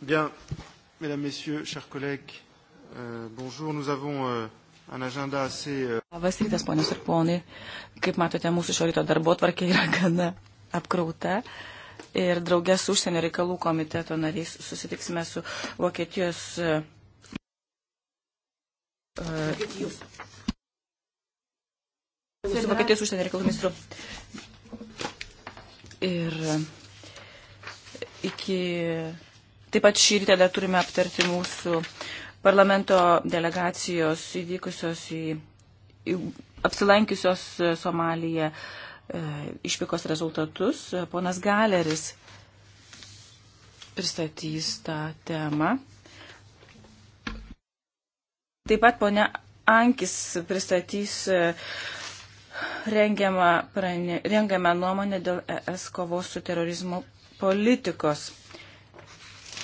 Bien, mesdames, messieurs, chers collègues, euh, bonjour. Nous avons euh, un agenda assez. Euh... Labas rytas, ponios ir ponai. Kaip matote, mūsų šio ryto darbo tvarkė yra gana apkrauta. Ir draugės su užsienio reikalų komiteto nariais susitiksime su Vokietijos. Uh, su Vokietijos užsienio reikalų ministru. Ir e, iki Taip pat šį rytą dar turime aptarti mūsų parlamento delegacijos įvykusios į, į apsilankiusios e, Somaliją e, išvykos rezultatus. Ponas Galeris pristatys tą temą. Taip pat ponia Ankis pristatys e, rengiamą, prane, rengiamą nuomonę dėl ES kovos su terorizmu politikos.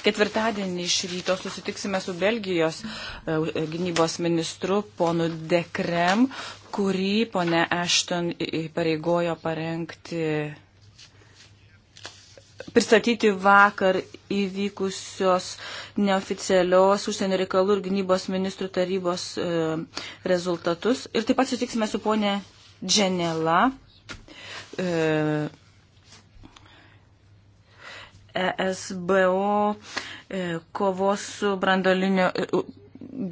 Ketvirtadienį iš ryto susitiksime su Belgijos e, e, gynybos ministru ponu Dekrem, kurį ponė Ashton pareigojo parengti pristatyti vakar įvykusios neoficialios užsienio reikalų ir gynybos ministrų tarybos e, rezultatus. Ir taip pat sutiksime su ponė Dženela, e, ESBO e, kovos su brandoliniu e,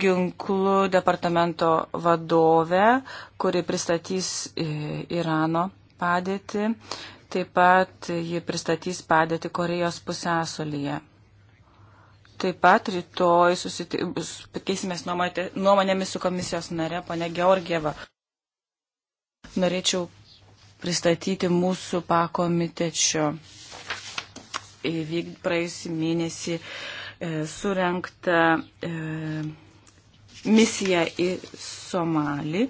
ginklu departamento vadovę, kuri pristatys e, Irano padėtį. Taip pat ji pristatys padėtį Korejos pusęsolyje. Taip pat rytoj keisimės nuomonėmis su komisijos nare, pane Georgieva. Norėčiau pristatyti mūsų pakomitečio praėjusį mėnesį e, surenktą e, misiją į Somalį.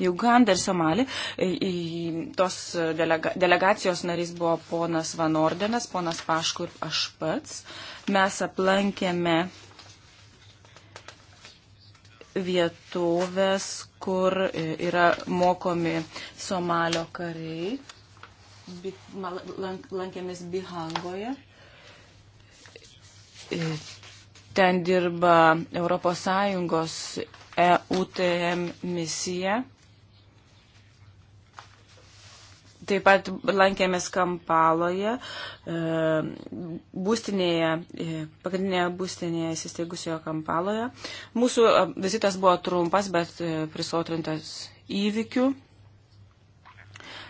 Juganda ir Somali. E, tos delega, delegacijos narys buvo ponas Van Ordenas, ponas Pašku ir aš pats. Mes aplankėme vietovės, kur e, yra mokomi Somalio kariai lankėmės Bihangoje. E, ten dirba ES EUTM misija. Taip pat lankėmės Kampaloje, e, būstinėje, e, pagrindinėje būstinėje įsisteigusioje Kampaloje. Mūsų vizitas buvo trumpas, bet prisotrintas įvykių.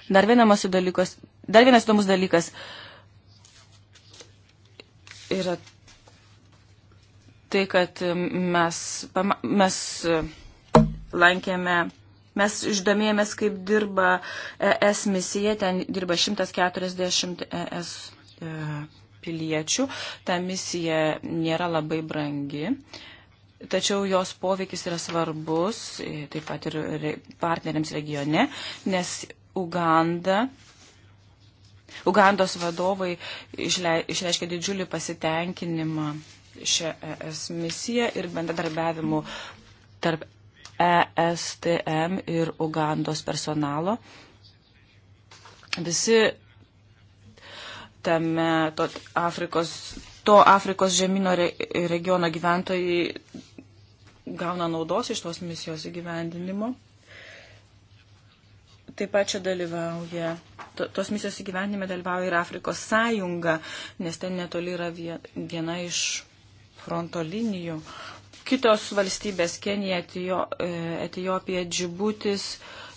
Dar, dalykas, dar vienas įdomus dalykas yra tai, kad mes, mes e, lankėme, mes išdomėjomės, kaip dirba e, ES misija, ten dirba 140 e, ES piliečių. Ta misija nėra labai brangi. Tačiau jos poveikis yra svarbus taip pat ir partneriams regione, nes Uganda. Ugandos vadovai išreiškė didžiulį pasitenkinimą šią ES misiją ir bendradarbiavimu tarp ESTM ir Ugandos personalo. Visi tame to Afrikos, to Afrikos žemino re, regiono gyventojai gauna naudos iš tos misijos įgyvendinimo. Taip pat čia dalyvauja, to, tos misijos įgyvenime dalyvauja ir Afrikos sąjunga, nes ten netoli yra viena iš fronto linijų. Kitos valstybės - Kenija, Etijo, e, Etijopija, Džibutis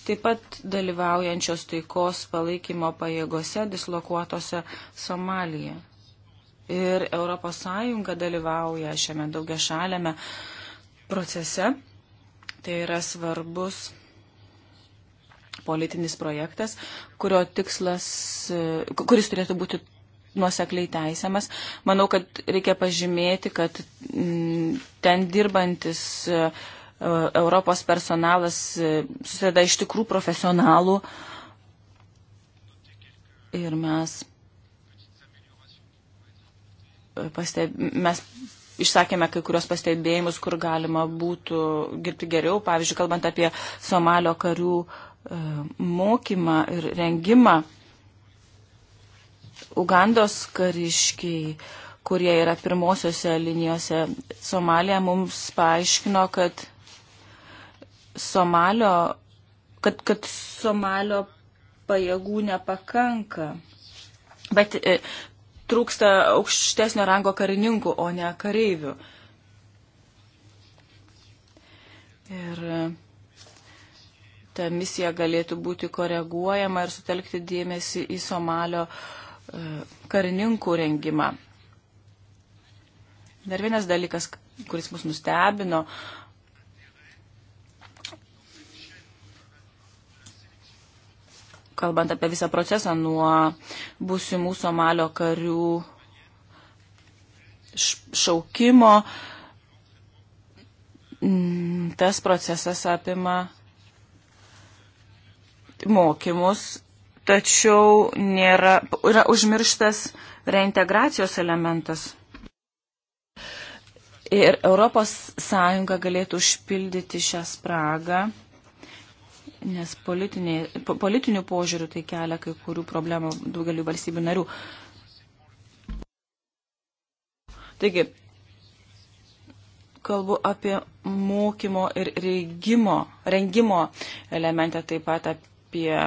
taip pat dalyvaujančios taikos palaikymo pajėgose dislokuotose Somalija. Ir ES dalyvauja šiame daugia šalėme procese. Tai yra svarbus politinis projektas, kurio tikslas, e, kuris turėtų būti nuosekliai teisiamas. Manau, kad reikia pažymėti, kad mm, ten dirbantis e, e, Europos personalas susideda iš tikrų profesionalų ir mes, pasteb, mes išsakėme kai kurios pastebėjimus, kur galima būtų dirbti geriau, pavyzdžiui, kalbant apie Somalio karių uh, E, mokymą ir rengimą. Ugandos kariškiai, kurie yra pirmosiose linijose Somalija, mums paaiškino, kad Somalio, kad, kad Somalio pajėgų nepakanka. Bet e, trūksta aukštesnio rango karininkų, o ne kareivių. Ir e, ta misija galėtų būti koreguojama ir sutelkti dėmesį į Somalio e, karininkų rengimą. Dar vienas dalykas, kuris mus nustebino, kalbant apie visą procesą nuo būsimų Somalio karių šaukimo, tas procesas apima mokymus, tačiau nėra, yra užmirštas reintegracijos elementas. Ir ES galėtų užpildyti šią spragą, nes politinių požiūrių tai kelia kai kurių problemų daugeliu valstybių narių. Taigi, kalbu apie mokymo ir rengimo, rengimo elementą, taip pat apie,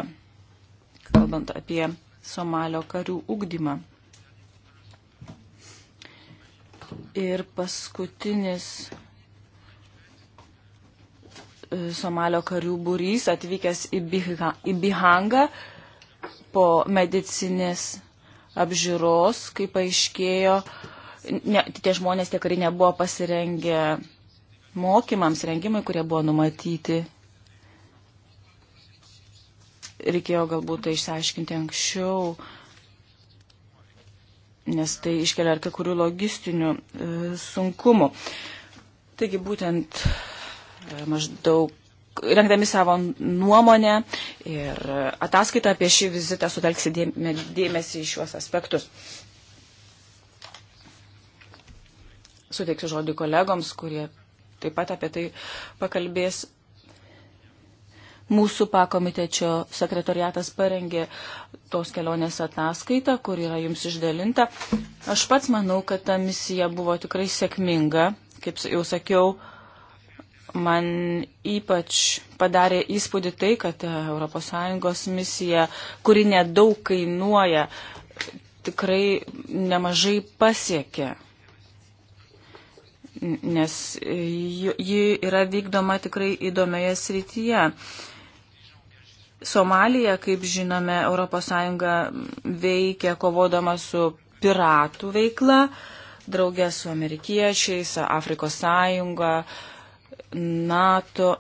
kalbant apie Somalio karių ugdymą. Ir paskutinis e, Somalio karių būrys atvykęs į, Biha, į Bihangą po medicinės apžiūros, kaip aiškėjo, ne, tie žmonės, tie kariai nebuvo pasirengę mokymams, rengimai, kurie buvo numatyti reikėjo galbūt tai išsiaiškinti anksčiau, nes tai iškelia ar kai kurių logistinių e, sunkumų. Taigi būtent e, maždaug rengdami savo nuomonę ir ataskaitą apie šį vizitą sutelksi dėmesį į šiuos aspektus. Suteiksiu žodį kolegoms, kurie taip pat apie tai pakalbės Mūsų pakomitečio sekretoriatas parengė tos kelionės ataskaitą, kur yra jums išdalinta. Aš pats manau, kad ta misija buvo tikrai sėkminga. Kaip jau sakiau, man ypač padarė įspūdį tai, kad ES misija, kuri nedaug kainuoja, tikrai nemažai pasiekė. Nes e, ji yra vykdoma tikrai įdomioje srityje. Somalija, kaip žinome, ES veikia kovodama su piratų veikla, draugė su amerikiečiais, Afrikos sąjunga, NATO,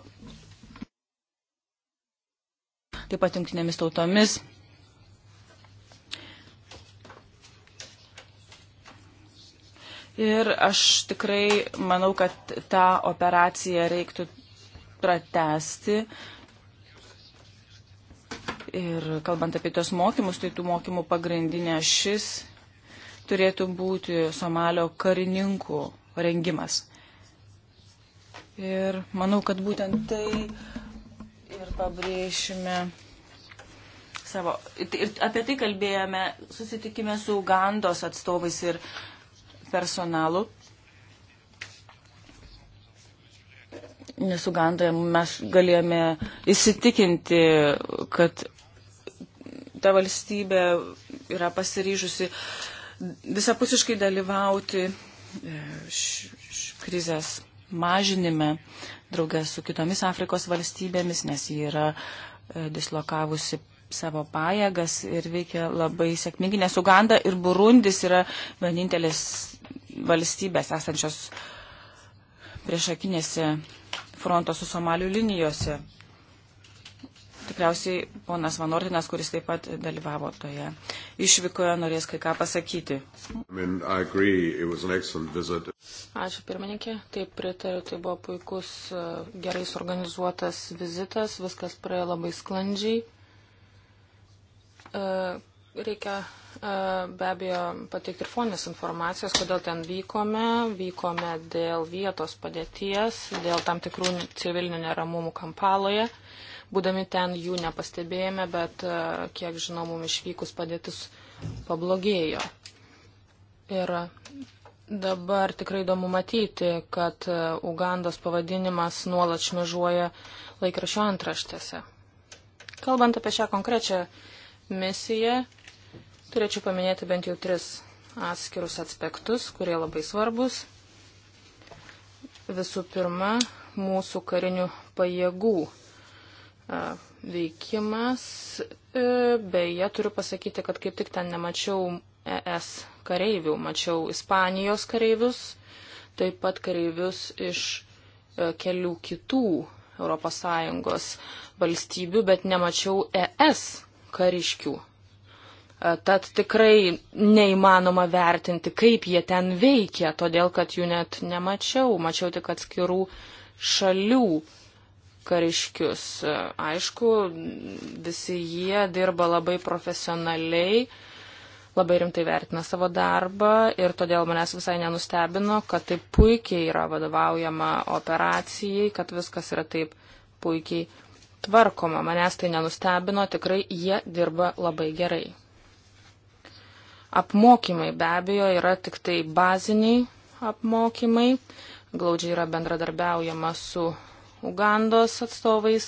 taip pat jungtinėmis tautomis. Ir aš tikrai manau, kad tą operaciją reiktų pratesti Ir kalbant apie tos mokymus, tai tų mokymų pagrindinė šis turėtų būti Somalio karininkų rengimas. Ir manau, kad būtent tai ir pabrėšime savo. Ir apie tai kalbėjome, susitikime su Ugandos atstovais ir personalu. Nes Ugandoje mes galėjome įsitikinti, kad ta valstybė yra pasiryžusi visapusiškai dalyvauti e, krizės mažinime draugės su kitomis Afrikos valstybėmis, nes ji yra e, dislokavusi savo pajėgas ir veikia labai sėkmingai, nes Uganda ir Burundis yra vienintelis valstybės esančios priešakinėse fronto su Somalių linijose. Tikriausiai ponas Vanortinas, kuris taip pat dalyvavo toje išvykoje, norės kai ką pasakyti. I mean, Ačiū pirmininkė, taip pritariu, tai buvo puikus, e, gerai suorganizuotas vizitas, viskas praėjo labai sklandžiai. E, reikia e, be abejo pateikti ir fonės informacijos, kodėl ten vykome. Vykome dėl vietos padėties, dėl tam tikrų civilinių neramumų kampaloje. Būdami ten jų nepastebėjome, bet e, kiek žinau, mums išvykus padėtis pablogėjo. Ir dabar tikrai įdomu matyti, kad e, Ugandos pavadinimas nuolat šmežuoja laikrašio antraštėse. Kalbant apie šią konkrečią misiją, turėčiau paminėti bent jau tris atskirus aspektus, kurie labai svarbus. Visų pirma, mūsų karinių pajėgų veikimas. E, beje, turiu pasakyti, kad kaip tik ten nemačiau ES kareivių, mačiau Ispanijos kareivius, taip pat kareivius iš e, kelių kitų ES valstybių, bet nemačiau ES kariškių. E, tad tikrai neįmanoma vertinti, kaip jie ten veikia, todėl kad jų net nemačiau, mačiau tik atskirų šalių kariškius. Aišku, visi jie dirba labai profesionaliai, labai rimtai vertina savo darbą ir todėl manęs visai nenustebino, kad taip puikiai yra vadovaujama operacijai, kad viskas yra taip puikiai tvarkoma. Manęs tai nenustebino, tikrai jie dirba labai gerai. Apmokymai be abejo yra tik tai baziniai apmokymai, glaudžiai yra bendradarbiaujama su Ugandos atstovais.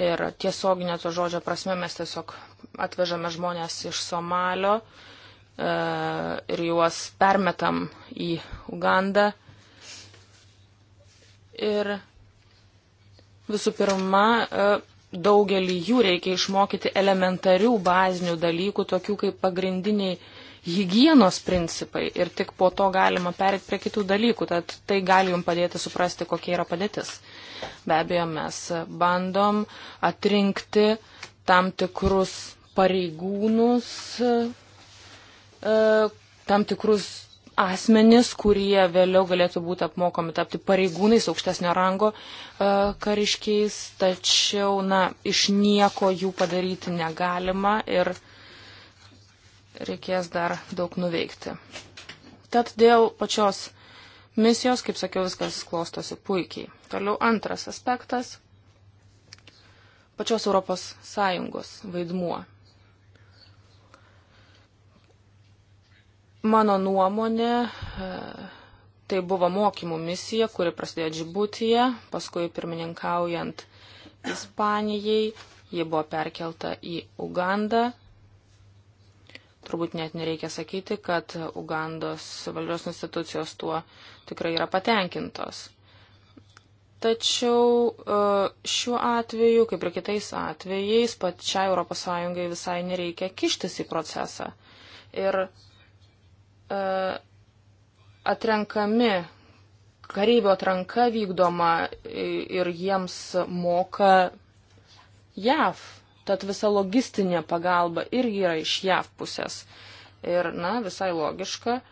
Ir tiesioginė to žodžio prasme mes tiesiog atvežame žmonės iš Somalio e, ir juos permetam į Ugandą. Ir visų pirma, e, daugelį jų reikia išmokyti elementarių bazinių dalykų, tokių kaip pagrindiniai hygienos principai ir tik po to galima perėti prie kitų dalykų, tad tai gali jums padėti suprasti, kokia yra padėtis. Be abejo, mes bandom atrinkti tam tikrus pareigūnus, e, tam tikrus asmenis, kurie vėliau galėtų būti apmokomi tapti pareigūnais aukštesnio rango e, kariškiais, tačiau, na, iš nieko jų padaryti negalima ir reikės dar daug nuveikti. Tad dėl pačios misijos, kaip sakiau, viskas klostosi puikiai. Toliau antras aspektas - pačios Europos Sąjungos vaidmuo. Mano nuomonė, e, tai buvo mokymų misija, kuri prasidėjo Džibutyje, paskui pirmininkaujant Ispanijai, ji buvo perkelta į Ugandą Turbūt net nereikia sakyti, kad Ugandos valdžios institucijos tuo tikrai yra patenkintos. Tačiau e, šiuo atveju, kaip ir kitais atvejais, pačiai ES visai nereikia kištis į procesą. Ir e, atrenkami, kareivio atranka vykdoma ir jiems moka JAV Tad visa logistinė pagalba irgi yra iš JAV pusės. Ir, na, visai logiška e,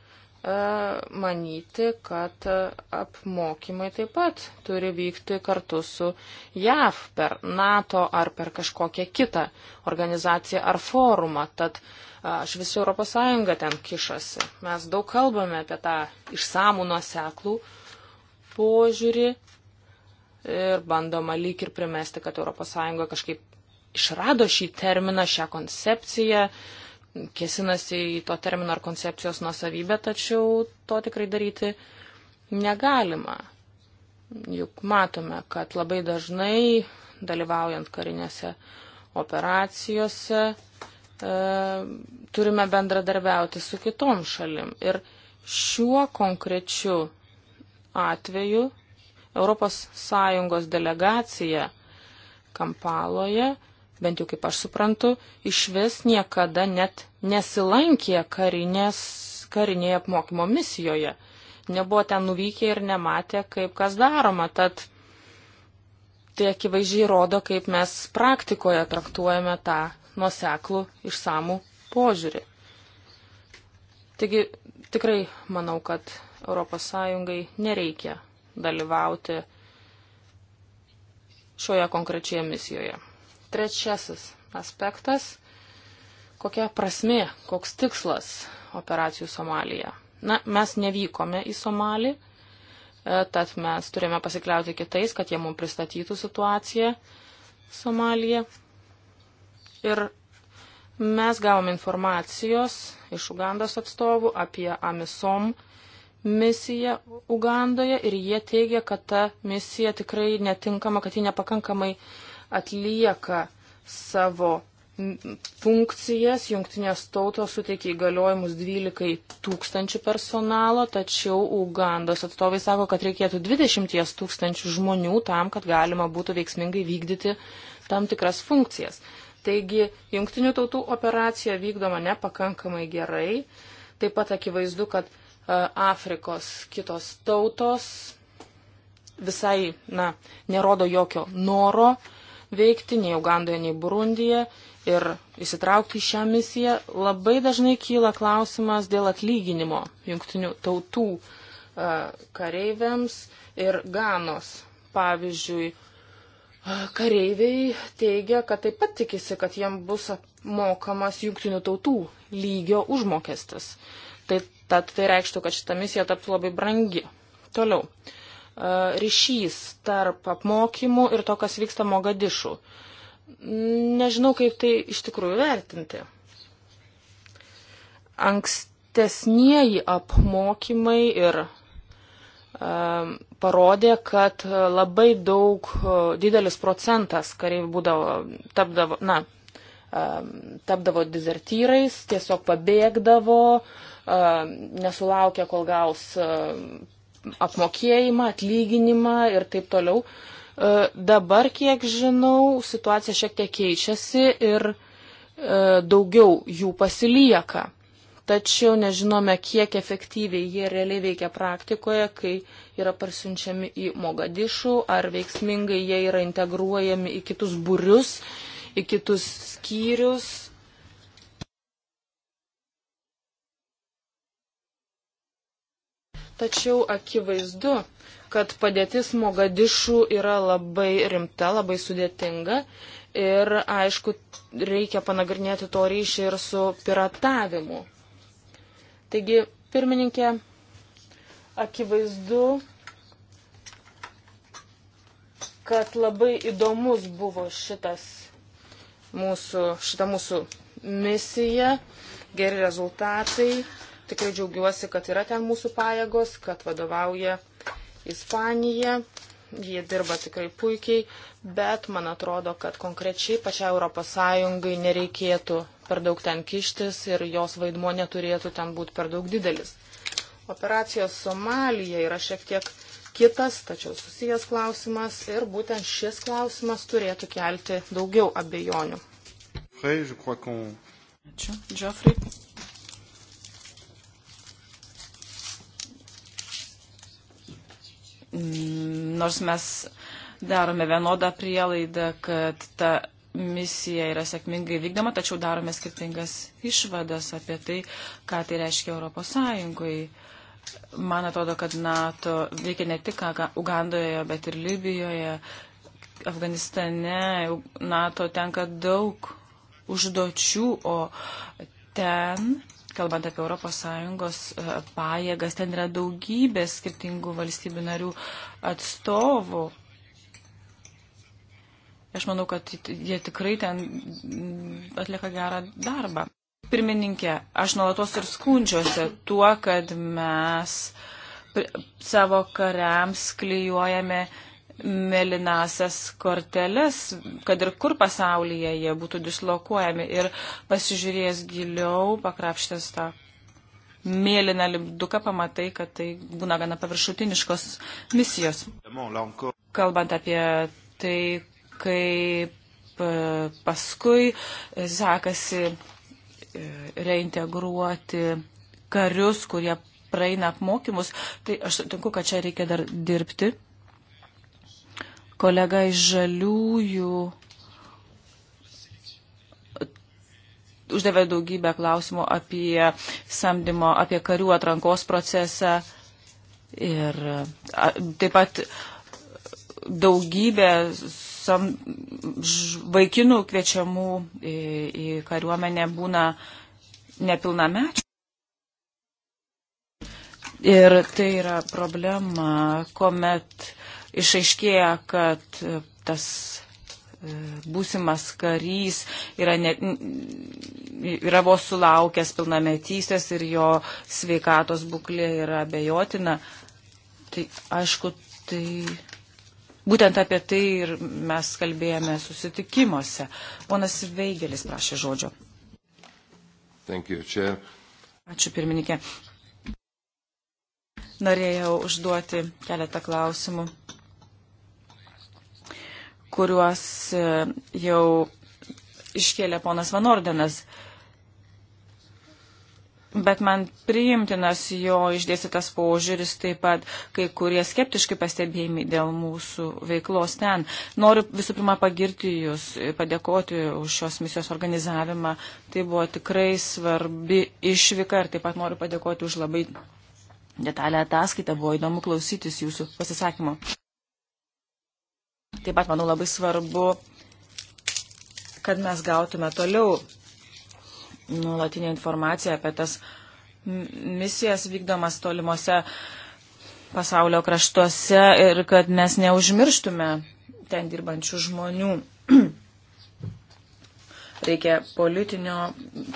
manyti, kad e, apmokymai taip pat turi vykti kartu su JAV per NATO ar per kažkokią kitą organizaciją ar forumą. Tad e, aš visi ES ten kišasi. Mes daug kalbame apie tą išsamų nuoseklų požiūrį ir bandoma lyg ir primesti, kad ES kažkaip išrado šį terminą, šią koncepciją, kėsinasi į to termino ar koncepcijos nuosavybę, tačiau to tikrai daryti negalima. Juk matome, kad labai dažnai dalyvaujant karinėse operacijose e, turime bendradarbiauti su kitom šalim. Ir šiuo konkrečiu atveju ES delegacija Kampaloje bent jau kaip aš suprantu, iš vis niekada net nesilankė karinės, karinėje apmokymo misijoje. Nebuvo ten nuvykę ir nematė, kaip kas daroma. Tad tai akivaizdžiai rodo, kaip mes praktikoje traktuojame tą nuoseklų išsamų požiūrį. Taigi tikrai manau, kad ES nereikia dalyvauti šioje konkrečioje misijoje. Trečiasis aspektas - kokia prasme, koks tikslas operacijų Somalija. Na, mes nevykome į Somalį, e, tad mes turime pasikliauti kitais, kad jie mums pristatytų situaciją Somalija. Ir mes gavome informacijos iš Ugandos atstovų apie Amisom misiją Ugandoje ir jie teigia, kad ta misija tikrai netinkama, kad ji nepakankamai uh, atlieka savo funkcijas, jungtinės tautos suteikia įgaliojimus 12 tūkstančių personalo, tačiau Ugandos atstovai sako, kad reikėtų 20 tūkstančių žmonių tam, kad galima būtų veiksmingai vykdyti tam tikras funkcijas. Taigi, jungtinių tautų operacija vykdoma nepakankamai gerai. Taip pat akivaizdu, kad e, Afrikos kitos tautos visai, na, nerodo jokio noro uh, veikti nei Ugandoje, nei Burundyje ir įsitraukti į šią misiją, labai dažnai kyla klausimas dėl atlyginimo jungtinių tautų e, kareiviams ir ganos. Pavyzdžiui, e, kareiviai teigia, kad taip pat tikisi, kad jiem bus mokamas jungtinių tautų lygio užmokestis. Tai, tad tai reikštų, kad šita misija taptų labai brangi. Toliau. E, ryšys tarp apmokymų ir to, kas vyksta Mogadišų. Nežinau, kaip tai iš tikrųjų vertinti. Ankstesnieji apmokymai ir e, parodė, kad labai daug, e, didelis procentas kariai būdavo, tapdavo, na, tapdavo dizertyrais, tiesiog pabėgdavo, nesulaukia, kol gaus apmokėjimą, atlyginimą ir taip toliau. E, dabar, kiek žinau, situacija šiek tiek keičiasi ir e, daugiau jų pasilieka. Tačiau nežinome, kiek efektyviai jie realiai veikia praktikoje, kai yra parsiunčiami į Mogadišų, ar veiksmingai jie yra integruojami į kitus būrius, į kitus skyrius, tačiau akivaizdu, kad padėtis Mogadišų yra labai rimta, labai sudėtinga ir, aišku, reikia panagrinėti to ryšį ir su piratavimu. Taigi, pirmininkė, akivaizdu, kad labai įdomus buvo šitas mūsų, šita mūsų misija, geri rezultatai tikrai džiaugiuosi, kad yra ten mūsų pajėgos, kad vadovauja Ispanija. Jie dirba tikrai puikiai, bet man atrodo, kad konkrečiai pačiai ES nereikėtų per daug ten kištis ir jos vaidmuo neturėtų ten būti per daug didelis. Operacijos Somalija yra šiek tiek kitas, tačiau susijęs klausimas ir būtent šis klausimas turėtų kelti daugiau abejonių. Ačiū, Džofrey. Mm, nors mes darome vienodą prielaidą, kad ta misija yra sėkmingai vykdoma, tačiau darome skirtingas išvadas apie tai, ką tai reiškia Europos Sąjungoje. Man atrodo, kad NATO veikia ne tik Ugandoje, bet ir Libijoje. Afganistane NATO tenka daug užduočių, o ten kalbant apie ES e, pajėgas, ten yra daugybė skirtingų valstybių narių atstovų. Aš manau, kad jie tikrai ten mm, atlieka gerą darbą. Pirmininkė, aš nuolatos ir skundžiuosi tuo, kad mes savo kariams klyjuojame uh, melinasias korteles, kad ir kur pasaulyje jie būtų dislokuojami. Ir pasižiūrėjęs giliau, pakrapštęs tą mėlyną lipduką, pamatai, kad tai būna gana paviršutiniškos misijos. Kalbant apie tai, kaip e, paskui sekasi e, reintegruoti karius, kurie praeina apmokymus, tai aš sutinku, kad čia reikia dar dirbti kolega iš žaliųjų uh, uždavė daugybę klausimų apie samdymo, apie karių atrankos procesą ir uh, taip pat daugybė sam, vaikinų kviečiamų į, į kariuomenę būna nepilnamečių. Ir tai yra problema, kuomet išaiškėja, kad e, tas e, būsimas karys yra, ne, yra vos sulaukęs pilnametystės ir jo sveikatos būklė yra abejotina. Tai aišku, tai būtent apie tai ir mes kalbėjome susitikimuose. Ponas Veigelis prašė žodžio. You, Ačiū pirmininkė. Norėjau užduoti keletą klausimų kuriuos e, jau iškėlė ponas Vanordenas. Bet man priimtinas jo išdėstytas požiūris, taip pat kai kurie skeptiški pastebėjimai dėl mūsų veiklos ten. Noriu visų pirma pagirti Jūs, padėkoti už šios misijos organizavimą. Tai buvo tikrai svarbi išvyka ir taip pat noriu padėkoti už labai detalę ataskaitą. Buvo įdomu klausytis Jūsų pasisakymo. Taip pat, manau, labai svarbu, kad mes gautume toliau nuolatinę informaciją apie tas misijas vykdomas tolimuose pasaulio kraštuose ir kad mes neužmirštume ten dirbančių žmonių. Reikia politinio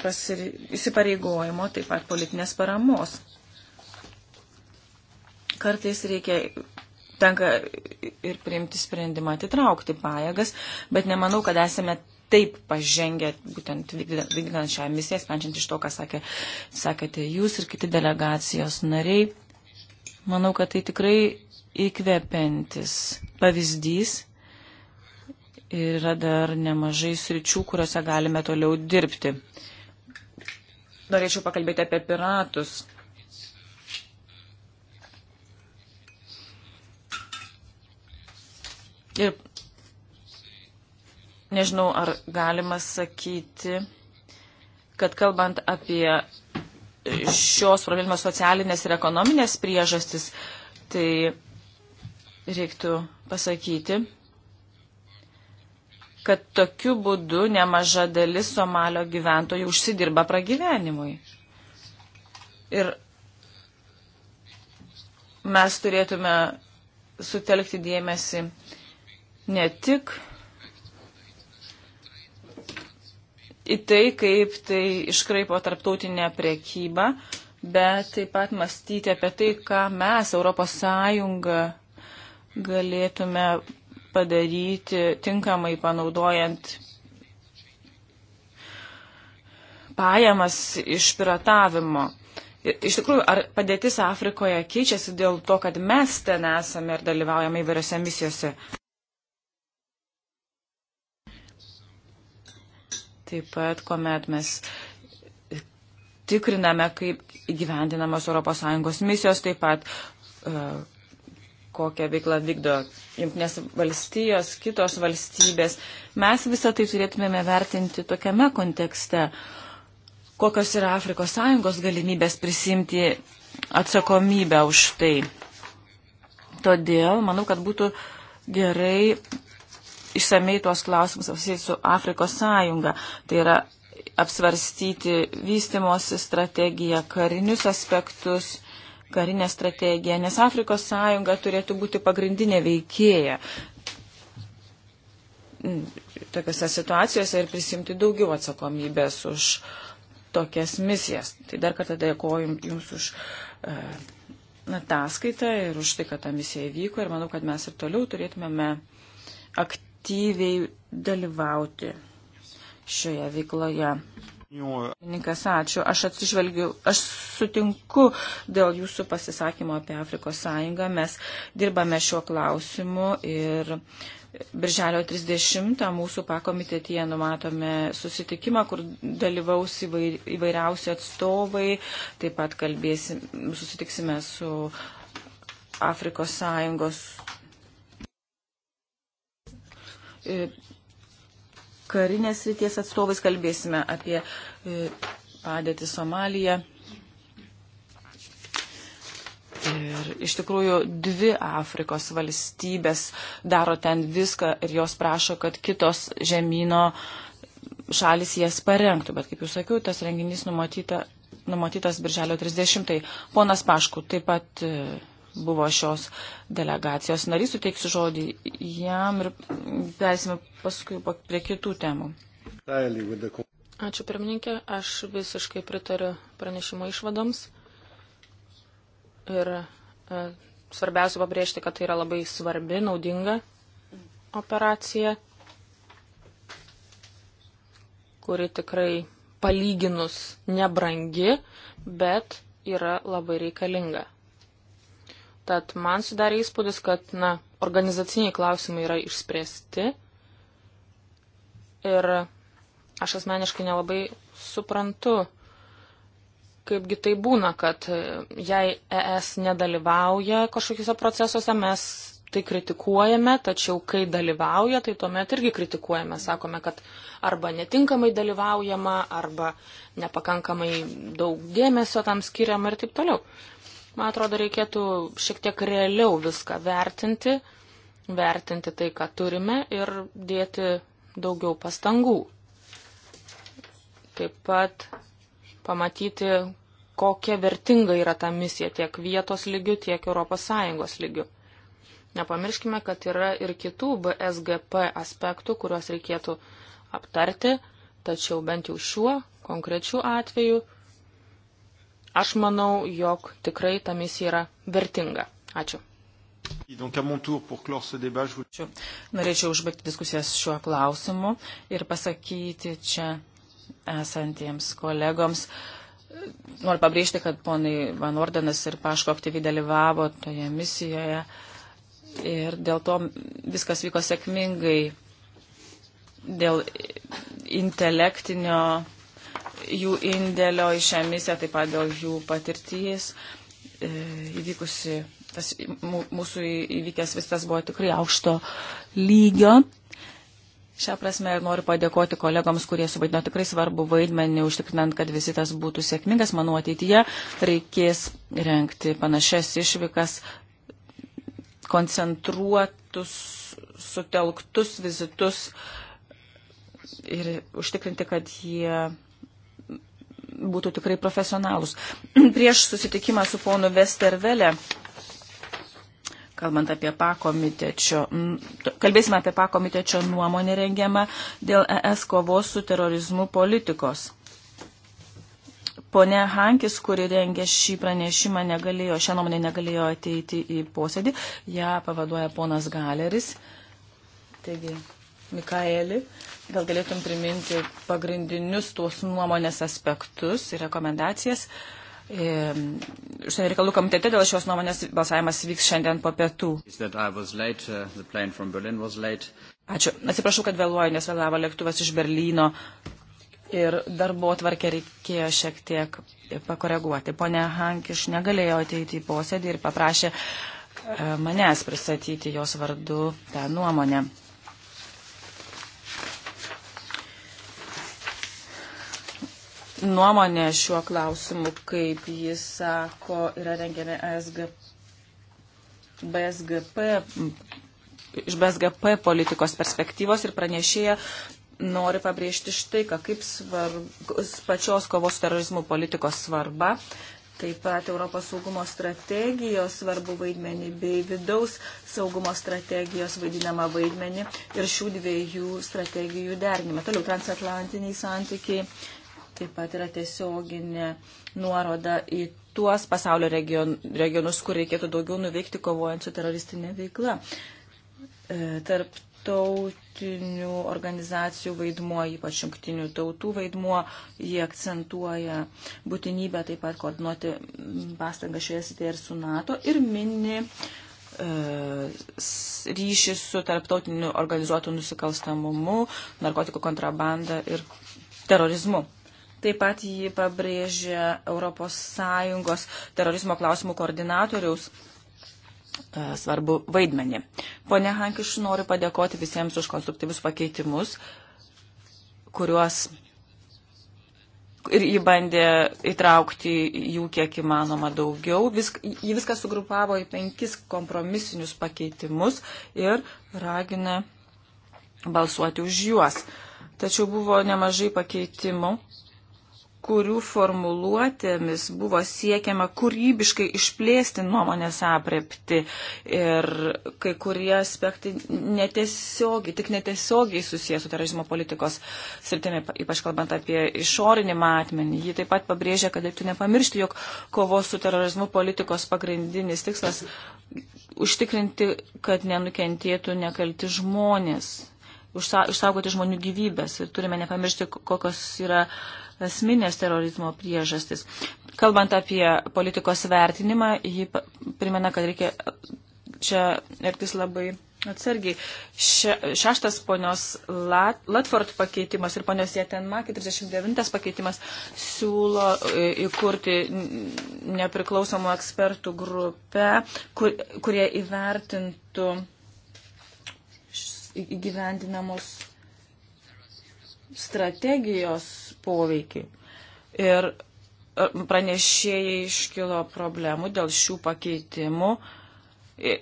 pasir... įsipareigojimo, taip pat politinės paramos. Kartais reikia tenka ir priimti sprendimą atitraukti pajėgas, bet nemanau, kad esame taip pažengę, būtent vykdant šią misiją, sprendžiant iš to, ką sakė, sakėte jūs ir kiti delegacijos nariai. Manau, kad tai tikrai įkvepiantis pavyzdys ir yra dar nemažai sričių, kuriuose galime toliau dirbti. Norėčiau pakalbėti apie piratus Ir nežinau, ar galima sakyti, kad kalbant apie šios problemos socialinės ir ekonominės priežastis, tai reiktų pasakyti, kad tokiu būdu nemaža dalis Somalio gyventojų užsidirba pragyvenimui. Ir mes turėtume sutelkti dėmesį ne tik į tai, kaip tai iškraipo tarptautinę prekybą, bet taip pat mąstyti apie tai, ką mes, ES, galėtume padaryti tinkamai panaudojant pajamas iš piratavimo. Iš tikrųjų, ar padėtis Afrikoje keičiasi dėl to, kad mes ten esame ir dalyvaujame įvairiose misijose? Taip pat, kuomet mes tikriname, kaip gyvendinamos ES misijos, taip pat e, kokią veiklą vykdo jungtinės valstijos, kitos valstybės. Mes visą tai turėtumėme vertinti tokiame kontekste, kokios yra Afrikos Sąjungos galimybės prisimti atsakomybę už tai. Todėl manau, kad būtų gerai išsamei tuos klausimus apsijęs su Afrikos sąjunga. Tai yra apsvarstyti vystimosi strategiją, karinius aspektus, karinę strategiją, nes Afrikos sąjunga turėtų būti pagrindinė veikėja tokiuose situacijose ir prisimti daugiau atsakomybės už tokias misijas. Tai dar kartą dėkoju Jums už e, ataskaitą ir už tai, kad ta misija įvyko ir manau, kad mes ir toliau turėtumėme aktyviai aktyviai dalyvauti šioje veikloje. Nikas, ačiū. Aš atsižvelgiu, aš sutinku dėl jūsų pasisakymo apie Afrikos sąjungą. Mes dirbame šiuo klausimu ir Birželio 30 mūsų pakomitetyje numatome susitikimą, kur dalyvaus įvairiausi atstovai. Taip pat kalbėsim, susitiksime su Afrikos sąjungos E, karinės ryties atstovais, kalbėsime apie e, padėtį Somaliją. Ir iš tikrųjų dvi Afrikos valstybės daro ten viską ir jos prašo, kad kitos žemynų šalis jas parengtų. Bet kaip jau sakiau, tas renginys numatyta, numatytas birželio 30. -tai. Ponas Pašku taip pat e, buvo šios delegacijos narys. Suteiksiu žodį jam ir persime paskui prie kitų temų. Ačiū pirmininkė, aš visiškai pritariu pranešimo išvadoms. Ir e, svarbiausia pabrėžti, kad tai yra labai svarbi, naudinga operacija, kuri tikrai palyginus nebrangi, bet yra labai reikalinga. Tad man sudarė įspūdis, kad, na, organizaciniai klausimai yra išspręsti ir aš asmeniškai nelabai suprantu, kaipgi tai būna, kad e, jei ES nedalyvauja kažkokiuose procesuose, mes tai kritikuojame, tačiau kai dalyvauja, tai tuomet irgi kritikuojame. Sakome, kad arba netinkamai dalyvaujama, arba nepakankamai daug dėmesio tam skiriama ir taip toliau. Man atrodo, reikėtų šiek tiek realiau viską vertinti, vertinti tai, ką turime ir dėti daugiau pastangų. Taip pat pamatyti, kokia vertinga yra ta misija tiek vietos lygių, tiek ES lygių. Nepamirškime, kad yra ir kitų BSGP aspektų, kuriuos reikėtų aptarti, tačiau bent jau šiuo konkrečiu atveju Aš manau, jog tikrai ta misija yra vertinga. Ačiū. Ačiū. Norėčiau užbaigti diskusijas šiuo klausimu ir pasakyti čia esantiems kolegoms. Noriu pabrėžti, kad ponai Van Ordenas ir Paško aktyviai dalyvavo toje misijoje ir dėl to viskas vyko sėkmingai dėl intelektinio jų indėlio į šią misiją, taip pat dėl jų patirties e, įvykusi, tas mūsų įvykęs viskas buvo tikrai aukšto lygio. Šią prasme noriu padėkoti kolegoms, kurie suvaidino tikrai svarbu vaidmenį, užtikrinant, kad vizitas būtų sėkmingas. Manau, ateityje reikės renkti panašias išvykas, koncentruotus, sutelktus vizitus ir užtikrinti, kad jie būtų tikrai profesionalus. Prieš susitikimą su ponu Vestervele, kalbant apie pakomitečio, kalbėsime apie pakomitečio nuomonę rengiamą dėl ES kovos su terorizmu politikos. Pone Hankis, kuri rengė šį pranešimą, negalėjo, šią nuomonę negalėjo ateiti į posėdį, ją pavaduoja ponas Galeris. Taigi, Mikaeli, Gal galėtum priminti pagrindinius tuos nuomonės aspektus ir rekomendacijas. Ehm, užsienio reikalų komitete dėl šios nuomonės balsavimas vyks šiandien po pietų. Uh, Ačiū. Atsiprašau, kad vėluoju, nes vėlavo lėktuvas iš Berlyno ir darbo tvarkę reikėjo šiek tiek pakoreguoti. Pone Hankiš negalėjo ateiti į posėdį ir paprašė e, manęs pristatyti jos vardu tą nuomonę. nuomonė šiuo klausimu, kaip jis sako, yra rengiami ASG, BSGP, iš BSGP politikos perspektyvos ir pranešėja nori pabrėžti štai, ką kaip svarb, pačios kovos terorizmų politikos svarba, taip pat Europos saugumo strategijos svarbu vaidmenį bei vidaus saugumo strategijos vaidinamą vaidmenį ir šių dviejų strategijų derinimą. Toliau transatlantiniai santykiai Taip pat yra tiesioginė nuoroda į tuos pasaulio region, regionus, kur reikėtų daugiau nuveikti kovojant su teroristinė veikla. E, tarptautinių organizacijų vaidmuo, ypač jungtinių tautų vaidmuo, jie akcentuoja būtinybę taip pat koordinuoti pastangą šioje srityje ir su NATO ir mini e, ryšį su tarptautiniu organizuotu nusikalstamumu, narkotikų kontrabanda ir terorizmu. Taip pat jį pabrėžė ES terorizmo klausimų koordinatoriaus e, svarbu vaidmenį. Pone Hankiš, noriu padėkoti visiems už konstruktyvius pakeitimus, kuriuos ir jį bandė įtraukti jų kiek įmanoma daugiau. Visk, jį viską sugrupavo į penkis kompromisinius pakeitimus ir ragina balsuoti už juos. Tačiau buvo nemažai pakeitimų, kurių formuluotėmis buvo siekiama kūrybiškai išplėsti nuomonės aprepti ir kai kurie aspektai netiesiogiai, tik netiesiogiai susijęs su terorizmo politikos sritimi, ypač kalbant apie išorinį matmenį. Ji taip pat pabrėžia, kad reiktų nepamiršti, jog kovos su terorizmu politikos pagrindinis tikslas užtikrinti, kad nenukentėtų nekalti žmonės užsa, išsaugoti žmonių gyvybės ir turime nepamiršti, kokios yra esminės terorizmo priežastis. Kalbant apie politikos vertinimą, ji primena, kad reikia čia elgtis labai atsargiai. Še, šeštas ponios Lat, Latford pakeitimas ir ponios Jetenmakė 39 pakeitimas siūlo e, įkurti nepriklausomų ekspertų grupę, kur, kurie įvertintų įgyvendinamos strategijos poveikiai. Ir e, pranešėjai iškilo problemų dėl šių pakeitimų. E,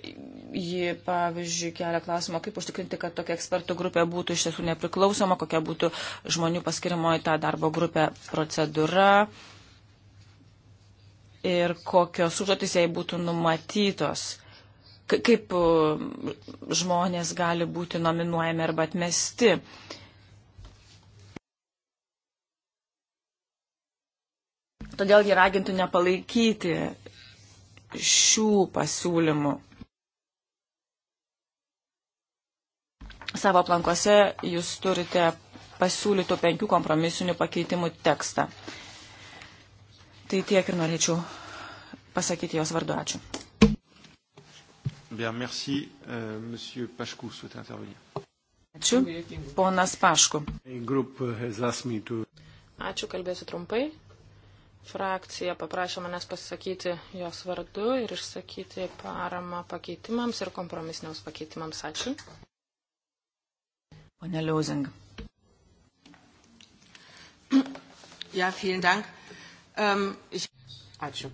ji, pavyzdžiui, kelia klausimą, kaip užtikrinti, kad tokia ekspertų grupė būtų iš tiesų nepriklausoma, kokia būtų žmonių paskirimo į tą darbo grupę procedūra ir kokios užduotis jai būtų numatytos kaip e, žmonės gali būti nominuojami arba atmesti. Todėl jie ragintų nepalaikyti šių pasiūlymų. Savo aplankose jūs turite pasiūlytų penkių kompromisinių pakeitimų tekstą. Tai tiek ir norėčiau pasakyti jos vardu. Ačiū. Bien, merci. Euh, Monsieur Pachkou souhaitait intervenir. Ačiū. Ponas Pašku. Ačiū, kalbėsiu trumpai. Frakcija paprašė manęs pasisakyti jos vardu ir išsakyti paramą pakeitimams ir kompromisiniams pakeitimams. Ačiū. Pone Liuzing. Ja, vielen Dank. Um, ich... Ačiū.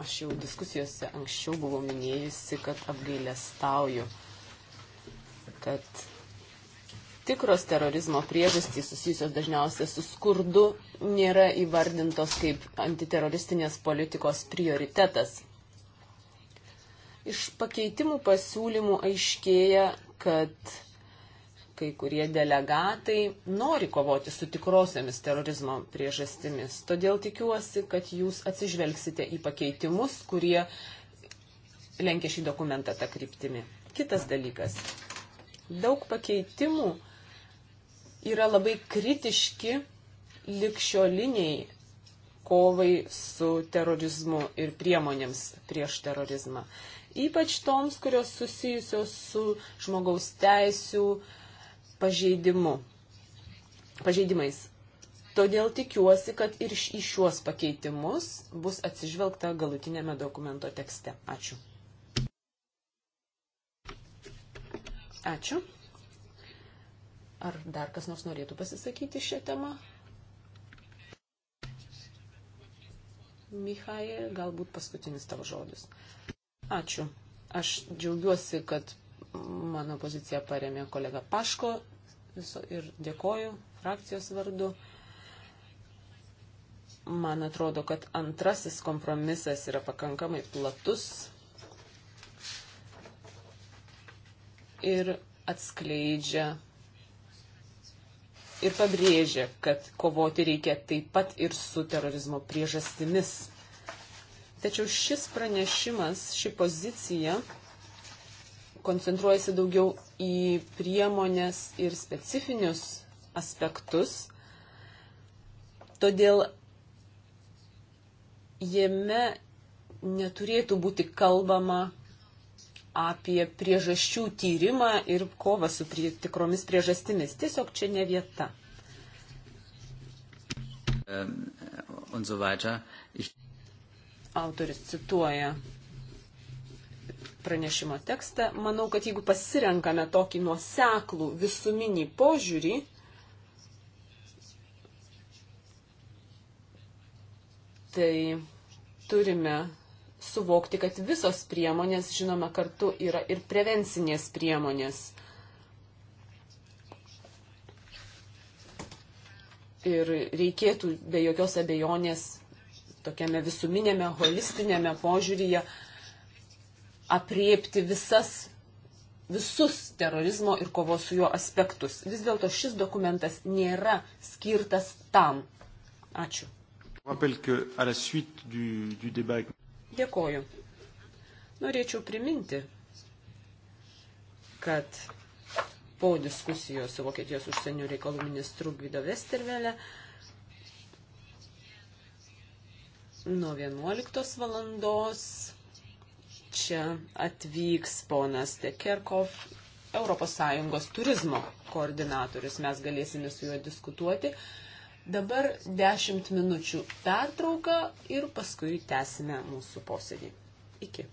Aš jau diskusijose anksčiau buvau minėjusi, kad apgailestauju, kad tikros terorizmo priežastys susijusios dažniausiai su skurdu nėra įvardintos kaip antiteroristinės politikos prioritetas. Iš pakeitimų pasiūlymų aiškėja, kad kai kurie delegatai nori kovoti su tikrosiamis terorizmo priežastimis. Todėl tikiuosi, kad jūs atsižvelgsite į pakeitimus, kurie lenkia šį dokumentą tą kryptimį. Kitas dalykas. Daug pakeitimų yra labai kritiški likščioliniai kovai su terorizmu ir priemonėms prieš terorizmą. Ypač toms, kurios susijusios su žmogaus teisų, pažeidimu, pažeidimais. Todėl tikiuosi, kad ir į šiuos pakeitimus bus atsižvelgta galutinėme dokumento tekste. Ačiū. Ačiū. Ar dar kas nors norėtų pasisakyti šią temą? Michael, galbūt paskutinis tavo žodis. Ačiū. Aš džiaugiuosi, kad Mano poziciją paremė kolega Paško viso, ir dėkoju frakcijos vardu. Man atrodo, kad antrasis kompromisas yra pakankamai platus ir atskleidžia ir pabrėžia, kad kovoti reikia taip pat ir su terorizmo priežastimis. Tačiau šis pranešimas, ši pozicija koncentruojasi daugiau į priemonės ir specifinius aspektus. Todėl jame neturėtų būti kalbama apie priežasčių tyrimą ir kovą su prie, tikromis priežastimis. Tiesiog čia ne vieta. Um, so ich... Autoris cituoja pranešimo tekstą. Manau, kad jeigu pasirenkame tokį nuoseklų visuminį požiūrį, tai turime suvokti, kad visos priemonės, žinoma, kartu yra ir prevencinės priemonės. Ir reikėtų be jokios abejonės tokiame visuminėme, holistinėme požiūryje apriepti visas, visus terorizmo ir kovos su juo aspektus. Vis dėlto šis dokumentas nėra skirtas tam. Ačiū. Dėkoju. Norėčiau priminti, kad po diskusijos su Vokietijos užsienio reikalų ministru Gvido Vestervelė nuo 11 valandos čia atvyks ponas Tekerkov, ES turizmo koordinatorius, mes galėsime su juo diskutuoti. Dabar 10 minučių pertrauka ir paskui tęsime mūsų posėdį. Iki.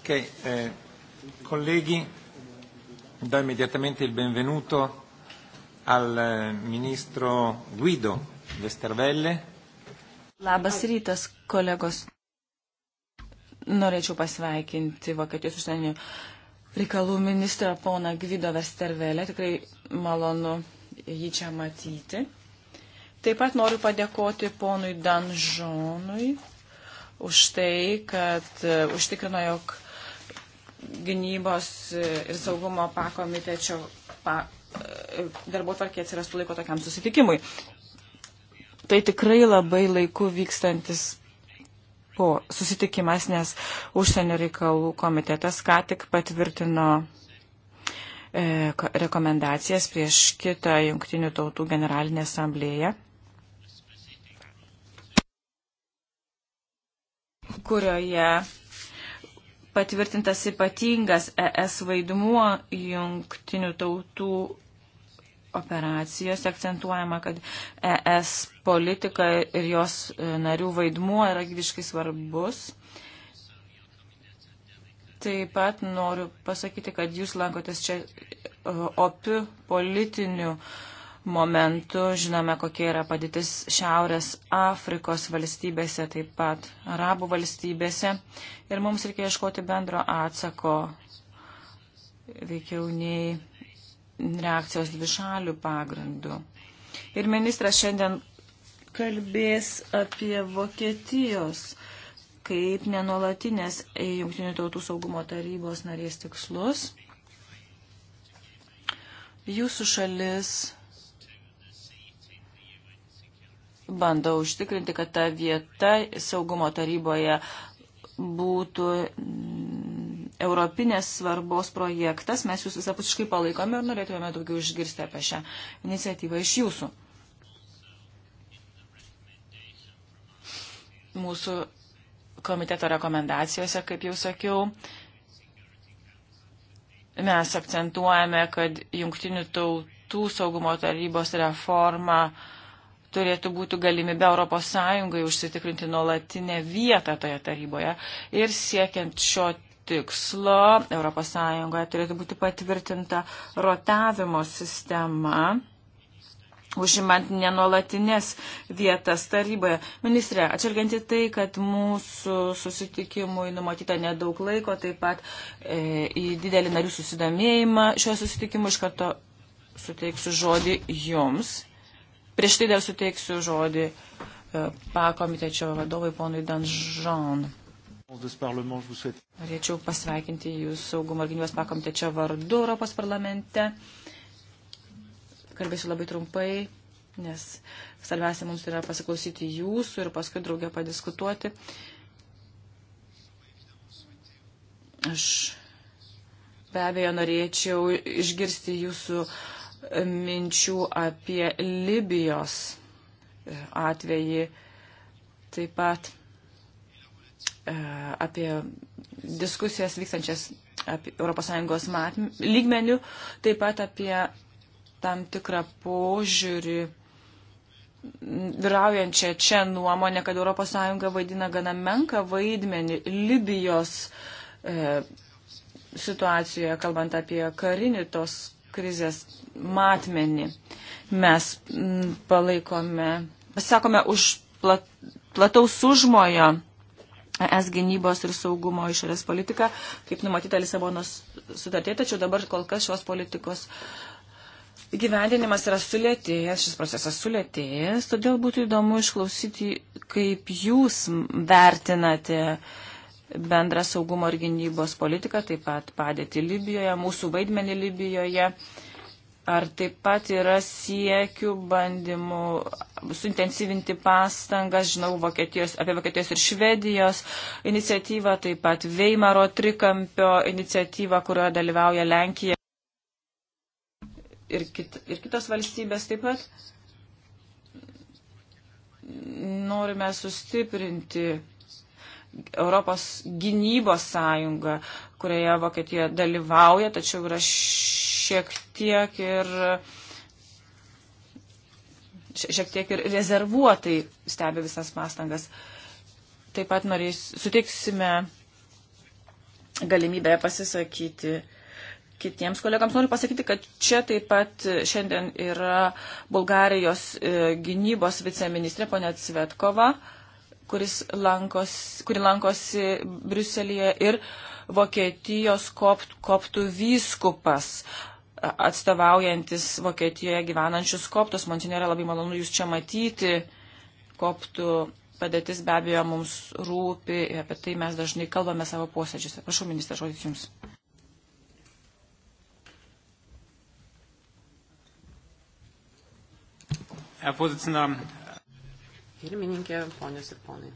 Ok, eh, colleghi, do immediatamente il benvenuto al eh, ministro Guido Vestervelle. Labas rytas, kolegos. Norėčiau pasveikinti Vokietijos užsienio reikalų ministrą poną Gvido Vestervelę. Tikrai malonu jį čia matyti. Taip pat noriu padėkoti ponui Danžonui už tai, kad e, užtikrino, jog gynybos ir saugumo pakomitečio pa, e, darbo tvarkė atsirastų laiko tokiam susitikimui. Tai tikrai labai laiku vykstantis po susitikimas, nes užsienio reikalų komitetas ką tik patvirtino e, rekomendacijas prieš kitą Junktinių tautų generalinę asamblėją. kurioje patvirtintas ypatingas ES vaidmuo jungtinių tautų operacijos akcentuojama, kad ES politika ir jos e, narių vaidmuo yra gyviškai svarbus. Taip pat noriu pasakyti, kad jūs lankotės čia e, opių politinių uh, momentu. Žinome, kokia yra padėtis Šiaurės Afrikos valstybėse, taip pat Arabų valstybėse. Ir mums reikia ieškoti bendro atsako, veikiau nei reakcijos dvišalių pagrindų. Ir ministras šiandien kalbės apie Vokietijos kaip nenolatinės Junktinių tautų saugumo tarybos narės tikslus. Jūsų šalis bando užtikrinti, kad ta vieta saugumo taryboje būtų mm, europinės svarbos projektas. Mes jūs visapusiškai palaikome ir norėtume daugiau išgirsti apie šią iniciatyvą iš jūsų. Mūsų komiteto rekomendacijose, kaip jau sakiau, mes akcentuojame, kad jungtinių tautų saugumo tarybos reforma uh, turėtų būti galimybė ES užsitikrinti nuolatinę vietą toje taryboje ir siekiant šio tikslo ES turėtų būti patvirtinta rotavimo sistema užimant nenuolatinės vietas taryboje. Ministrė, atšvelgiant į tai, kad mūsų susitikimui numatyta nedaug laiko, taip pat e, į didelį narių susidomėjimą šio susitikimu iš karto suteiksiu žodį jums. Prieš tai dar suteiksiu žodį e, pakomitečio vadovui ponui Danžon. Norėčiau pasveikinti Jūs saugumo ir gynybos pakomitečio vardu Europos parlamente. Kalbėsiu labai trumpai, nes svarbiausia mums yra pasiklausyti Jūsų ir paskui draugę padiskutuoti. Aš be abejo norėčiau išgirsti Jūsų uh, minčių apie Libijos e, atvejį, taip pat e, apie diskusijas vykstančias ES lygmenių, taip pat apie tam tikrą požiūrį vyraujančią čia nuomonę, kad ES vaidina gana menką vaidmenį Libijos e, situacijoje, kalbant apie karinį tos krizės matmenį. Mes palaikome, pasisakome už plat, plataus užmojo es gynybos ir saugumo išorės politiką, kaip numatyta Lisabonos sutartė, tačiau dabar kol kas šios politikos gyvendinimas yra sulėtėjęs, šis procesas sulėtėjęs, todėl būtų įdomu išklausyti, kaip jūs vertinate uh, bendrą saugumo ir gynybos politiką, taip pat padėti Libijoje, mūsų vaidmenį Libijoje. Ar taip pat yra siekių bandymų suintensyvinti pastangas, žinau, Vokietijos, apie Vokietijos ir Švedijos iniciatyvą, taip pat Veimaro trikampio iniciatyvą, kurioje dalyvauja Lenkija ir, kit, ir kitos valstybės taip pat. Norime sustiprinti Europos gynybos sąjunga, kurioje Vokietija dalyvauja, tačiau yra šiek tiek ir šiek tiek ir rezervuotai stebi visas pastangas. Taip pat norės, suteiksime galimybę pasisakyti kitiems kolegams. Noriu pasakyti, kad čia taip pat šiandien yra Bulgarijos e, gynybos viceministrė, ponia Cvetkova. Uh, kuris lankos, kuri lankosi Briuselėje ir Vokietijos kopt, koptų vyskupas atstovaujantis Vokietijoje gyvenančius koptus. Montinė yra labai malonu jūs čia matyti. Koptų padėtis be abejo mums rūpi ir apie tai mes dažnai kalbame savo posėdžiuose. Prašau, ministrė, žodis jums. Herr Vorsitzender, pirmininkė, ponios ir ponai.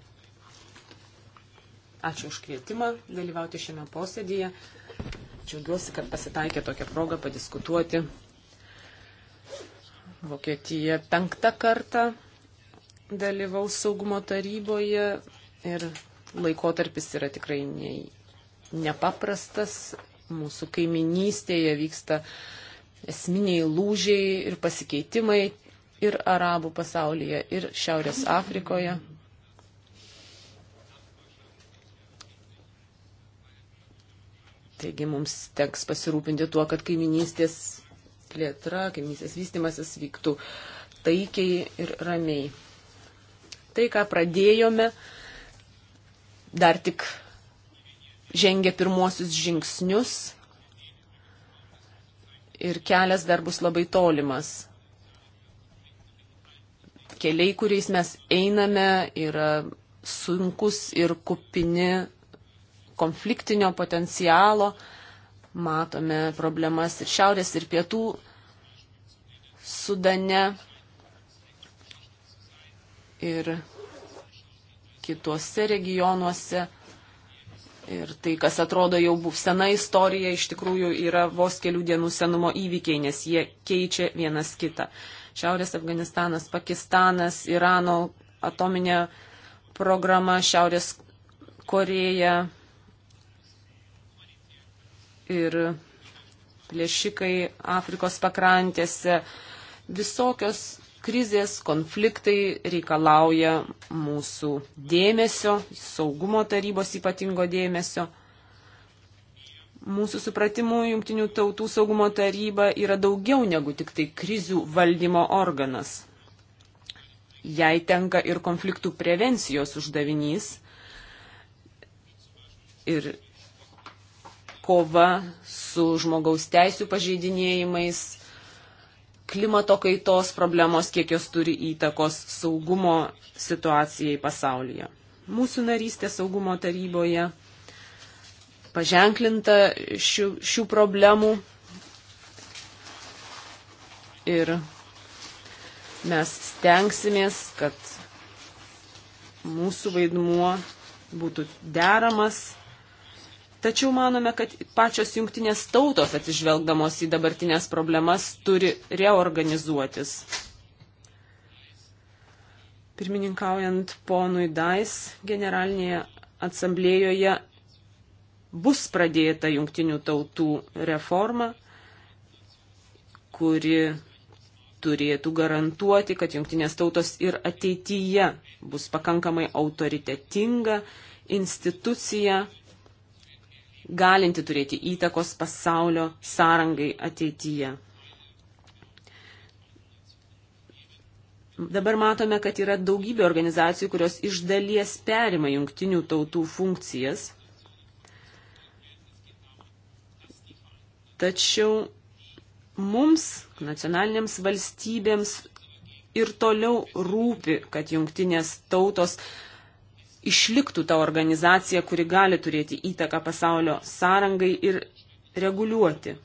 Ačiū už kvietimą dalyvauti šiame posėdėje. Džiaugiuosi, kad pasitaikė tokia proga padiskutuoti. Vokietija penktą kartą dalyvaus saugumo taryboje ir laikotarpis yra tikrai ne, nepaprastas. Mūsų kaiminystėje vyksta esminiai lūžiai ir pasikeitimai ir arabų pasaulyje, ir Šiaurės Afrikoje. Taigi mums teks pasirūpinti tuo, kad kaiminystės plėtra, kaiminystės vystimasis vyktų taikiai ir ramiai. Tai, ką pradėjome, dar tik žengia pirmosius žingsnius ir kelias dar bus labai tolimas keliai, kuriais mes einame, yra sunkus ir kupini konfliktinio potencialo. Matome problemas ir šiaurės, ir pietų Sudane ir kituose regionuose. Ir tai, kas atrodo jau buvo sena istorija, iš tikrųjų yra vos kelių dienų senumo įvykiai, nes jie keičia vienas kitą. Šiaurės Afganistanas, Pakistanas, Irano atominė programa, Šiaurės Koreja ir plėšikai Afrikos pakrantėse. Visokios krizės, konfliktai reikalauja mūsų dėmesio, saugumo tarybos ypatingo dėmesio. Mūsų supratimu, Junktinių tautų saugumo taryba yra daugiau negu tik tai krizių valdymo organas. Jai tenka ir konfliktų prevencijos uždavinys ir kova su žmogaus teisų pažeidinėjimais, klimato kaitos problemos, kiek jos turi įtakos saugumo situacijai pasaulyje. Mūsų narystė saugumo taryboje paženklinta šių, šių problemų. Ir mes stengsimės, kad mūsų vaidmuo būtų deramas. Tačiau manome, kad pačios jungtinės tautos atsižvelgdamos į dabartinės problemas turi reorganizuotis. Pirmininkaujant ponui Dais generalinėje asamblėjoje bus pradėta jungtinių tautų reforma, kuri turėtų garantuoti, kad jungtinės tautos ir ateityje bus pakankamai autoritetinga institucija, galinti turėti įtakos pasaulio sąrangai ateityje. Dabar matome, kad yra daugybė organizacijų, kurios iš dalies perima jungtinių tautų funkcijas Tačiau mums, nacionalinėms valstybėms, ir toliau rūpi, kad jungtinės tautos išliktų ta organizacija, kuri gali turėti įtaką pasaulio sąrangai ir reguliuoti.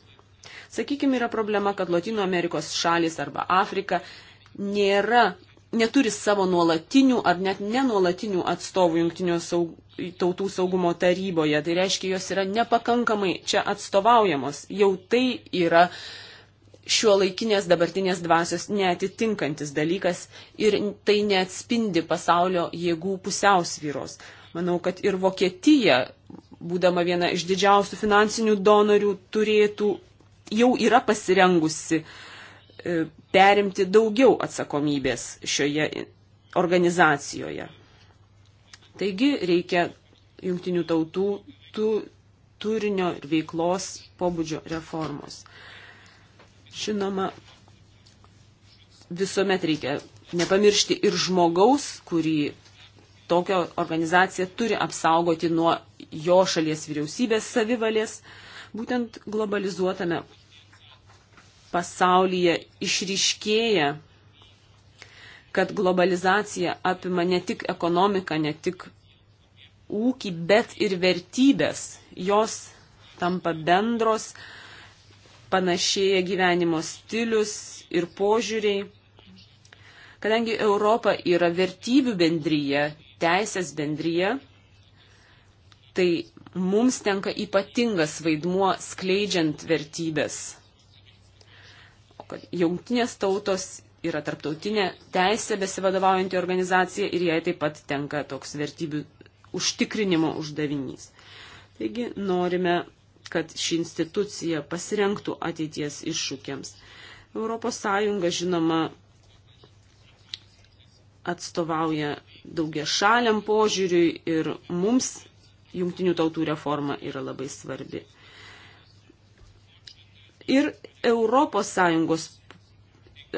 Sakykime, yra problema, kad Latino Amerikos šalis arba Afrika nėra neturi savo nuolatinių ar net nenuolatinių atstovų jungtinių saug, tautų saugumo taryboje. Tai reiškia, jos yra nepakankamai čia atstovaujamos. Jau tai yra šio laikinės dabartinės dvasios neatitinkantis dalykas ir tai neatspindi pasaulio jėgų pusiausvyros. Manau, kad ir Vokietija, būdama viena iš didžiausių finansinių donorių, turėtų jau yra pasirengusi uh, E, perimti daugiau atsakomybės šioje organizacijoje. Taigi reikia jungtinių tautų tų, turinio ir veiklos pobūdžio reformos. Žinoma, visuomet reikia nepamiršti ir žmogaus, kurį tokia organizacija turi apsaugoti nuo jo šalies vyriausybės savivalės. Būtent globalizuotame pasaulyje išryškėja, kad globalizacija apima ne tik ekonomiką, ne tik ūkį, bet ir vertybės. Jos tampa bendros, panašėja gyvenimo stilius ir požiūriai. Kadangi Europa yra vertybių bendryje, teisės bendryje, tai mums tenka ypatingas vaidmuo skleidžiant vertybės kad jungtinės tautos yra tarptautinė teisė besivadovaujanti organizacija ir jai taip pat tenka toks vertybių užtikrinimo uždavinys. Taigi norime, kad ši institucija pasirenktų ateities iššūkiams. ES žinoma atstovauja daugia šaliam požiūriui ir mums jungtinių tautų reforma yra labai svarbi ir ES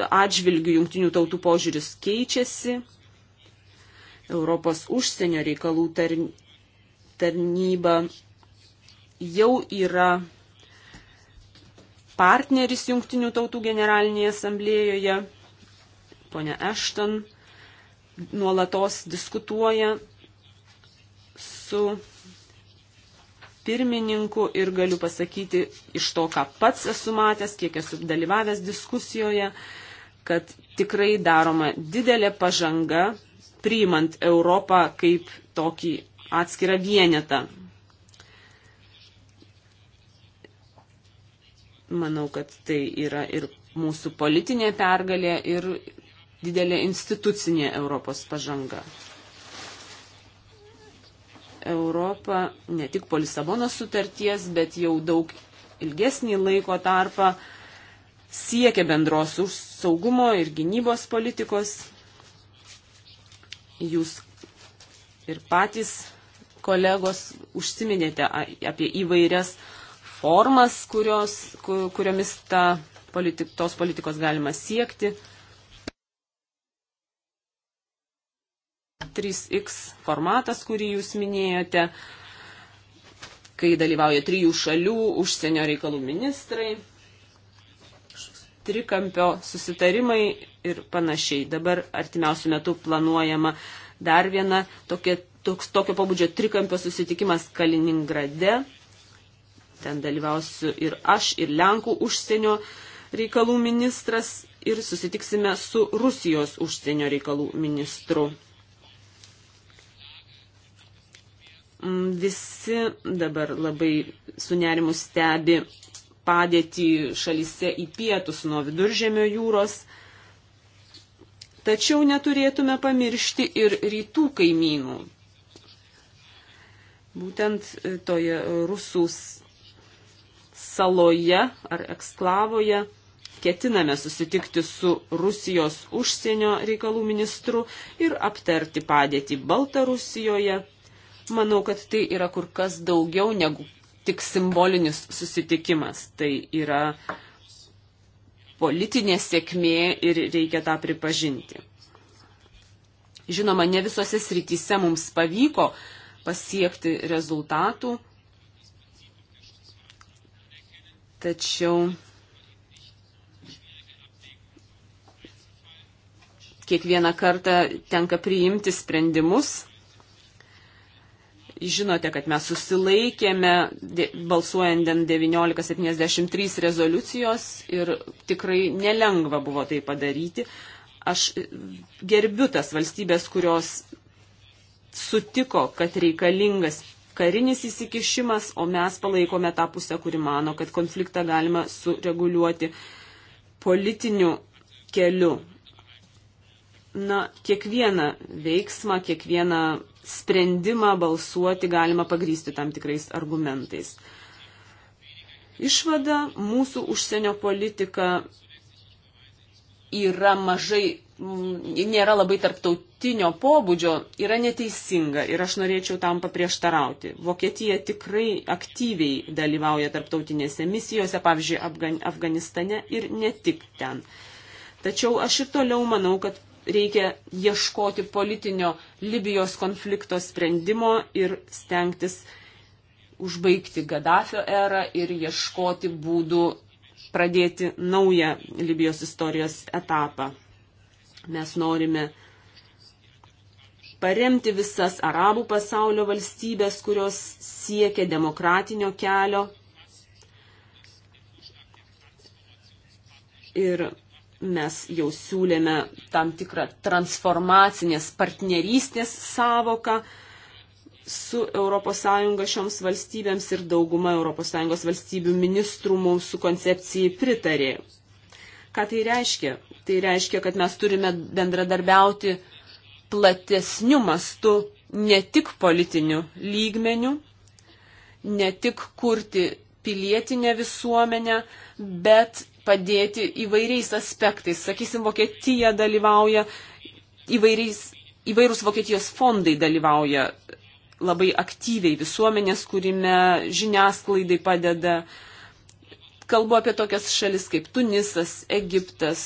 atžvilgių jungtinių tautų požiūris keičiasi. Europos užsienio reikalų tarnyba jau yra partneris jungtinių tautų generalinėje asamblėjoje. Pone Ešton nuolatos diskutuoja su pirmininku ir galiu pasakyti iš to, ką pats esu matęs, kiek esu dalyvavęs diskusijoje, kad tikrai daroma didelė pažanga priimant Europą kaip tokį atskirą vienetą. Manau, kad tai yra ir mūsų politinė pergalė ir didelė institucinė Europos pažanga. Europa ne tik po Lisabonos sutarties, bet jau daug ilgesnį laiko tarpą siekia bendros saugumo ir gynybos politikos. Jūs ir patys kolegos užsiminėte apie įvairias formas, kurios, kuriomis ta politik, tos politikos galima siekti. 3X formatas, kurį jūs minėjote, kai dalyvauja trijų šalių užsienio reikalų ministrai, trikampio susitarimai ir panašiai. Dabar artimiausių metų planuojama dar viena tokia, toks, tokio pabudžio trikampio susitikimas Kaliningrade. Ten dalyvausiu ir aš, ir Lenkų užsienio reikalų ministras ir susitiksime su Rusijos užsienio reikalų ministru. Mm, visi dabar labai sunerimus stebi padėtį šalyse į pietus nuo viduržėmio jūros. Tačiau neturėtume pamiršti ir rytų kaimynų. Būtent e, toje rusų saloje ar eksklavoje ketiname susitikti su Rusijos užsienio reikalų ministru ir aptarti padėtį Baltarusijoje, Manau, kad tai yra kur kas daugiau negu tik simbolinis susitikimas. Tai yra politinė sėkmė ir reikia tą pripažinti. Žinoma, ne visose srityse mums pavyko pasiekti rezultatų, tačiau kiekvieną kartą tenka priimti sprendimus Žinote, kad mes susilaikėme balsuojant 1973 rezoliucijos ir tikrai nelengva buvo tai padaryti. Aš gerbiu tas valstybės, kurios sutiko, kad reikalingas karinis įsikišimas, o mes palaikome tą pusę, kuri mano, kad konfliktą galima sureguliuoti politiniu keliu na, kiekvieną veiksmą, kiekvieną sprendimą balsuoti galima pagrysti tam tikrais argumentais. Išvada mūsų užsienio politika yra mažai, mm, nėra labai tarptautinio pobūdžio, yra neteisinga ir aš norėčiau tam paprieštarauti. Vokietija tikrai aktyviai dalyvauja tarptautinėse misijose, pavyzdžiui, Afgan Afganistane ir ne tik ten. Tačiau aš ir toliau manau, kad reikia ieškoti politinio Libijos konflikto sprendimo ir stengtis užbaigti Gaddafio erą ir ieškoti būdų pradėti naują Libijos istorijos etapą. Mes norime paremti visas arabų pasaulio valstybės, kurios siekia demokratinio kelio. Ir Mes jau siūlėme tam tikrą transformacinės partnerystės savoką su ES šioms valstybėms ir dauguma ES valstybių ministrų mūsų koncepcijai pritarė. Ką tai reiškia? Tai reiškia, kad mes turime bendradarbiauti platesnių mastų, ne tik politinių lygmenių, ne tik kurti pilietinę visuomenę, bet padėti įvairiais aspektais. Sakysim, Vokietija dalyvauja įvairiais, įvairūs Vokietijos fondai dalyvauja labai aktyviai visuomenės kūrime, žiniasklaidai padeda. Kalbu apie tokias šalis kaip Tunisas, Egiptas,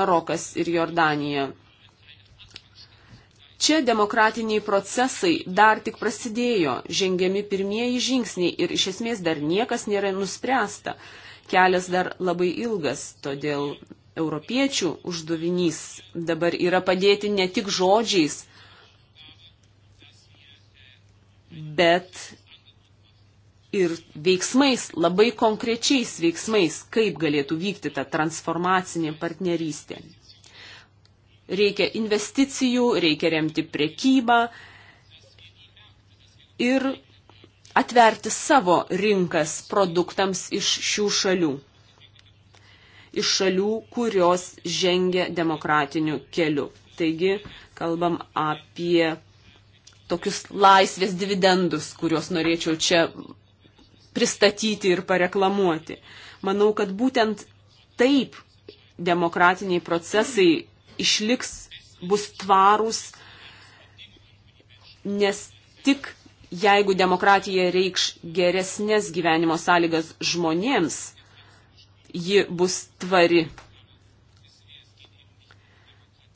Marokas ir Jordanija. Čia demokratiniai procesai dar tik prasidėjo, žengiami pirmieji žingsniai ir iš esmės dar niekas nėra nuspręsta kelias dar labai ilgas, todėl europiečių užduvinys dabar yra padėti ne tik žodžiais, bet ir veiksmais, labai konkrečiais veiksmais, kaip galėtų vykti ta transformacinė partnerystė. Reikia investicijų, reikia remti prekybą ir atverti savo rinkas produktams iš šių šalių. Iš šalių, kurios žengia demokratiniu keliu. Taigi, kalbam apie tokius laisvės dividendus, kuriuos norėčiau čia pristatyti ir pareklamuoti. Manau, kad būtent taip demokratiniai procesai išliks, bus tvarūs, nes tik jeigu demokratija reikš geresnės gyvenimo sąlygas žmonėms, ji bus tvari.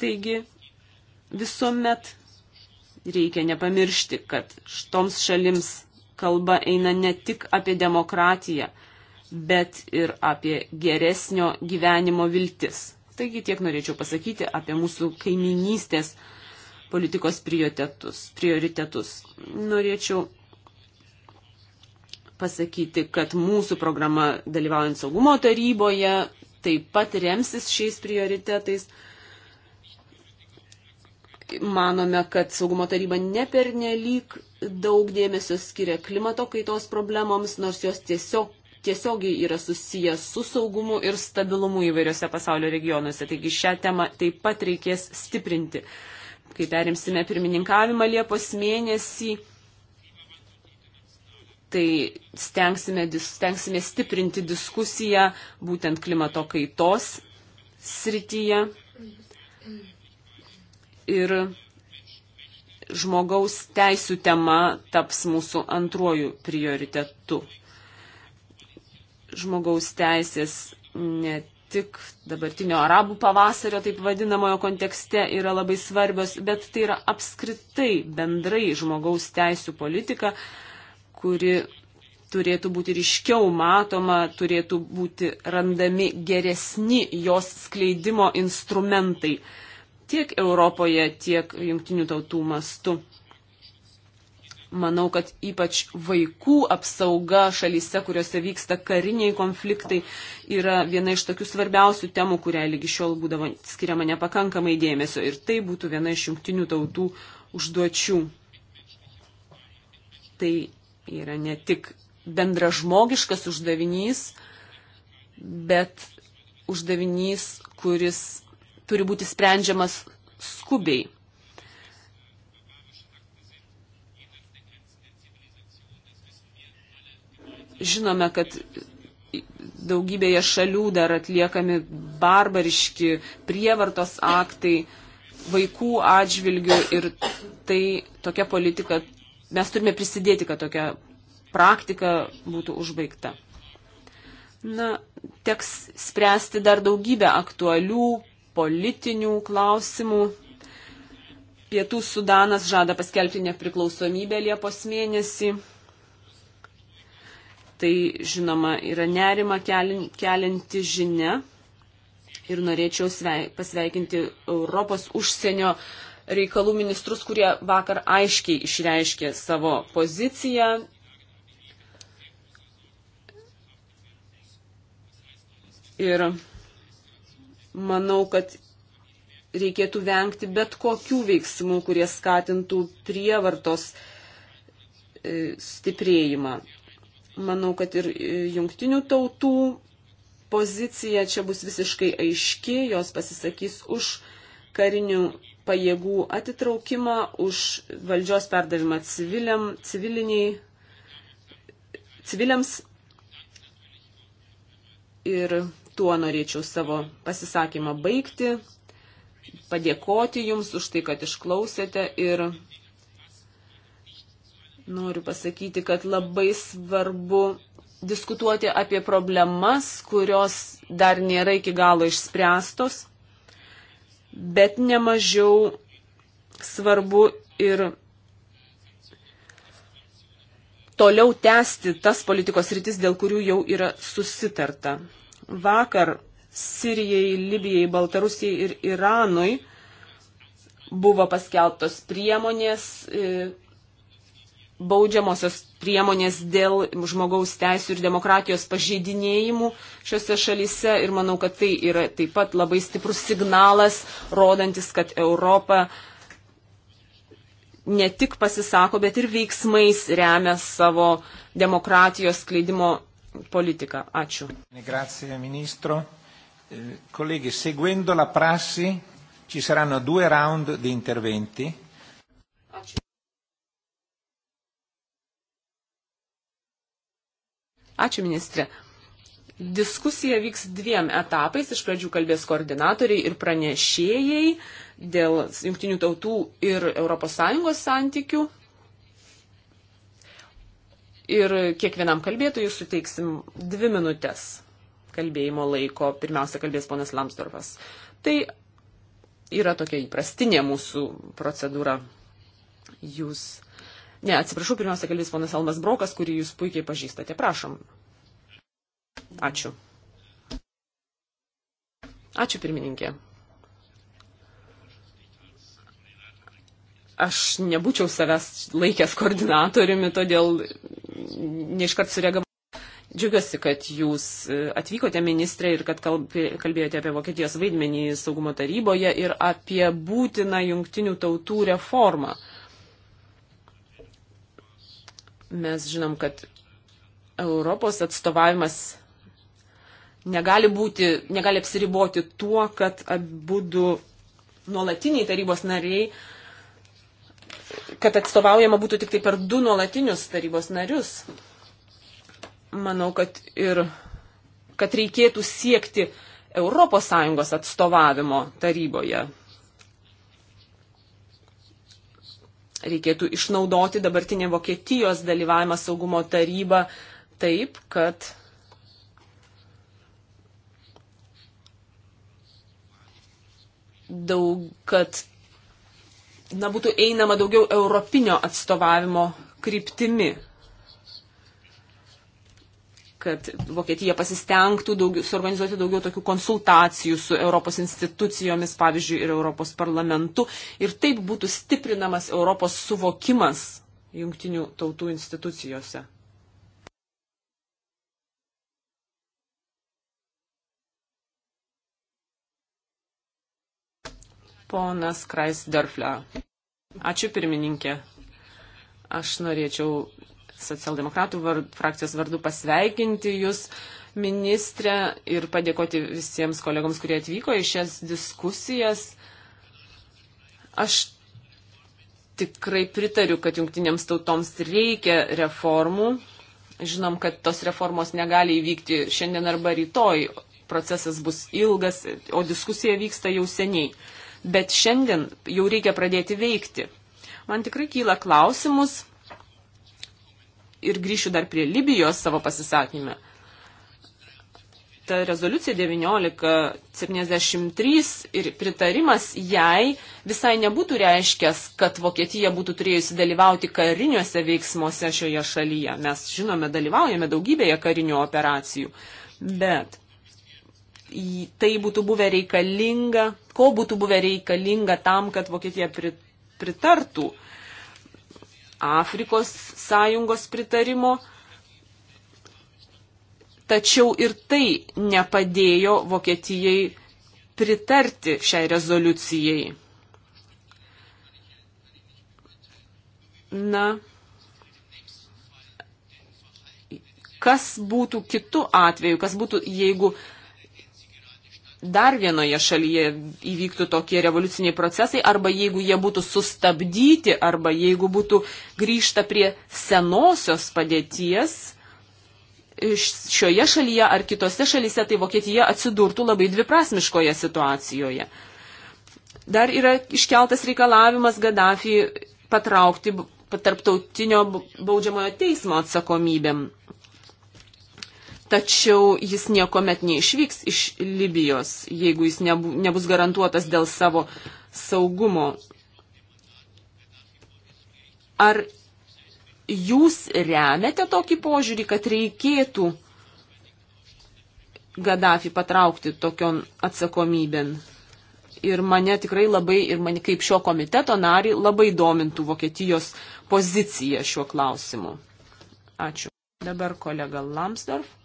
Taigi visuomet reikia nepamiršti, kad štoms šalims kalba eina ne tik apie demokratiją, bet ir apie geresnio gyvenimo viltis. Taigi tiek norėčiau pasakyti apie mūsų kaiminystės politikos prioritetus. prioritetus. Norėčiau pasakyti, kad mūsų programa dalyvaujant saugumo taryboje taip pat remsis šiais prioritetais. Manome, kad saugumo taryba nepernelyg daug dėmesio skiria klimato kaitos problemoms, nors jos tiesiog tiesiogiai yra susijęs su saugumu ir stabilumu įvairiose pasaulio regionuose. Taigi šią temą taip pat reikės stiprinti. Uh, kai perimsime pirmininkavimą Liepos mėnesį, tai stengsime, stengsime stiprinti diskusiją būtent klimato kaitos srityje. Ir žmogaus teisų tema taps mūsų antruoju prioritetu. Žmogaus teisės ne tik dabartinio arabų pavasario, taip vadinamojo kontekste, yra labai svarbios, bet tai yra apskritai bendrai žmogaus teisų politika, kuri turėtų būti ryškiau matoma, turėtų būti randami geresni jos skleidimo instrumentai tiek Europoje, tiek jungtinių tautų mastu. Manau, kad ypač vaikų apsauga šalyse, kuriuose vyksta kariniai konfliktai, yra viena iš tokių svarbiausių temų, kuriai lygi šiol būdavo skiriama nepakankamai dėmesio. Ir tai būtų viena iš jungtinių tautų užduočių. Tai yra ne tik bendražmogiškas uždavinys, bet uždavinys, kuris turi būti sprendžiamas skubiai. Žinome, kad daugybėje šalių dar atliekami barbariški prievartos aktai vaikų atžvilgių ir tai tokia politika, mes turime prisidėti, kad tokia praktika būtų užbaigta. Na, teks spręsti dar daugybę aktualių politinių klausimų. Pietų Sudanas žada paskelbti nepriklausomybę Liepos mėnesį. Tai, žinoma, yra nerima kelinti žinia ir norėčiau pasveikinti Europos užsienio reikalų ministrus, kurie vakar aiškiai išreiškė savo poziciją. Ir manau, kad reikėtų vengti bet kokių veiksmų, kurie skatintų prievartos e, stiprėjimą. Manau, kad ir e, jungtinių tautų pozicija čia bus visiškai aiški, jos pasisakys už karinių pajėgų atitraukimą, už valdžios perdavimą civiliam, civiliniai, civiliams. Ir tuo norėčiau savo pasisakymą baigti, padėkoti Jums už tai, kad išklausėte ir Noriu pasakyti, kad labai svarbu diskutuoti apie problemas, kurios dar nėra iki galo išspręstos, bet nemažiau svarbu ir toliau tęsti tas politikos rytis, dėl kurių jau yra susitarta. Vakar Sirijai, Libijai, Baltarusijai ir Iranui buvo paskelbtos priemonės e, baudžiamosios priemonės dėl žmogaus teisų ir demokratijos pažeidinėjimų šiuose šalyse ir manau, kad tai yra taip pat labai stiprus signalas, rodantis, kad Europa ne tik pasisako, bet ir veiksmais remia savo demokratijos skleidimo politiką. Ačiū. Grazie, ministro. Eh, colleghi, seguendo la prassi ci saranno due round di interventi. Ačiū. Ačiū, ministrė. Diskusija vyks dviem etapais. Iš pradžių kalbės koordinatoriai ir pranešėjai dėl jungtinių tautų ir ES santykių. Ir kiekvienam kalbėtojui suteiksim dvi minutės kalbėjimo laiko. Pirmiausia, kalbės ponas Lamsdorfas. Tai yra tokia įprastinė mūsų procedūra. Jūs Ne, atsiprašau, pirmiausia kalbės ponas Almas Brokas, kurį jūs puikiai pažįstate. Prašom. Ačiū. Ačiū pirmininkė. Aš nebūčiau savęs laikęs koordinatoriumi, todėl neiškart sureagavau. Džiugiuosi, kad jūs atvykote, ministrė, ir kad kalbėjote apie Vokietijos vaidmenį saugumo taryboje ir apie būtiną jungtinių tautų reformą. Mes žinom, kad Europos atstovavimas negali, būti, negali apsiriboti tuo, kad abu du nuolatiniai tarybos nariai, kad atstovaujama būtų tik tai per du nuolatinius tarybos narius. Manau, kad ir kad reikėtų siekti ES atstovavimo taryboje. reikėtų išnaudoti dabartinę Vokietijos dalyvavimą saugumo tarybą taip, kad daug, kad na, būtų einama daugiau europinio atstovavimo kryptimi kad Vokietija pasistengtų daugiau, suorganizuoti daugiau tokių konsultacijų su Europos institucijomis, pavyzdžiui, ir Europos parlamentu. Ir taip būtų stiprinamas Europos suvokimas jungtinių tautų institucijose. Ponas Kreisdörfler. Ačiū pirmininkė. Aš norėčiau socialdemokratų vard, frakcijos vardu pasveikinti Jūs, ministrė, ir padėkoti visiems kolegoms, kurie atvyko į šias diskusijas. Aš tikrai pritariu, kad jungtinėms tautoms reikia reformų. Žinom, kad tos reformos negali įvykti šiandien arba rytoj. Procesas bus ilgas, o diskusija vyksta jau seniai. Bet šiandien jau reikia pradėti veikti. Man tikrai kyla klausimus, ir grįšiu dar prie Libijos savo pasisakymę. Ta rezoliucija 1973 ir pritarimas jai visai nebūtų reiškęs, kad Vokietija būtų turėjusi dalyvauti kariniuose veiksmuose šioje šalyje. Mes žinome, dalyvaujame daugybėje karinių operacijų. Bet tai būtų buvę reikalinga, ko būtų buvę reikalinga tam, kad Vokietija pritartų uh, Afrikos sąjungos pritarimo, tačiau ir tai nepadėjo Vokietijai pritarti šiai rezoliucijai. Na, kas būtų kitų atveju, kas būtų, jeigu dar vienoje šalyje įvyktų tokie revoliuciniai procesai, arba jeigu jie būtų sustabdyti, arba jeigu būtų grįžta prie senosios padėties šioje šalyje ar kitose šalyse, tai Vokietija atsidurtų labai dviprasmiškoje situacijoje. Dar yra iškeltas reikalavimas Gaddafi patraukti tarptautinio baudžiamojo teismo atsakomybėm tačiau jis niekuomet neišvyks iš Libijos, jeigu jis nebu, nebus garantuotas dėl savo saugumo. Ar jūs remiate tokį požiūrį, kad reikėtų Gaddafi patraukti tokion atsakomybėn? Ir mane tikrai labai, ir mane kaip šio komiteto nari, labai domintų Vokietijos pozicija šiuo klausimu. Ačiū. Dabar kolega Lamsdorf.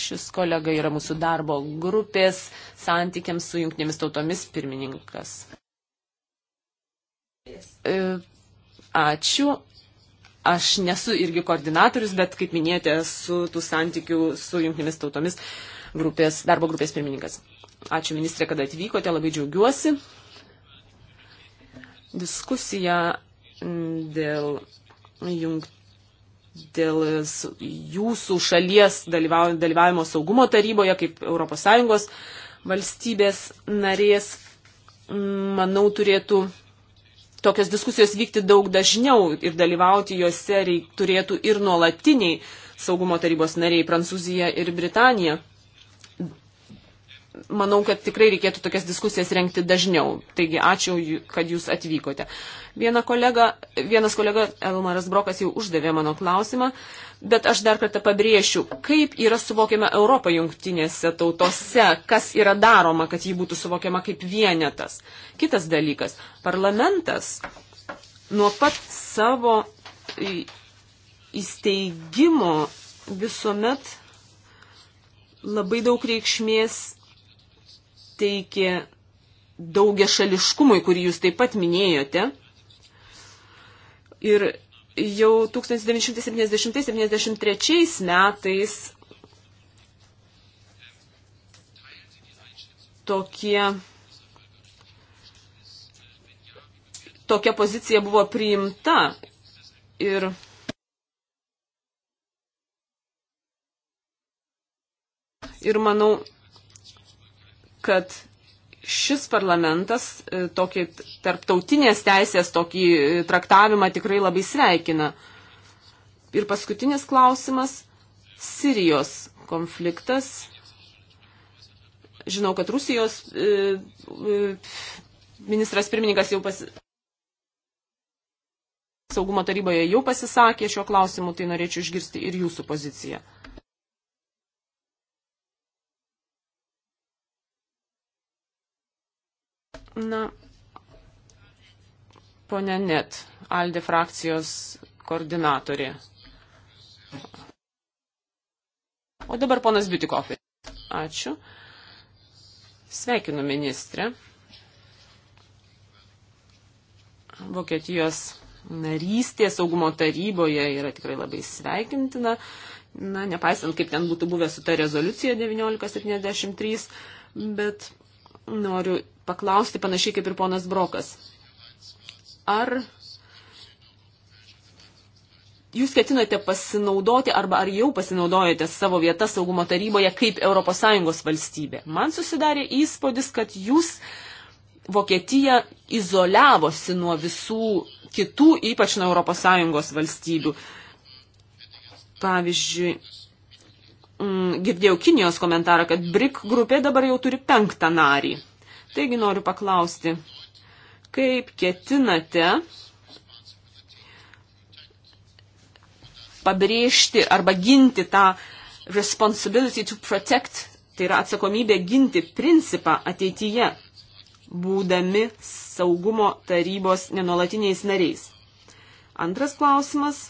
Šis kolega yra mūsų darbo grupės santykiams su jungtinėmis tautomis pirmininkas. E, ačiū. Aš nesu irgi koordinatorius, bet, kaip minėjote, su tų santykių su jungtinėmis tautomis grupės, darbo grupės pirmininkas. Ačiū ministrė, kad atvykote, labai džiaugiuosi. Diskusija dėl jungtinių dėl jūsų šalies dalyvavimo saugumo taryboje kaip ES valstybės narės, manau, turėtų tokios diskusijos vykti daug dažniau ir dalyvauti juose reik, turėtų ir nuolatiniai saugumo tarybos nariai Prancūzija ir Britanija manau, kad tikrai reikėtų tokias diskusijas renkti dažniau. Taigi ačiū, kad jūs atvykote. Viena kolega, vienas kolega Elmaras Brokas jau uždavė mano klausimą, bet aš dar kartą pabrėšiu, kaip yra suvokiama Europa jungtinėse tautose, kas yra daroma, kad ji būtų suvokiama kaip vienetas. Kitas dalykas, parlamentas nuo pat savo įsteigimo visuomet labai daug reikšmės teikė daugia šališkumui, kurį jūs taip pat minėjote. Ir jau 1970-73 metais tokie, tokia pozicija buvo priimta. Ir Ir manau, kad šis parlamentas e, tokį tarptautinės teisės tokį e, traktavimą tikrai labai sveikina. Ir paskutinis klausimas - Sirijos konfliktas. Žinau, kad Rusijos e, e, ministras pirmininkas jau pasi... saugumo taryboje jau pasisakė šiuo klausimu, tai norėčiau išgirsti ir jūsų poziciją. Na, ponia Net, Aldi frakcijos koordinatorė. O dabar ponas Biutikofė. Ačiū. Sveikinu ministrę. Vokietijos narystė saugumo taryboje yra tikrai labai sveikintina. Na, nepaisant, kaip ten būtų buvę su ta rezoliucija 1973, bet noriu paklausti panašiai kaip ir ponas Brokas. Ar jūs ketinate pasinaudoti arba ar jau pasinaudojate savo vietą saugumo taryboje kaip ES valstybė? Man susidarė įspūdis, kad jūs Vokietija izoliavosi nuo visų kitų, ypač nuo ES valstybių. Pavyzdžiui, mm, girdėjau Kinijos komentarą, kad BRIC grupė dabar jau turi penktą narį. Taigi noriu paklausti, kaip ketinate pabrėžti arba ginti tą responsibility to protect, tai yra atsakomybė ginti principą ateityje, būdami saugumo tarybos nenolatiniais nariais. Antras klausimas.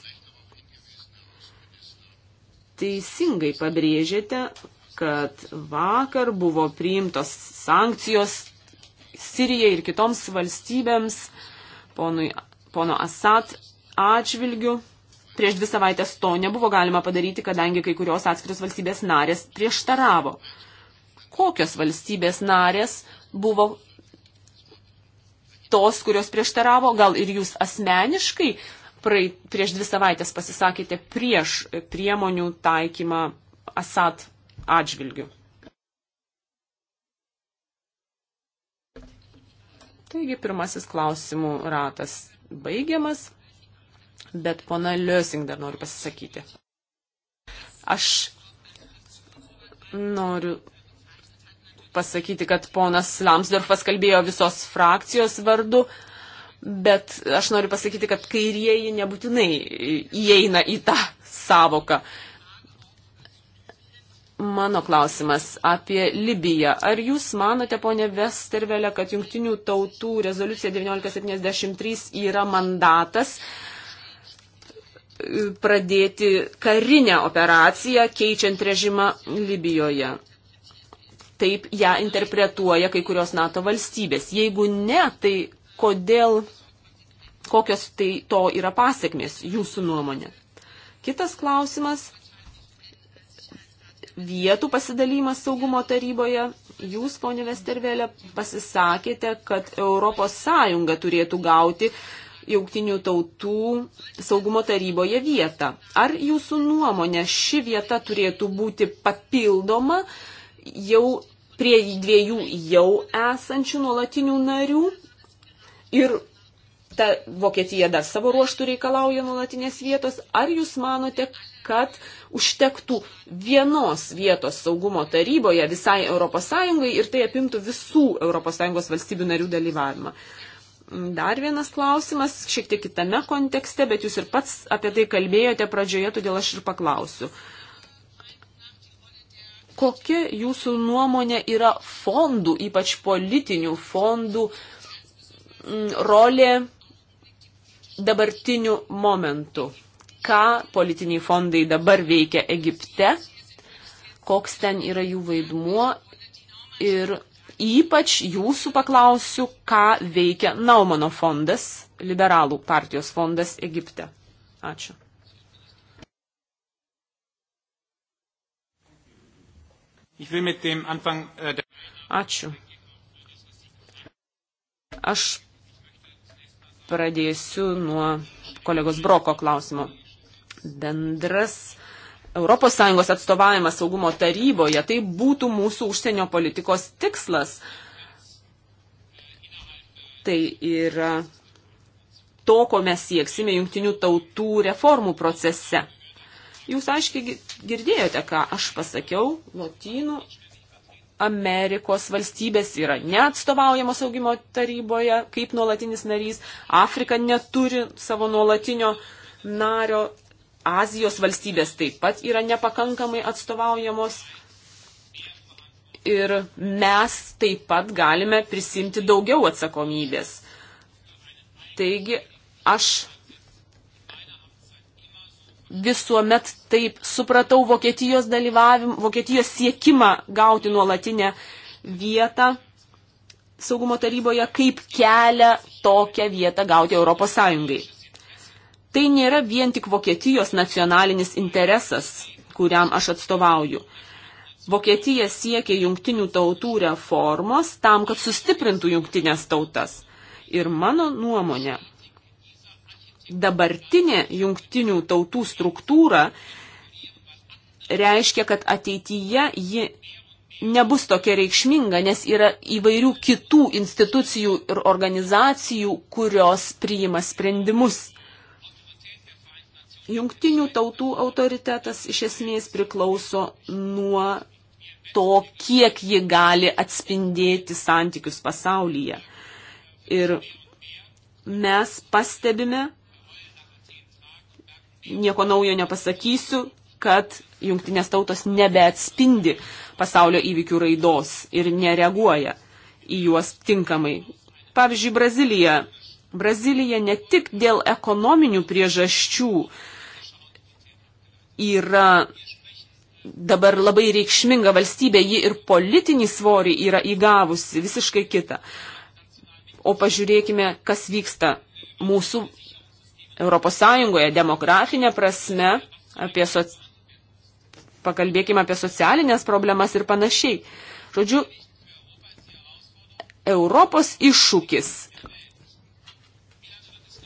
Teisingai pabrėžėte, kad vakar buvo priimtos sankcijos Sirijai ir kitoms valstybėms, ponui, pono Assad atžvilgių. Prieš dvi savaitės to nebuvo galima padaryti, kadangi kai kurios atskiros valstybės narės prieštaravo. Kokios valstybės narės buvo tos, kurios prieštaravo, gal ir jūs asmeniškai praei, prieš dvi savaitės pasisakėte prieš priemonių taikymą Asad atžvilgių. Taigi pirmasis klausimų ratas baigiamas, bet pona Liosing dar noriu pasisakyti. Aš noriu pasakyti, kad ponas Lamsdorfas kalbėjo visos frakcijos vardu, bet aš noriu pasakyti, kad kairieji nebūtinai įeina į tą savoką. Mano klausimas apie Libiją. Ar jūs manote, ponė Vestervelė, kad jungtinių tautų rezoliucija 1973 yra mandatas e, pradėti karinę operaciją, keičiant režimą Libijoje? Taip ją interpretuoja kai kurios NATO valstybės. Jeigu ne, tai kodėl, kokios tai to yra pasiekmės jūsų nuomonė? Kitas klausimas vietų pasidalymas saugumo taryboje. Jūs, ponė Vestervėlė, pasisakėte, kad ES turėtų gauti jauktinių tautų saugumo taryboje vietą. Ar jūsų nuomonė ši vieta turėtų būti papildoma jau prie dviejų jau esančių nuolatinių narių ir ta Vokietija dar savo ruoštų reikalauja nuolatinės vietos. Ar jūs manote, kad užtektų vienos vietos saugumo taryboje visai ES ir tai apimtų visų ES valstybių narių dalyvavimą. Mm, dar vienas klausimas, šiek tiek kitame kontekste, bet jūs ir pats apie tai kalbėjote pradžioje, todėl aš ir paklausiu. Kokia jūsų nuomonė yra fondų, ypač politinių fondų, mm, rolė dabartiniu momentu? ką politiniai fondai dabar veikia Egipte, koks ten yra jų vaidmuo ir ypač jūsų paklausiu, ką veikia Naumano fondas, liberalų partijos fondas Egipte. Ačiū. Äh, Ačiū. Aš pradėsiu nuo kolegos Broko klausimo bendras ES atstovavimas saugumo taryboje. Tai būtų mūsų užsienio politikos tikslas. Tai yra to, ko mes sieksime jungtinių tautų reformų procese. Jūs aiškiai girdėjote, ką aš pasakiau, Lotynų Amerikos valstybės yra neatstovaujamos augimo taryboje kaip nuolatinis narys, Afrika neturi savo nuolatinio nario Azijos valstybės taip pat yra nepakankamai atstovaujamos. Ir mes taip pat galime prisimti daugiau atsakomybės. Taigi aš visuomet taip supratau Vokietijos dalyvavimą, Vokietijos siekimą gauti nuolatinę vietą saugumo taryboje, kaip kelią tokią vietą gauti Europos Sąjungai. Tai nėra vien tik Vokietijos nacionalinis interesas, kuriam aš atstovauju. Vokietija siekia jungtinių tautų reformos tam, kad sustiprintų jungtinės tautas. Ir mano nuomonė, dabartinė jungtinių tautų struktūra reiškia, kad ateityje ji nebus tokia reikšminga, nes yra įvairių kitų institucijų ir organizacijų, kurios priima sprendimus Jungtinių tautų autoritetas iš esmės priklauso nuo to, kiek ji gali atspindėti santykius pasaulyje. Ir mes pastebime, nieko naujo nepasakysiu, kad jungtinės tautos nebeatspindi pasaulio įvykių raidos ir nereaguoja į juos tinkamai. Pavyzdžiui, Brazilija. Brazilija ne tik dėl ekonominių priežasčių, uh, yra dabar labai reikšminga valstybė, ji ir politinį svorį yra įgavusi visiškai kitą. O pažiūrėkime, kas vyksta mūsų ES demografinė prasme, apie so... pakalbėkime apie socialinės problemas ir panašiai. Žodžiu, Europos iššūkis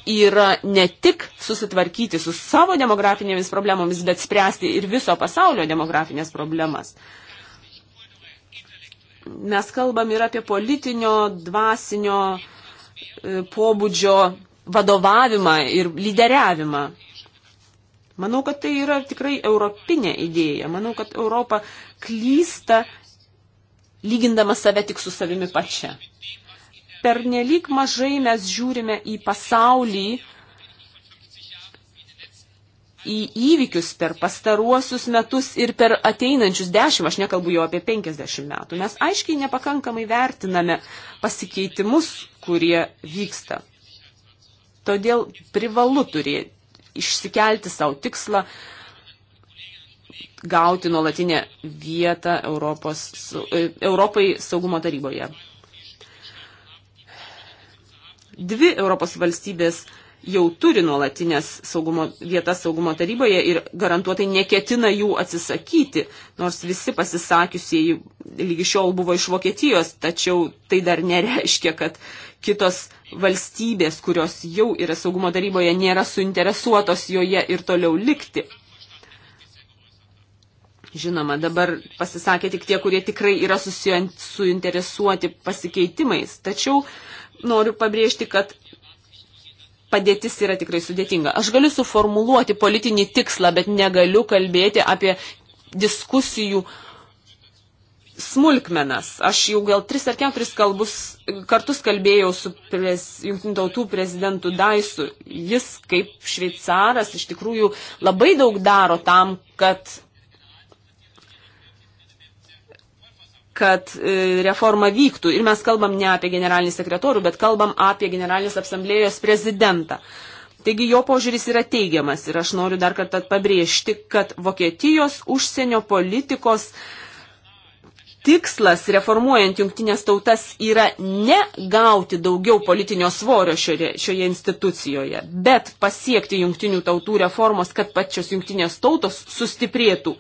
yra ne tik susitvarkyti su savo demografinėmis problemomis, bet spręsti ir viso pasaulio demografinės problemas. Mes kalbam ir apie politinio, dvasinio e, pobūdžio vadovavimą ir lyderiavimą. Manau, kad tai yra tikrai europinė idėja. Manau, kad Europa klysta, lygindama save tik su savimi pačia per nelik mažai mes žiūrime į pasaulį, į įvykius per pastaruosius metus ir per ateinančius dešimt, aš nekalbu jau apie penkisdešimt metų, mes aiškiai nepakankamai vertiname pasikeitimus, kurie vyksta. Todėl privalu turėti, išsikelti savo tikslą, gauti nuolatinę vietą Europos, Europai saugumo taryboje. Dvi Europos valstybės jau turi nuolatinės saugumo, vietas saugumo taryboje ir garantuotai neketina jų atsisakyti, nors visi pasisakiusieji lygi šiol buvo iš Vokietijos, tačiau tai dar nereiškia, kad kitos valstybės, kurios jau yra saugumo taryboje, nėra suinteresuotos joje ir toliau likti. Žinoma, dabar pasisakė tik tie, kurie tikrai yra suinteresuoti pasikeitimais. Tačiau uh, noriu pabrėžti, kad padėtis yra tikrai sudėtinga. Aš galiu suformuluoti politinį tikslą, bet negaliu kalbėti apie diskusijų smulkmenas. Aš jau gal tris ar keturis kalbus, kartus kalbėjau su prez, jungtinių tautų prezidentu Daisu. Jis kaip šveicaras iš tikrųjų labai daug daro tam, kad kad e, reforma vyktų. Ir mes kalbam ne apie generalinį sekretorių, bet kalbam apie generalinės asamblėjos prezidentą. Taigi jo požiūris yra teigiamas ir aš noriu dar kartą pabrėžti, kad Vokietijos užsienio politikos tikslas reformuojant jungtinės tautas yra ne gauti daugiau politinio svorio šioje, šioje institucijoje, bet pasiekti jungtinių tautų reformos, kad pačios jungtinės tautos sustiprėtų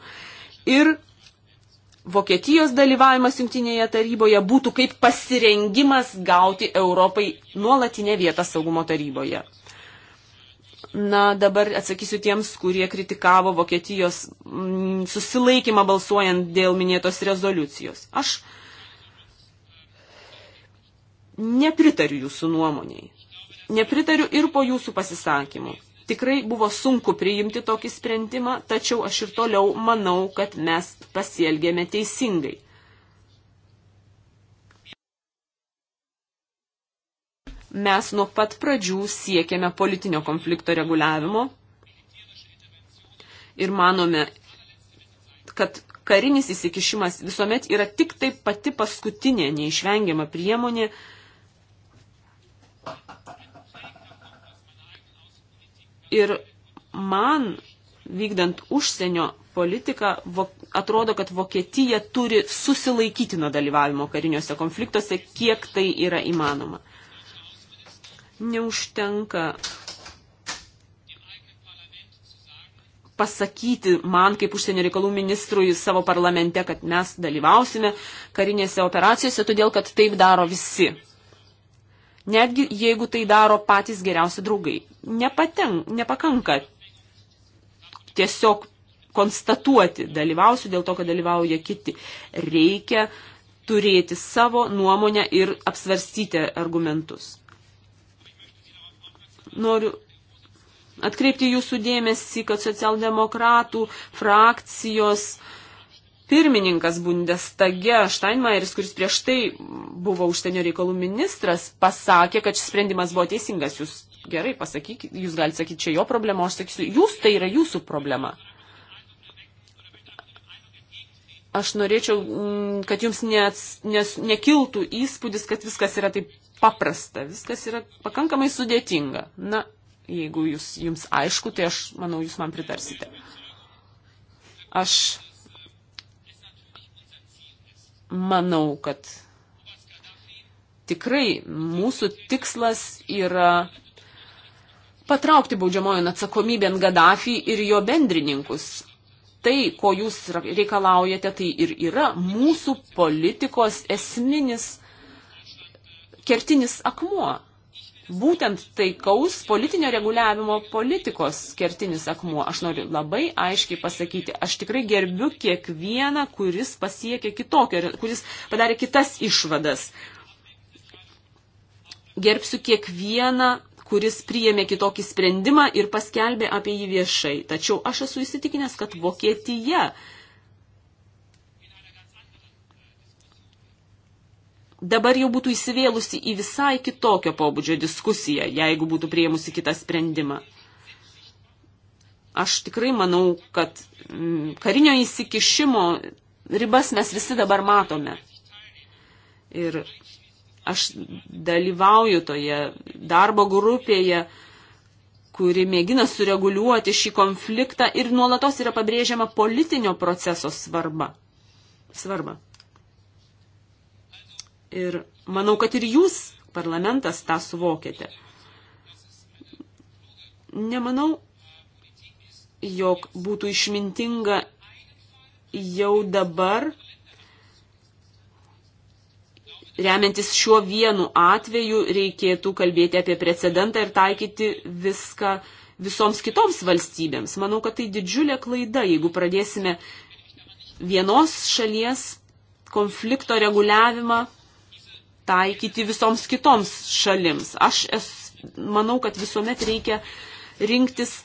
ir Vokietijos dalyvavimas jungtinėje taryboje būtų kaip pasirengimas gauti Europai nuolatinę vietą saugumo taryboje. Na, dabar atsakysiu tiems, kurie kritikavo Vokietijos mm, susilaikymą balsuojant dėl minėtos rezoliucijos. Aš nepritariu jūsų nuomoniai. Nepritariu ir po jūsų pasisakymų. Tikrai buvo sunku priimti tokį sprendimą, tačiau aš ir toliau manau, kad mes pasielgėme teisingai. Mes nuo pat pradžių siekėme politinio konflikto reguliavimo ir manome, kad karinis įsikišimas visuomet yra tik tai pati paskutinė neišvengiama priemonė, Ir man, vykdant užsienio politiką, atrodo, kad Vokietija turi susilaikyti nuo dalyvavimo kariniuose konfliktuose, kiek tai yra įmanoma. Neužtenka pasakyti man kaip užsienio reikalų ministrui savo parlamente, kad mes dalyvausime karinėse operacijose, todėl kad taip daro visi netgi jeigu tai daro patys geriausi draugai. Nepaten, nepakanka tiesiog konstatuoti, dalyvausiu dėl to, kad dalyvauja kiti. Reikia turėti savo nuomonę ir apsvarstyti argumentus. Noriu atkreipti jūsų dėmesį, kad socialdemokratų frakcijos uh, pirmininkas Bundestage Steinmeieris, kuris prieš tai buvo užsienio reikalų ministras, pasakė, kad šis sprendimas buvo teisingas. Jūs gerai pasakykite, jūs galite sakyti, čia jo problema, aš sakysiu, jūs tai yra jūsų problema. Aš norėčiau, mm, kad jums nes, nes, nekiltų įspūdis, kad viskas yra taip paprasta, viskas yra pakankamai sudėtinga. Na, jeigu jūs, jums aišku, tai aš manau, jūs man pritarsite. Aš manau, kad tikrai mūsų tikslas yra patraukti baudžiamojon atsakomybėn Gaddafi ir jo bendrininkus. Tai, ko jūs reikalaujate, tai ir yra mūsų politikos esminis kertinis akmuo būtent taikaus politinio reguliavimo politikos kertinis akmuo. Aš noriu labai aiškiai pasakyti, aš tikrai gerbiu kiekvieną, kuris pasiekė kitokio, kuris padarė kitas išvadas. Gerbsiu kiekvieną, kuris priėmė kitokį sprendimą ir paskelbė apie jį viešai. Tačiau aš esu įsitikinęs, kad Vokietija dabar jau būtų įsivėlusi į visai kitokio pobūdžio diskusiją, jeigu būtų prieimusi kitą sprendimą. Aš tikrai manau, kad mm, karinio įsikišimo ribas mes visi dabar matome. Ir aš dalyvauju toje darbo grupėje, kuri mėgina sureguliuoti šį konfliktą ir nuolatos yra pabrėžiama politinio proceso svarba. svarba. Ir manau, kad ir jūs, parlamentas, tą suvokėte. Nemanau, jog būtų išmintinga jau dabar, remiantis šiuo vienu atveju, reikėtų kalbėti apie precedentą ir taikyti viską visoms kitoms valstybėms. Manau, kad tai didžiulė klaida, jeigu pradėsime vienos šalies konflikto reguliavimą taikyti visoms kitoms šalims. Aš es, manau, kad visuomet reikia rinktis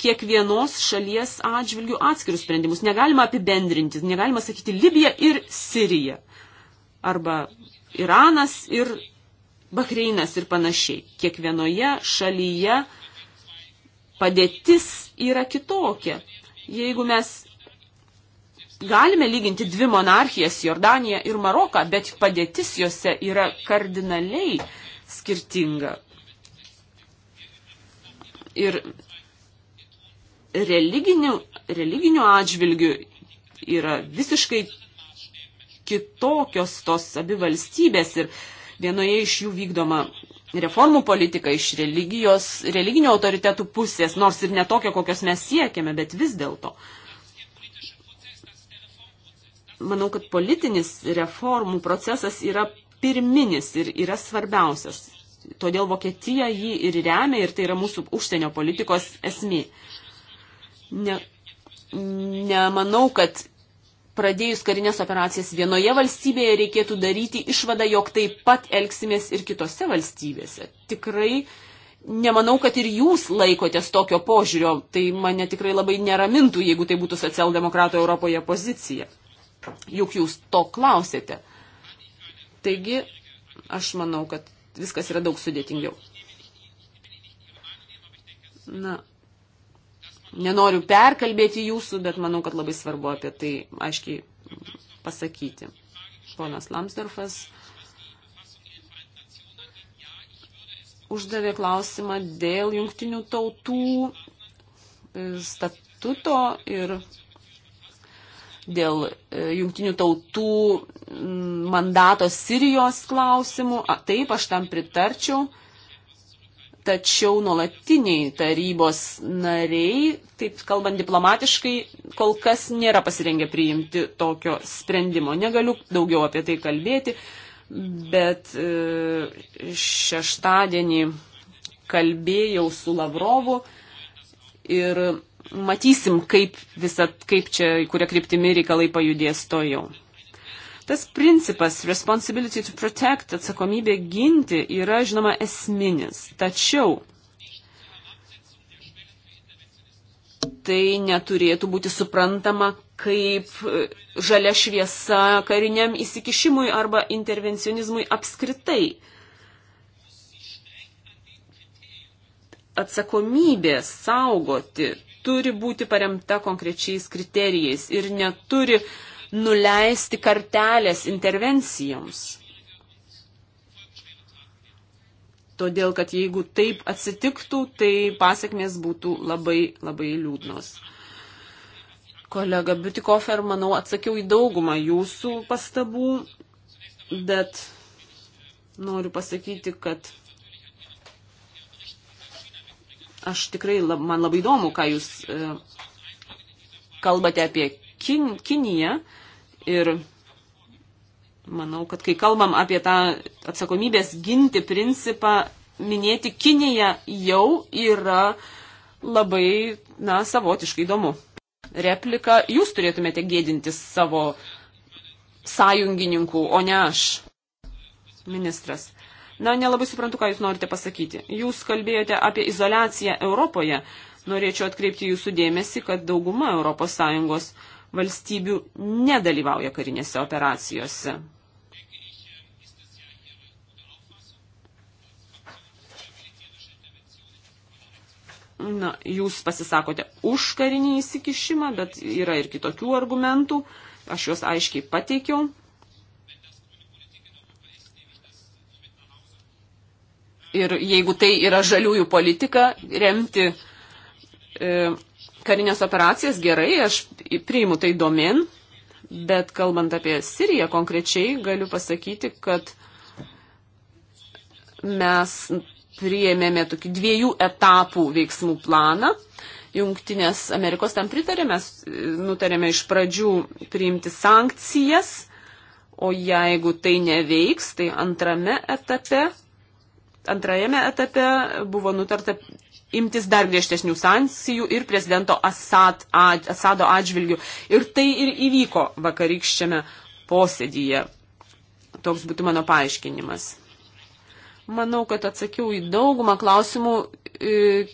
kiekvienos šalies atžvilgių atskirius sprendimus. Negalima apibendrinti, negalima sakyti Libija ir Sirija. Arba Iranas ir Bahreinas ir panašiai. Kiekvienoje šalyje padėtis yra kitokia. Jeigu mes galime lyginti dvi monarchijas - Jordaniją ir Maroką, bet padėtis juose yra kardinaliai skirtinga. Ir religinių, religinių atžvilgių yra visiškai kitokios tos abi valstybės ir vienoje iš jų vykdoma reformų politika iš religijos, religinio autoritetų pusės, nors ir netokia, kokios mes siekiame, bet vis dėlto. Uh, manau, kad politinis reformų procesas yra pirminis ir yra svarbiausias. Todėl Vokietija jį ir remia ir tai yra mūsų užsienio politikos esmė. Ne, nemanau, kad pradėjus karinės operacijas vienoje valstybėje reikėtų daryti išvadą, jog taip pat elgsimės ir kitose valstybėse. Tikrai nemanau, kad ir jūs laikotės tokio požiūrio. Tai mane tikrai labai neramintų, jeigu tai būtų socialdemokratų Europoje pozicija. Juk jūs to klausėte. Taigi, aš manau, kad viskas yra daug sudėtingiau. Na, nenoriu perkalbėti jūsų, bet manau, kad labai svarbu apie tai aiškiai pasakyti. Ponas Lamsdorfas uždavė klausimą dėl jungtinių tautų statuto ir dėl e, jungtinių tautų mandato Sirijos klausimų. A, taip, aš tam pritarčiau. Tačiau nuolatiniai tarybos nariai, taip kalbant diplomatiškai, kol kas nėra pasirengę priimti tokio sprendimo. Negaliu daugiau apie tai kalbėti, bet e, šeštadienį kalbėjau su Lavrovu ir matysim, kaip, visa, kaip čia, kuria kryptimi reikalai pajudės to jau. Tas principas responsibility to protect, atsakomybė ginti, yra, žinoma, esminis. Tačiau tai neturėtų būti suprantama kaip e, žalia šviesa kariniam įsikišimui arba intervencionizmui apskritai. Atsakomybė saugoti turi būti paremta konkrečiais kriterijais ir neturi nuleisti kartelės intervencijoms. Todėl, kad jeigu taip atsitiktų, tai pasiekmės būtų labai, labai liūdnos. Kolega Butikofer, manau, atsakiau į daugumą jūsų pastabų, bet noriu pasakyti, kad Aš tikrai, lab, man labai įdomu, ką jūs e, kalbate apie kin, Kiniją ir manau, kad kai kalbam apie tą atsakomybės ginti principą, minėti Kiniją jau yra labai, na, savotiškai įdomu. Replika, jūs turėtumėte gėdintis savo sąjungininkų, o ne aš. Ministras. Na, nelabai suprantu, ką jūs norite pasakyti. Jūs kalbėjote apie izolaciją Europoje. Norėčiau atkreipti jūsų dėmesį, kad dauguma ES valstybių nedalyvauja karinėse operacijose. Na, jūs pasisakote už karinį įsikišimą, bet yra ir kitokių argumentų. Aš juos aiškiai pateikiau. ir jeigu tai yra žaliųjų politika, remti e, karinės operacijas, gerai, aš priimu tai domin, bet kalbant apie Siriją konkrečiai, galiu pasakyti, kad mes priėmėme tokį dviejų etapų veiksmų planą. Jungtinės Amerikos tam pritarė, mes e, nutarėme iš pradžių priimti sankcijas, o jeigu tai neveiks, tai antrame etape Antrajame etape buvo nutarta imtis dar griežtesnių sankcijų ir prezidento Asad, Asado atžvilgių. Ir tai ir įvyko vakarykščiame posėdyje. Toks būtų mano paaiškinimas. Manau, kad atsakiau į daugumą klausimų, e,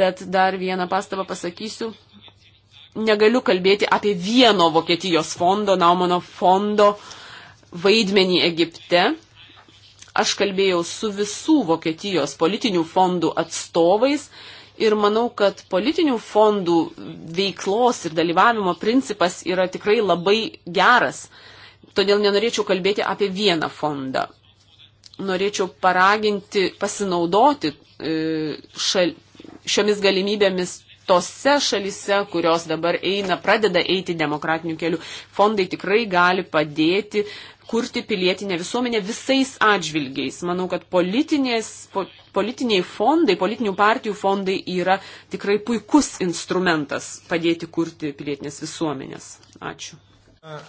bet dar vieną pastabą pasakysiu. Negaliu kalbėti apie vieno Vokietijos fondo, Naumono fondo vaidmenį Egipte Aš kalbėjau su visų Vokietijos politinių fondų atstovais ir manau, kad politinių fondų veiklos ir dalyvavimo principas yra tikrai labai geras. Todėl nenorėčiau kalbėti apie vieną fondą. Norėčiau paraginti pasinaudoti e, šal, šiomis galimybėmis tose šalise, kurios dabar eina, pradeda eiti demokratiniu keliu, fondai tikrai gali padėti kurti pilietinę visuomenę visais atžvilgiais. Manau, kad po, politiniai fondai, politinių partijų fondai yra tikrai puikus instrumentas padėti kurti pilietinės visuomenės. Ačiū.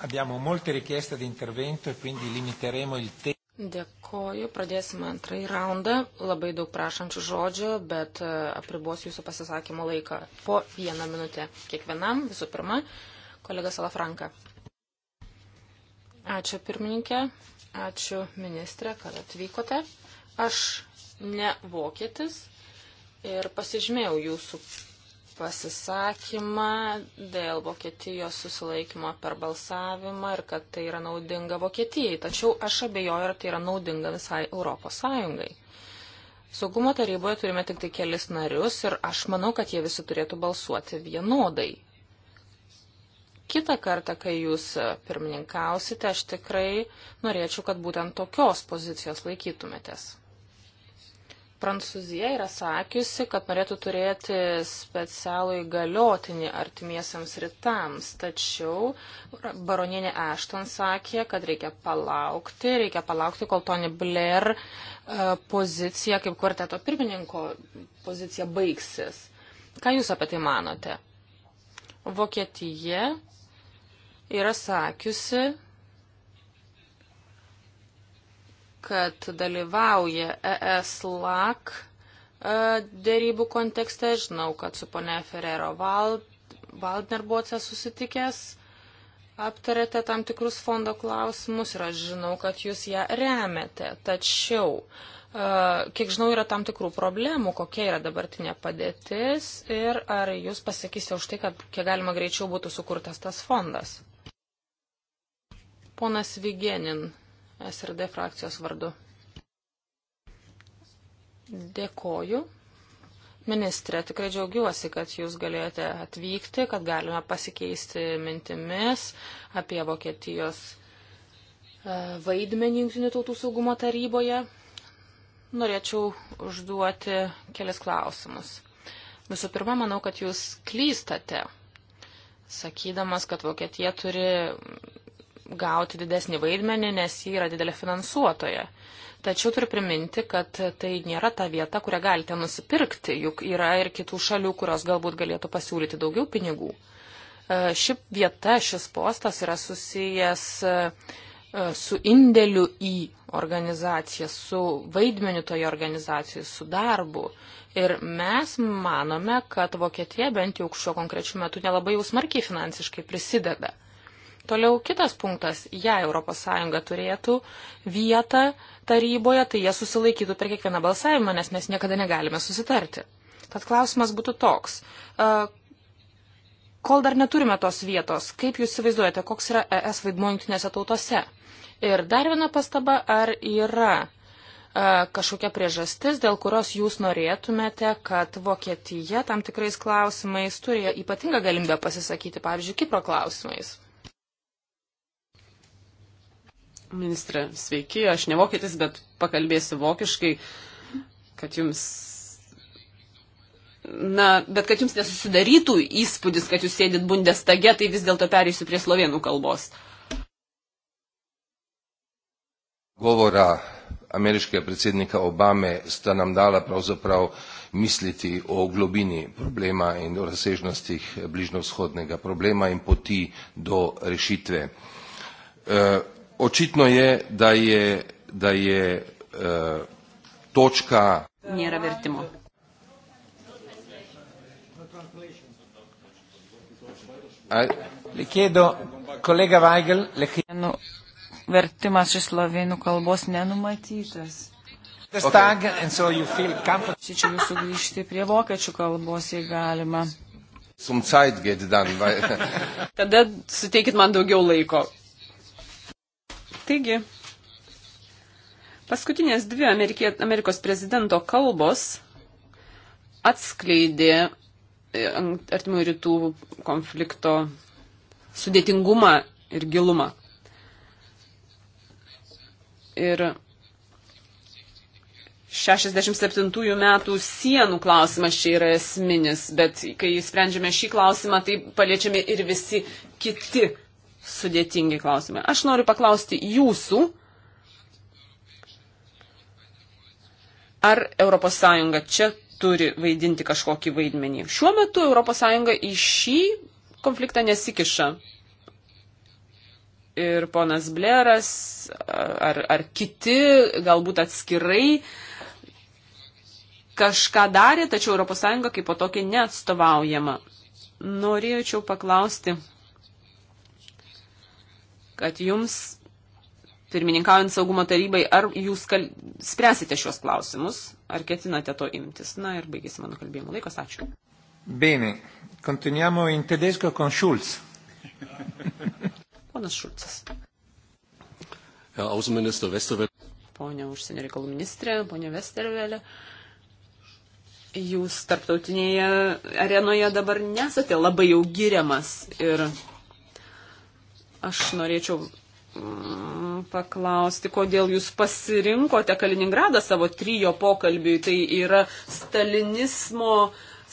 Abbiamo molte richieste di intervento e quindi limiteremo il tempo. Dėkoju, pradėsime antrąjį raundą. Labai daug prašančių žodžių, bet e, apribosiu jūsų pasisakymo laiką po vieną minutę kiekvienam. Visų pirma, kolega Salafranka. Ačiū pirmininkė, ačiū ministrė, kad atvykote. Aš ne vokietis ir pasižymėjau jūsų pasisakymą dėl Vokietijos susilaikymo per balsavimą ir kad tai yra naudinga Vokietijai. Tačiau aš abejoju, ar tai yra naudinga visai Europos Sąjungai. Saugumo taryboje turime tik tai kelis narius ir aš manau, kad jie visi turėtų balsuoti vienodai. Kita kartą, kai jūs pirmininkausite, aš tikrai norėčiau, kad būtent tokios pozicijos laikytumėtės. Prancūzija yra sakiusi, kad norėtų turėti specialų įgaliotinį artimiesiams rytams, tačiau baronienė Ashton sakė, kad reikia palaukti, reikia palaukti, kol Tony Blair e, pozicija kaip kvarteto pirmininko pozicija baigsis. Ką Jūs apie tai manote? Vokietija yra sakiusi, kad dalyvauja ES LAK e, dėrybų kontekste. Žinau, kad su pone Ferrero Valdner buvote susitikęs, aptarėte tam tikrus fondo klausimus ir aš žinau, kad jūs ją remiate. Tačiau, e, kiek žinau, yra tam tikrų problemų, kokia yra dabartinė padėtis ir ar jūs pasakysite už tai, kad kiek galima greičiau būtų sukurtas tas fondas. Ponas Vigenin SRD frakcijos vardu. Dėkoju. Ministrė, tikrai džiaugiuosi, kad jūs galėjote atvykti, kad galime pasikeisti mintimis apie Vokietijos e, vaidmenį Junktinių tautų saugumo taryboje. Norėčiau užduoti kelias klausimus. Visų pirma, manau, kad jūs klystate, sakydamas, kad Vokietija turi gauti didesnį vaidmenį, nes ji yra didelė finansuotoja. Tačiau turiu priminti, kad tai nėra ta vieta, kurią galite nusipirkti, juk yra ir kitų šalių, kurios galbūt galėtų pasiūlyti daugiau pinigų. E, ši vieta, šis postas yra susijęs e, su indėliu į organizaciją, su vaidmeniu toje organizacijoje, su darbu. Ir mes manome, kad Vokietija bent jau šiuo konkrečiu metu nelabai jau smarkiai finansiškai prisideda. Uh, Toliau kitas punktas, jei ES turėtų vietą taryboje, tai jie susilaikytų per kiekvieną balsavimą, nes mes niekada negalime susitarti. Tad klausimas būtų toks. Kol dar neturime tos vietos, kaip jūs įsivaizduojate, koks yra ES vaidmuo jungtinėse tautose? Ir dar viena pastaba, ar yra kažkokia priežastis, dėl kurios jūs norėtumėte, kad Vokietija tam tikrais klausimais turėjo ypatingą galimybę pasisakyti, pavyzdžiui, Kipro klausimais. Ministrė, sveiki, aš ne vokietis, bet pakalbėsiu vokiškai, kad jums. Na, bet kad jums nesusidarytų įspūdis, kad jūs sėdit bundestage, tai vis dėlto pereisiu prie slovenų kalbos. Govora ameriškega predsednika Obame sta nam dala pravzaprav misliti o globini problema in o razsežnostih bližnjovzhodnega problema in poti do rešitve. E, očitno je da je, da je e, točka... Nėra vertimo. A... Le chiedo, kolega Weigel, le chiedo. Nu, vertimas iš slovėnų kalbos nenumatytas. Okay. So Čia jūsų grįžti prie vokiečių kalbos, jei galima. Zum Zeit geht dann, weil... Tada suteikit man daugiau laiko. Taigi, paskutinės dvi Amerikė, Amerikos prezidento kalbos atskleidė e, artimų rytų konflikto sudėtingumą ir gilumą. Ir 67 metų sienų klausimas čia yra esminis, bet kai sprendžiame šį klausimą, tai paliečiame ir visi kiti sudėtingi klausimai. Aš noriu paklausti jūsų, ar ES čia turi vaidinti kažkokį vaidmenį. Šiuo metu ES į šį konfliktą nesikiša. Ir ponas Bleras ar, ar kiti galbūt atskirai kažką darė, tačiau ES kaip po tokia neatstovaujama. Norėčiau paklausti kad jums, pirmininkaujant saugumo tarybai, ar jūs kal... spręsite šios klausimus, ar ketinate to imtis. Na ir baigėsi mano kalbėjimo laikas. Ačiū. Bene, continuiamo in tedesco con Schulz. Ponas Šulcas. Herr Außenminister Westerwelle. Pone užsienio reikalų ministrė, ponė Westervelle. Jūs tarptautinėje arenoje dabar nesate labai jau giriamas ir Aš norėčiau mm, paklausti, kodėl jūs pasirinkote Kaliningradą savo trijo pokalbiui. Tai yra stalinismo,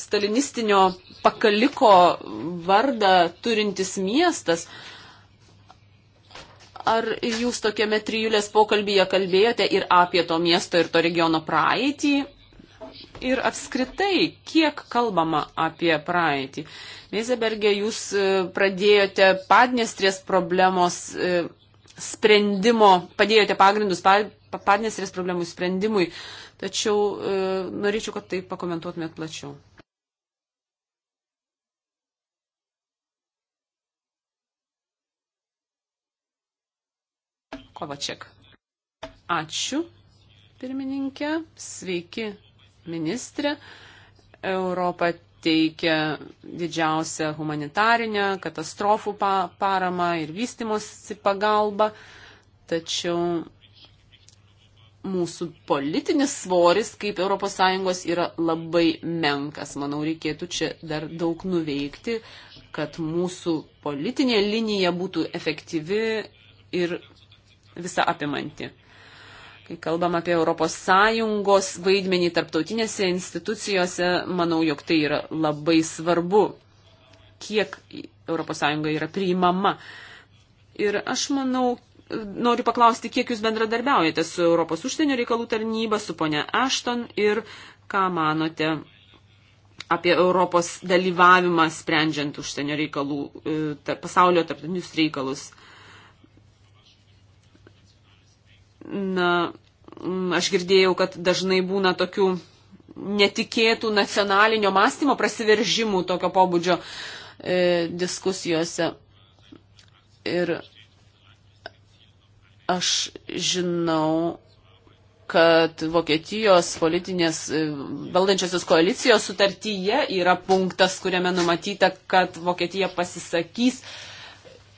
stalinistinio pakaliko vardą turintis miestas. Ar jūs tokiame trijulės pokalbėje kalbėjote ir apie to miesto ir to regiono praeitį, ir apskritai, kiek kalbama apie praeitį. Meisebergė, jūs e, pradėjote padnestrės problemos e, sprendimo, padėjote pagrindus padnestrės problemų sprendimui, tačiau e, norėčiau, kad tai pakomentuotumėt plačiau. Kovačiak. Ačiū, pirmininkė. Sveiki, ministrė. Europa teikia didžiausią humanitarinę katastrofų paramą ir vystimosi pagalbą, tačiau mūsų politinis svoris kaip ES yra labai menkas. Manau, reikėtų čia dar daug nuveikti, kad mūsų politinė linija būtų efektyvi ir visa apimanti. Kai kalbam apie ES vaidmenį tarptautinėse institucijose, manau, jog tai yra labai svarbu, kiek ES yra priimama. Ir aš manau, noriu paklausti, kiek jūs bendradarbiaujate su Europos užsienio reikalų tarnyba, su ponia Ashton ir ką manote apie Europos dalyvavimą sprendžiant užsienio reikalų, e, tarp, pasaulio tarptautinius reikalus. Uh, Na, mm, aš girdėjau, kad dažnai būna tokių netikėtų nacionalinio mąstymo prasiveržimų tokio pobūdžio e, diskusijose. Ir aš žinau, kad Vokietijos politinės e, valdančiosios koalicijos sutartyje yra punktas, kuriame numatyta, kad Vokietija pasisakys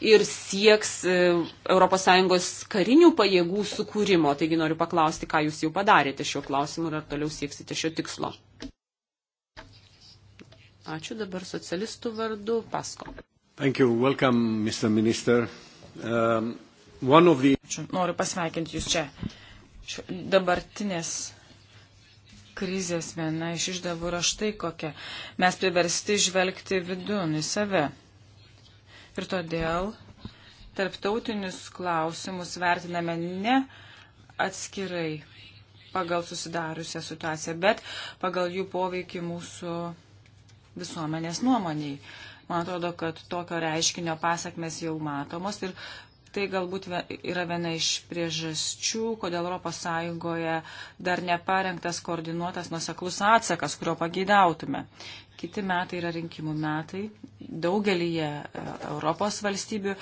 ir sieks ES karinių pajėgų sukūrimo. Taigi noriu paklausti, ką jūs jau padarėte šiuo klausimu ir ar toliau sieksite šio tikslo. Ačiū dabar socialistų vardu Pasko. Thank you. Welcome, Mr. Minister. Um, one of the... Ačiū. Noriu pasveikinti jūs čia. Šiuo dabartinės krizės viena iš išdavų yra štai kokia. Mes priversti žvelgti vidun į save. Ir todėl tarptautinius klausimus vertiname ne atskirai pagal susidariusią situaciją, bet pagal jų poveikį mūsų visuomenės nuomoniai. Man atrodo, kad tokio reiškinio pasakmes jau matomos ir Tai galbūt yra viena iš priežasčių, kodėl ES dar neparengtas koordinuotas nuseklus atsakas, kurio pageidautume. Kiti metai yra rinkimų metai daugelįje e, Europos valstybių,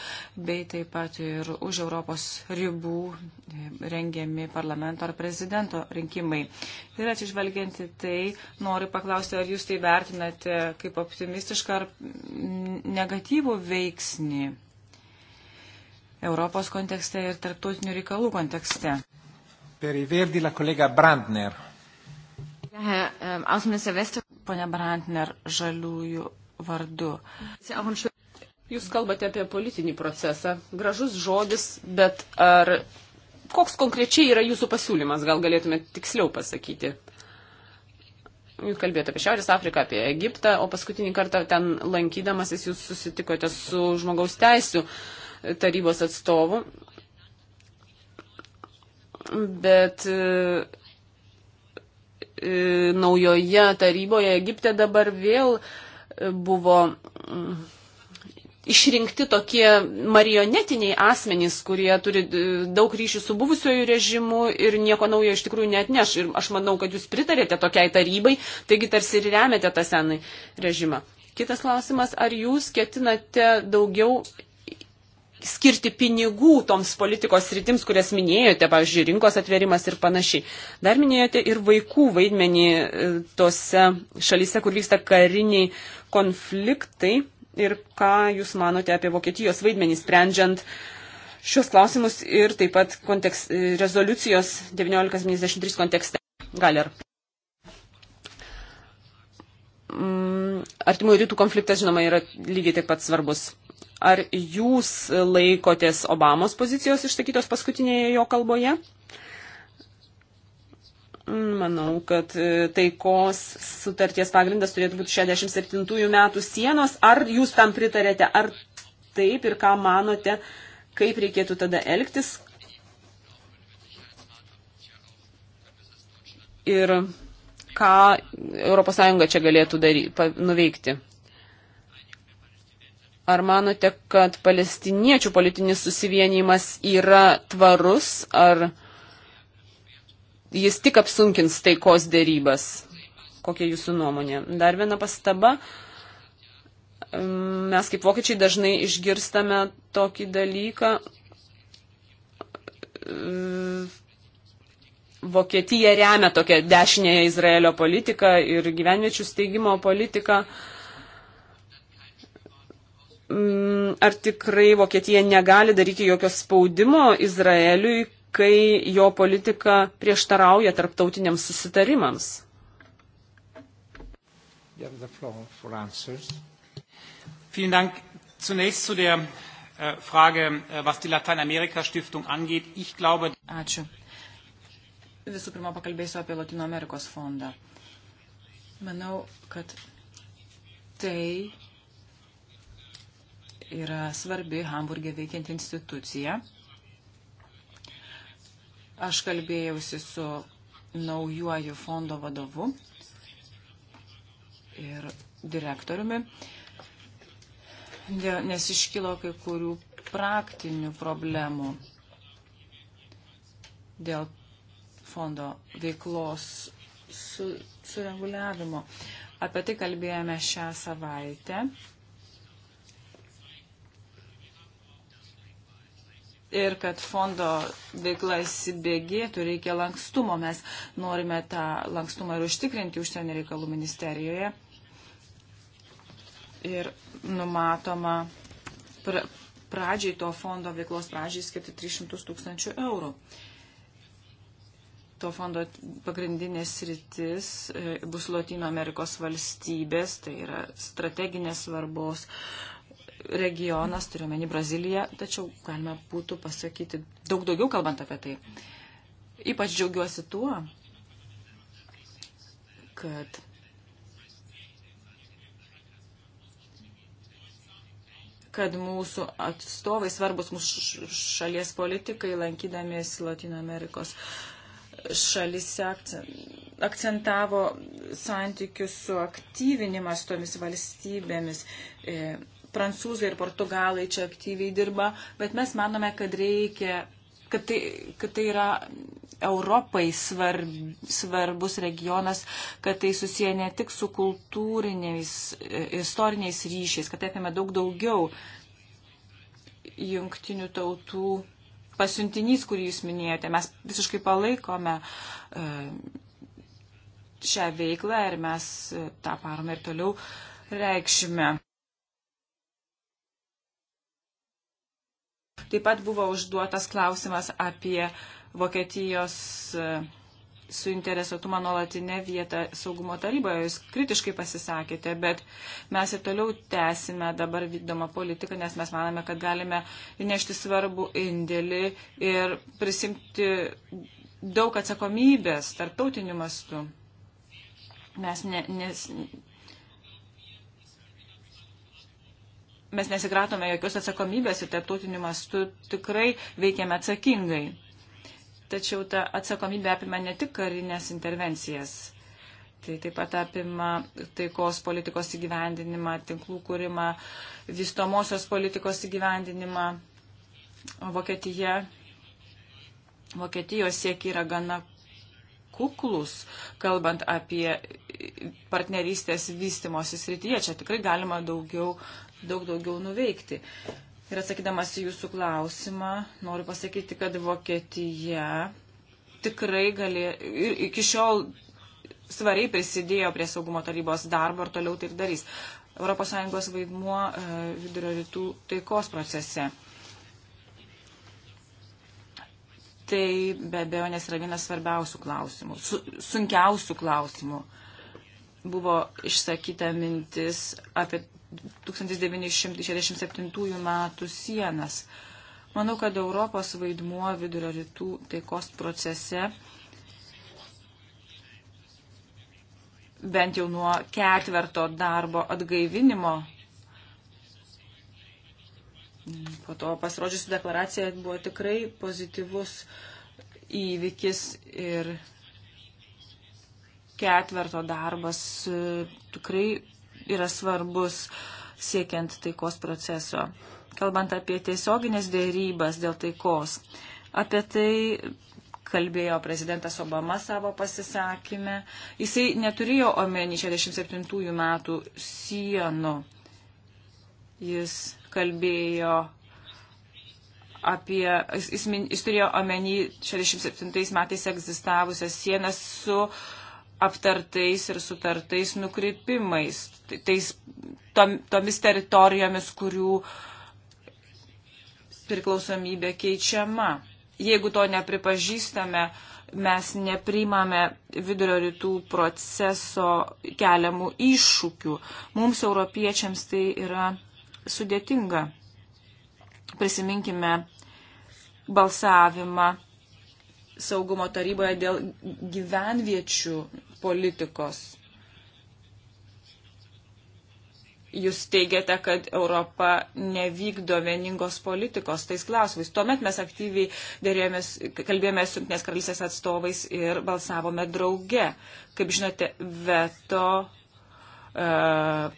bei taip pat ir už Europos ribų e, rengiami parlamento ar prezidento rinkimai. Ir atsižvelgianti tai, noriu paklausti, ar jūs tai vertinate kaip optimistišką ar negatyvų veiksnį Europos kontekste ir tarptautinių reikalų kontekste. Per įvėrdį la kolega Brandner. Ähm, Pone Brandner, žaliųjų vardu. Jūs kalbate apie politinį procesą. Gražus žodis, bet ar koks konkrečiai yra jūsų pasiūlymas, gal galėtumėte tiksliau pasakyti? Jūs kalbėjote apie Šiaurės Afriką, apie Egiptą, o paskutinį kartą ten lankydamasis jūs susitikote su žmogaus teisų uh, tarybos atstovų. Bet e, e, naujoje taryboje Egipte dabar vėl buvo mm, išrinkti tokie marionetiniai asmenys, kurie turi e, daug ryšių su buvusiojų režimu ir nieko naujo iš tikrųjų net neš. Ir aš manau, kad jūs pritarėte tokiai tarybai, taigi tarsi ir remiate tą senąjį režimą. Kitas klausimas, ar jūs ketinate daugiau skirti pinigų toms politikos rytims, kurias minėjote, pavyzdžiui, rinkos atverimas ir panašiai. Dar minėjote ir vaikų vaidmenį e, tose šalyse, kur vyksta kariniai konfliktai ir ką Jūs manote apie Vokietijos vaidmenį sprendžiant šios klausimus ir taip pat kontekst, e, rezoliucijos 1973 kontekste. Gal ir. Mm, artimųjų rytų konfliktas, žinoma, yra lygiai taip pat svarbus. Ar jūs laikotės Obamos pozicijos išsakytos paskutinėje jo kalboje? Manau, kad e, taikos sutarties pagrindas turėtų būti 67 metų sienos. Ar jūs tam pritarėte, ar taip ir ką manote, kaip reikėtų tada elgtis? Ir ką ES čia galėtų dary, pa, nuveikti? Ar manote, kad palestiniečių politinis susivienimas yra tvarus, ar jis tik apsunkins taikos dėrybas? Kokia jūsų nuomonė? Dar viena pastaba. Mes kaip vokiečiai dažnai išgirstame tokį dalyką. Vokietija remia tokią dešinėje Izraelio politiką ir gyvenviečių steigimo politiką. Uh, Mm, ar tikrai Vokietija negali daryti jokio spaudimo Izraeliui, kai jo politika prieštarauja tarptautiniams susitarimams? Vielen Dank. Zunächst zu der äh, Frage, äh, was die Lateinamerika-Stiftung angeht. Ich glaube. Ačiū. Visų pirma, pakalbėsiu apie Latino Amerikos fondą. Manau, kad tai yra svarbi Hamburgė veikianti institucija. Aš kalbėjausi su naujuoju fondo vadovu ir direktoriumi, nes iškilo kai kurių praktinių problemų dėl fondo veiklos su, sureguliavimo. Apie tai kalbėjome šią savaitę. ir kad fondo veikla įsibėgėtų, reikia lankstumo. Mes norime tą lankstumą ir užtikrinti užsienio reikalų ministerijoje. Ir numatoma pra, pradžiai to fondo veiklos pradžiai skirti 300 tūkstančių eurų. To fondo pagrindinės rytis e, bus Latino Amerikos valstybės, tai yra strateginės svarbos regionas, turiuomenį Braziliją, tačiau galima būtų pasakyti daug daugiau kalbant apie tai. Ypač džiaugiuosi tuo, kad kad mūsų atstovai, svarbus mūsų šalies politikai, lankydamiesi Latino Amerikos šalise, akcentavo santykius su aktyvinimas tomis valstybėmis. E, prancūzai ir portugalai čia aktyviai dirba, bet mes manome, kad reikia, kad tai, kad tai yra Europai svarb, svarbus regionas, kad tai susiję ne tik su kultūriniais, istoriniais ryšiais, kad tai apima daug daugiau jungtinių tautų pasiuntinys, kurį jūs minėjote. Mes visiškai palaikome e, šią veiklą ir mes e, tą paramą ir toliau reikšime. Taip pat buvo užduotas klausimas apie Vokietijos e, suinteresuotumą nuolatinę vietą saugumo taryboje. Jūs kritiškai pasisakėte, bet mes ir toliau tęsime dabar vykdomą politiką, nes mes manome, kad galime įnešti svarbų indėlį ir prisimti daug atsakomybės tarptautiniu mastu. Mes ne, nes, mes nesigratome jokios atsakomybės ir tarptautiniu mastu tikrai veikiame atsakingai. Tačiau ta atsakomybė apima ne tik karinės intervencijas. Tai taip pat apima taikos politikos įgyvendinimą, tinklų kūrimą, vystomosios politikos įgyvendinimą. Vokietija, Vokietijos siekiai yra gana kuklus, kalbant apie partnerystės vystimosi srityje. Čia tikrai galima daugiau daug daugiau nuveikti. Ir atsakydamas į jūsų klausimą, noriu pasakyti, kad Vokietija tikrai gali ir iki šiol svariai prisidėjo prie saugumo tarybos darbo ir toliau tai ir darys. ES vaidmuo e, vidurio rytų taikos procese. Tai be abejo, nes yra vienas svarbiausių klausimų, su, sunkiausių klausimų. Buvo išsakyta mintis apie 1967 metų sienas. Manau, kad Europos vaidmuo vidurio rytų taikos procese bent jau nuo ketverto darbo atgaivinimo. Po to pasirodžiusi deklaracija buvo tikrai pozityvus įvykis ir ketverto darbas tikrai yra svarbus siekiant taikos proceso. Kalbant apie tiesioginės dėrybas dėl taikos, apie tai kalbėjo prezidentas Obama savo pasisakymę. Jisai neturėjo omeny 67 metų sienų. Jis kalbėjo apie, jis, jis, jis turėjo omeny 67 metais egzistavusias sienas su uh, aptartais ir sutartais nukreipimais, tais, tom, tomis teritorijomis, kurių priklausomybė keičiama. Jeigu to nepripažįstame, mes nepriimame vidurio rytų proceso keliamų iššūkių. Mums, europiečiams, tai yra sudėtinga. Prisiminkime balsavimą saugumo taryboje dėl gyvenviečių politikos. Jūs teigiate, kad Europa nevykdo vieningos politikos tais klausimais. Tuomet mes aktyviai dėrėjomės, kalbėjome su Junktinės karalystės atstovais ir balsavome drauge. Kaip žinote, veto uh,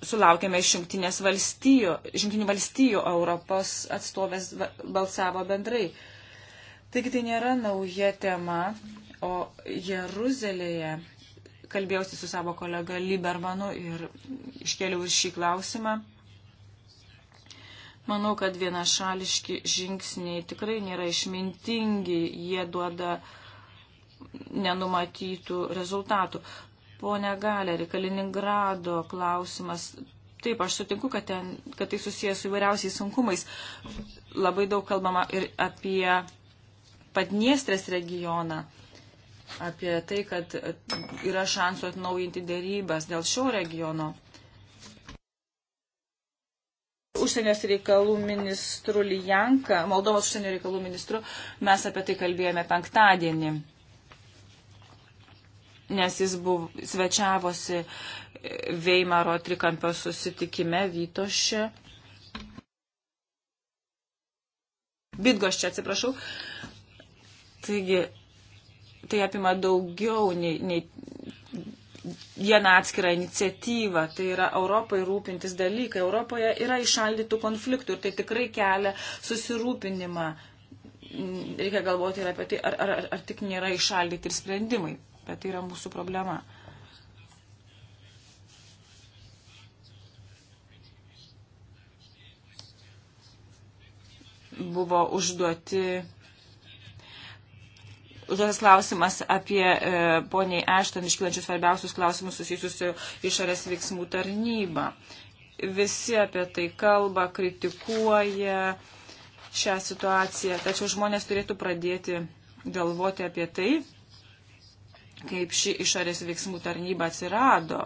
sulaukėme iš Junktinių valstijų, valstijų Europos atstovės balsavo bendrai. Taigi tai nėra nauja tema. Uh, O Jeruzalėje kalbėjausi su savo kolega Libermanu ir iškėliau ir šį klausimą. Manau, kad vienašališki žingsniai tikrai nėra išmintingi, jie duoda nenumatytų rezultatų. Pone Galeri, Kaliningrado klausimas. Taip, aš sutinku, kad, ten, kad tai susijęs su įvairiausiais sunkumais. Labai daug kalbama ir apie Padniestrės regioną. Uh, apie tai, kad yra šansų atnaujinti dėrybas dėl šio regiono. Užsienio reikalų ministru Lijanka, Moldovos užsienio reikalų ministru, mes apie tai kalbėjome penktadienį, nes jis buvo svečiavosi Veimaro trikampio susitikime Vytošė. Bitgoš čia atsiprašau. Taigi, tai apima daugiau nei, nei vieną atskirą iniciatyvą. Tai yra Europai rūpintis dalykai. Europoje yra išaldytų konfliktų ir tai tikrai kelia susirūpinimą. Reikia galvoti ir apie tai, ar, ar, ar tik nėra išaldyti ir sprendimai. Bet tai yra mūsų problema. Buvo užduoti užduotas klausimas apie e, poniai Ešton iškilančius svarbiausius klausimus susijusius su išorės veiksmų tarnyba. Visi apie tai kalba, kritikuoja šią situaciją, tačiau žmonės turėtų pradėti galvoti apie tai, kaip ši išorės veiksmų tarnyba atsirado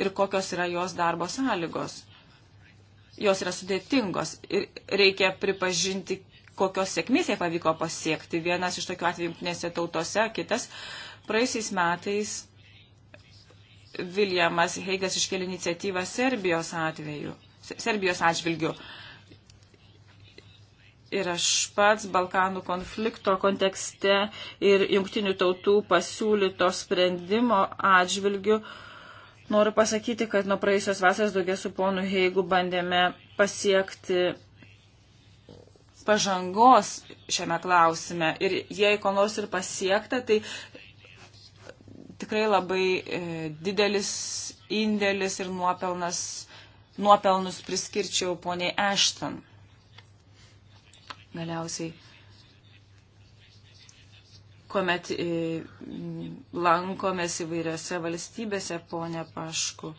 ir kokios yra jos darbo sąlygos. Jos yra sudėtingos ir reikia pripažinti kokios sėkmės jai pavyko pasiekti. Vienas iš tokių atvejų jungtinėse tautose, kitas praeisiais metais Viljamas Heigas iškėlė iniciatyvą Serbijos atveju, Serbijos atžvilgiu. Ir aš pats Balkanų konflikto kontekste ir jungtinių tautų pasiūlyto sprendimo atžvilgiu noriu pasakyti, kad nuo praėjusios vasaros daugia su ponu Heigu bandėme pasiekti pažangos šiame klausime. Ir jei ko nors ir pasiekta, tai tikrai labai e, didelis indėlis ir nuopelnas, nuopelnus priskirčiau poniai Ashton. Galiausiai, kuomet e, lankomės įvairiose valstybėse, ponė Pašku,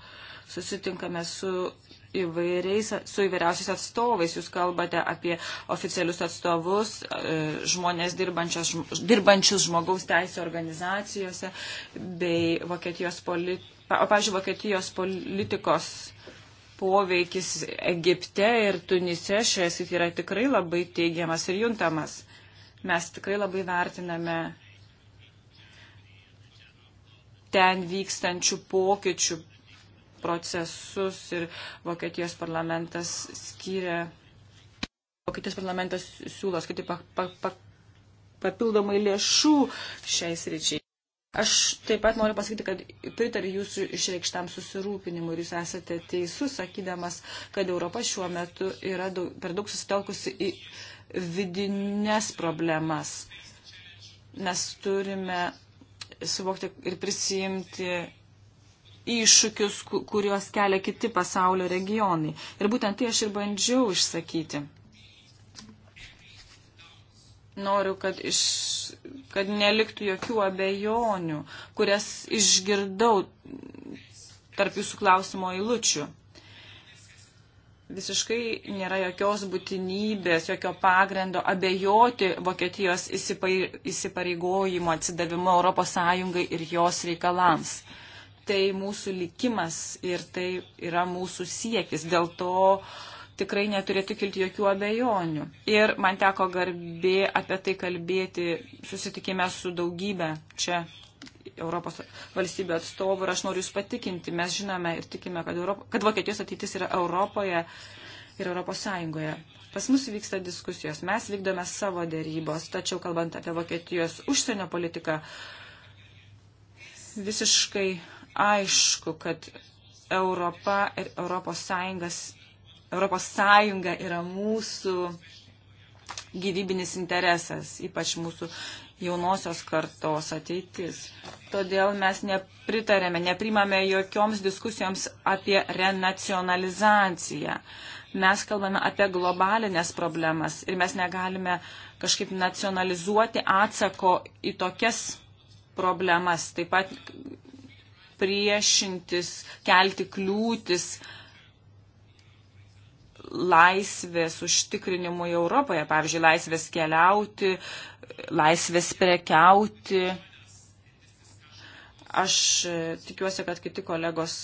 susitinkame su įvairiais, su įvairiausiais atstovais. Jūs kalbate apie oficialius atstovus, e, žmonės dirbančius žmogaus teisų organizacijose bei Vokietijos, polit, pavyzdžiui, Vokietijos politikos poveikis Egipte ir Tunise šioje srityje yra tikrai labai teigiamas ir juntamas. Mes tikrai labai vertiname ten vykstančių pokyčių procesus ir Vokietijos parlamentas skyrė, Vokietijos parlamentas siūlo skirti pa, pa, pa, papildomai lėšų šiais ryčiai. Aš taip pat noriu pasakyti, kad pritariu jūsų išreikštam susirūpinimu ir jūs esate teisus, sakydamas, kad Europa šiuo metu yra daug, per daug susitelkusi į vidinės problemas. Mes turime suvokti ir prisijimti iššūkius, kuriuos kelia kiti pasaulio regionai. Ir būtent tai aš ir bandžiau išsakyti. Noriu, kad, iš, kad neliktų jokių abejonių, kurias išgirdau tarp jūsų klausimo eilučių. Visiškai nėra jokios būtinybės, jokio pagrindo abejoti Vokietijos įsipareigojimo atsidavimu ES ir jos reikalams tai mūsų likimas ir tai yra mūsų siekis. Dėl to tikrai neturėtų kilti jokių abejonių. Ir man teko garbė apie tai kalbėti susitikime su daugybė čia Europos valstybių atstovų ir aš noriu Jūs patikinti, mes žinome ir tikime, kad, Europo, kad Vokietijos ateitis yra Europoje ir Europos Sąjungoje. Pas mus vyksta diskusijos, mes vykdome savo dėrybos, tačiau kalbant apie Vokietijos užsienio politiką, visiškai aišku, kad Europa ir Europos, Sąjungas, Europos Sąjunga yra mūsų gyvybinis interesas, ypač mūsų jaunosios kartos ateitis. Todėl mes nepritarėme, neprimame jokioms diskusijoms apie renacionalizaciją. Mes kalbame apie globalinės problemas ir mes negalime kažkaip nacionalizuoti atsako į tokias problemas. Taip pat priešintis, kelti kliūtis laisvės užtikrinimui Europoje, pavyzdžiui, laisvės keliauti, laisvės prekiauti. Aš e, tikiuosi, kad kiti kolegos,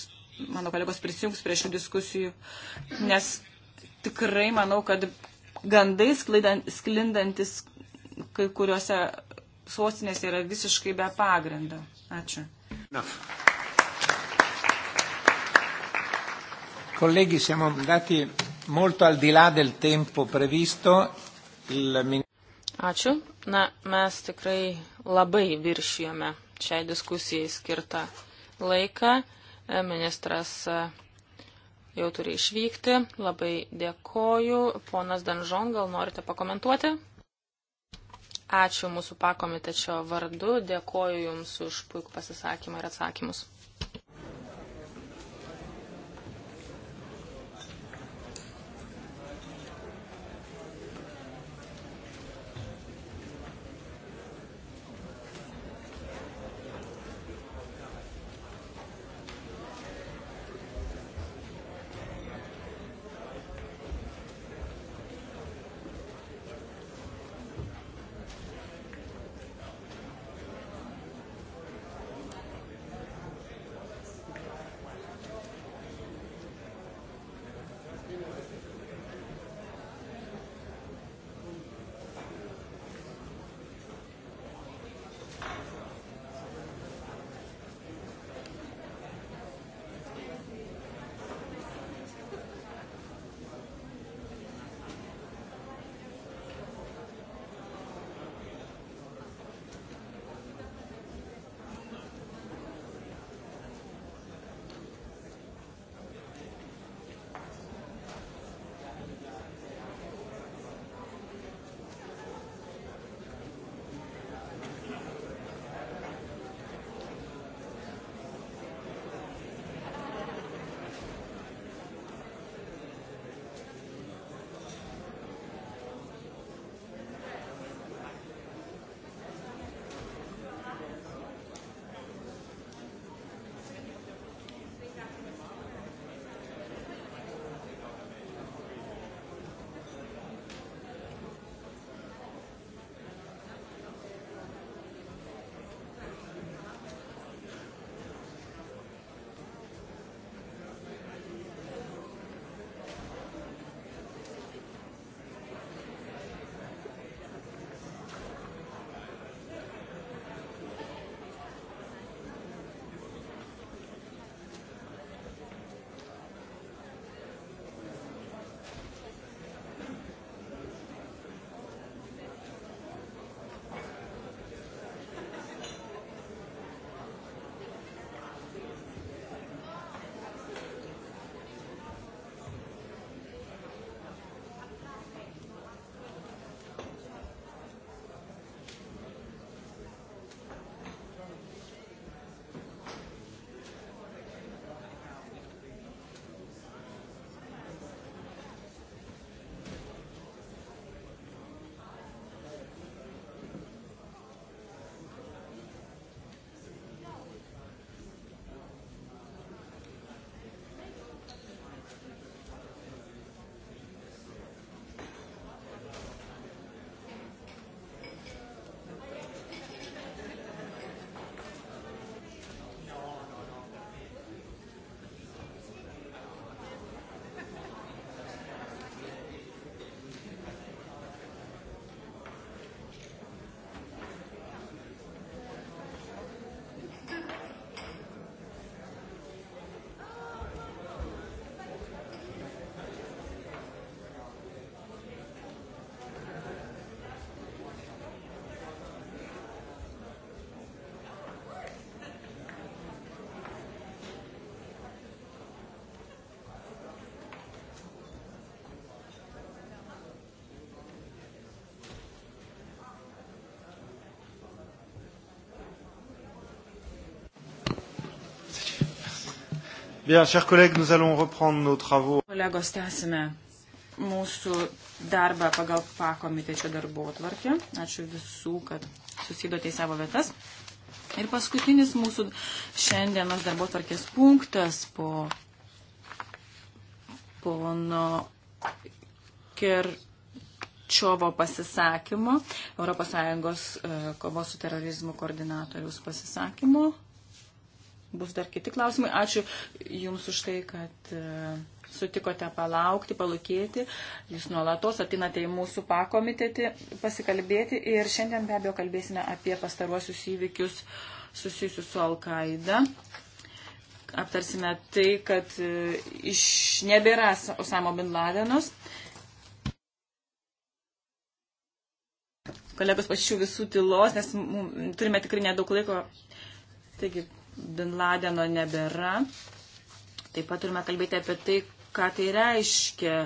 mano kolegos prisijungs prie šių diskusijų, nes tikrai manau, kad gandai sklindantis kai kuriuose sostinėse yra visiškai be pagrindo. Ačiū. Enough. Colleghi, siamo andati molto al di là del tempo previsto. Il... Ačiū. Na, mes tikrai labai viršijome šiai diskusijai skirtą laiką. E, ministras e, jau turi išvykti. Labai dėkoju. Ponas Danžon, gal norite pakomentuoti? Ačiū mūsų pakomitečio vardu. Dėkoju Jums už puikų pasisakymą ir atsakymus. Bien, chers collègues, nous allons reprendre nos travaux. Kolegos, tęsime mūsų darbą pagal pakomitečio darbo atvarkę. Ačiū visų, kad susidote į savo vietas. Ir paskutinis mūsų šiandienos darbo atvarkės punktas po pono Kirčiovo pasisakymo, ES e, kovos su terorizmu koordinatoriaus pasisakymo, bus dar kiti klausimai. Ačiū Jums už tai, kad e, sutikote palaukti, palūkėti. Jūs nuolatos atinate į mūsų pakomitetį pasikalbėti ir šiandien be abejo kalbėsime apie pastaruosius įvykius susijusius su Al-Qaida. Aptarsime tai, kad e, iš nebėra Osamo bin Ladenos. Kolegos pačių visų tylos, nes turime tikrai nedaug laiko. Taigi, Bin Ladeno nebėra. Taip pat turime kalbėti apie tai, ką tai reiškia,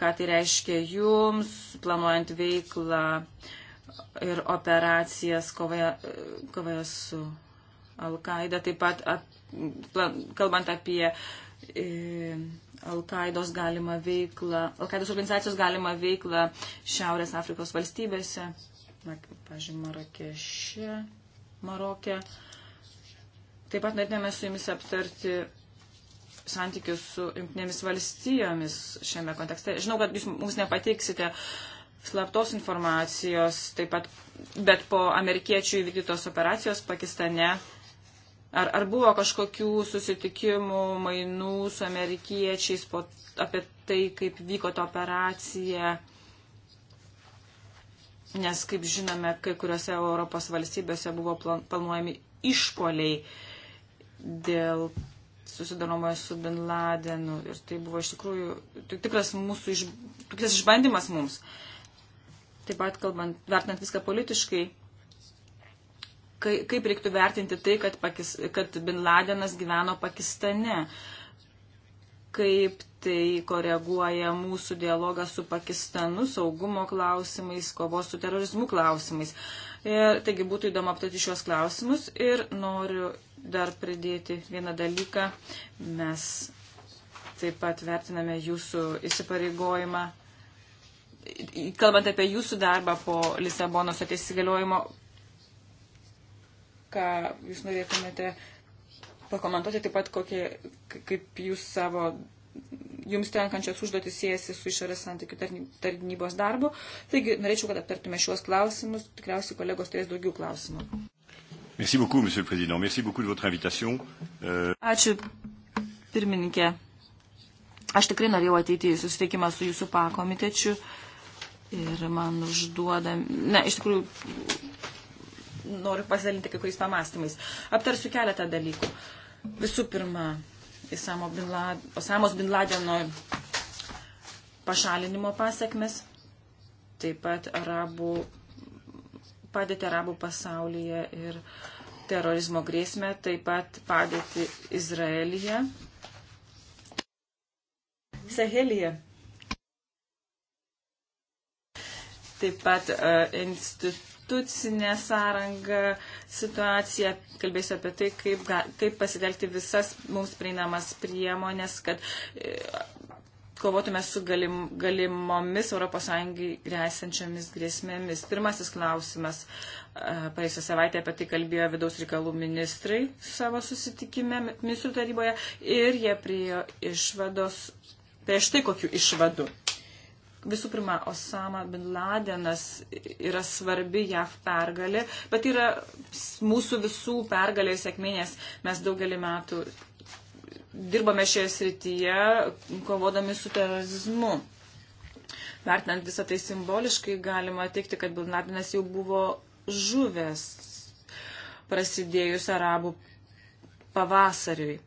ką tai reiškia jums, planuojant veiklą ir operacijas kovoje, kovoje su Al-Qaeda, taip pat ap, plan, kalbant apie e, Al-Qaidos galimą veiklą, Al-Qaidos organizacijos galimą veiklą Šiaurės Afrikos valstybėse, na, kaip, pažiūrėjau, Marokeše, Marokė. Marokė Taip pat norėtume su jumis aptarti santykius su jungtinėmis valstijomis šiame kontekste. Žinau, kad jūs mums nepateiksite slaptos informacijos, taip pat, bet po amerikiečių įvykdytos operacijos Pakistane, ar, ar buvo kažkokių susitikimų, mainų su amerikiečiais po, apie tai, kaip vyko ta operacija? Nes, kaip žinome, kai kuriuose Europos valstybėse buvo planuojami išpoliai dėl susidaromoje su Bin Ladenu. Ir tai buvo iš tikrųjų tik tikras mūsų iš, tikras išbandymas mums. Taip pat, kalbant, vertinant viską politiškai, kai, kaip reiktų vertinti tai, kad, Pakis, kad Bin Ladenas gyveno Pakistane, kaip tai koreguoja mūsų dialogą su Pakistanu, saugumo klausimais, kovos su terorizmu klausimais. Uh, Ir, taigi būtų įdomu aptarti šios klausimus ir noriu dar pridėti vieną dalyką. Mes taip pat vertiname jūsų įsipareigojimą, kalbant apie jūsų darbą po Lisabono sutarties įsigaliojimo, ką jūs norėtumėte pakomentuoti taip pat, kokie, kaip jūs savo jums tenkančios užduotis siejasi su išorės santykių tarnybos darbu. Taigi, norėčiau, kad aptartume šiuos klausimus. Tikriausiai kolegos turės daugiau klausimų. Merci beaucoup, monsieur le président. Merci beaucoup de votre invitation. Uh... Ačiū, pirmininkė. Aš tikrai norėjau ateiti į susitikimą su jūsų pakomitečiu ir man užduoda, ne, iš tikrųjų noriu pasidalinti kai kuriais pamastymais. Aptarsiu keletą dalykų. Visų pirma, Osamos bin, Lad, Osamos bin Ladeno pašalinimo pasiekmes, taip pat arabų, padėti arabų pasaulyje ir terorizmo grėsmę, taip pat padėti Izraelyje. Sahelyje. Taip pat uh, institucinė sąranga, uh, situaciją, kalbėsiu apie tai, kaip, ga, kaip pasitelkti visas mums prieinamas priemonės, kad e, kovotume su galim, galimomis ES grėsiančiomis grėsmėmis. Pirmasis klausimas. E, praėjusią savaitę apie tai kalbėjo vidaus reikalų ministrai savo susitikime ministrų taryboje ir jie priejo išvados, prieš tai kokiu išvadu. Visų pirma, Osama bin Ladenas yra svarbi JAV pergalė, bet yra mūsų visų pergalė ir sėkminės. Mes daugelį metų dirbame šioje srityje, kovodami su terorizmu. Vertinant visą tai simboliškai, galima teikti, kad bin Ladenas jau buvo žuvęs prasidėjus arabų pavasariui.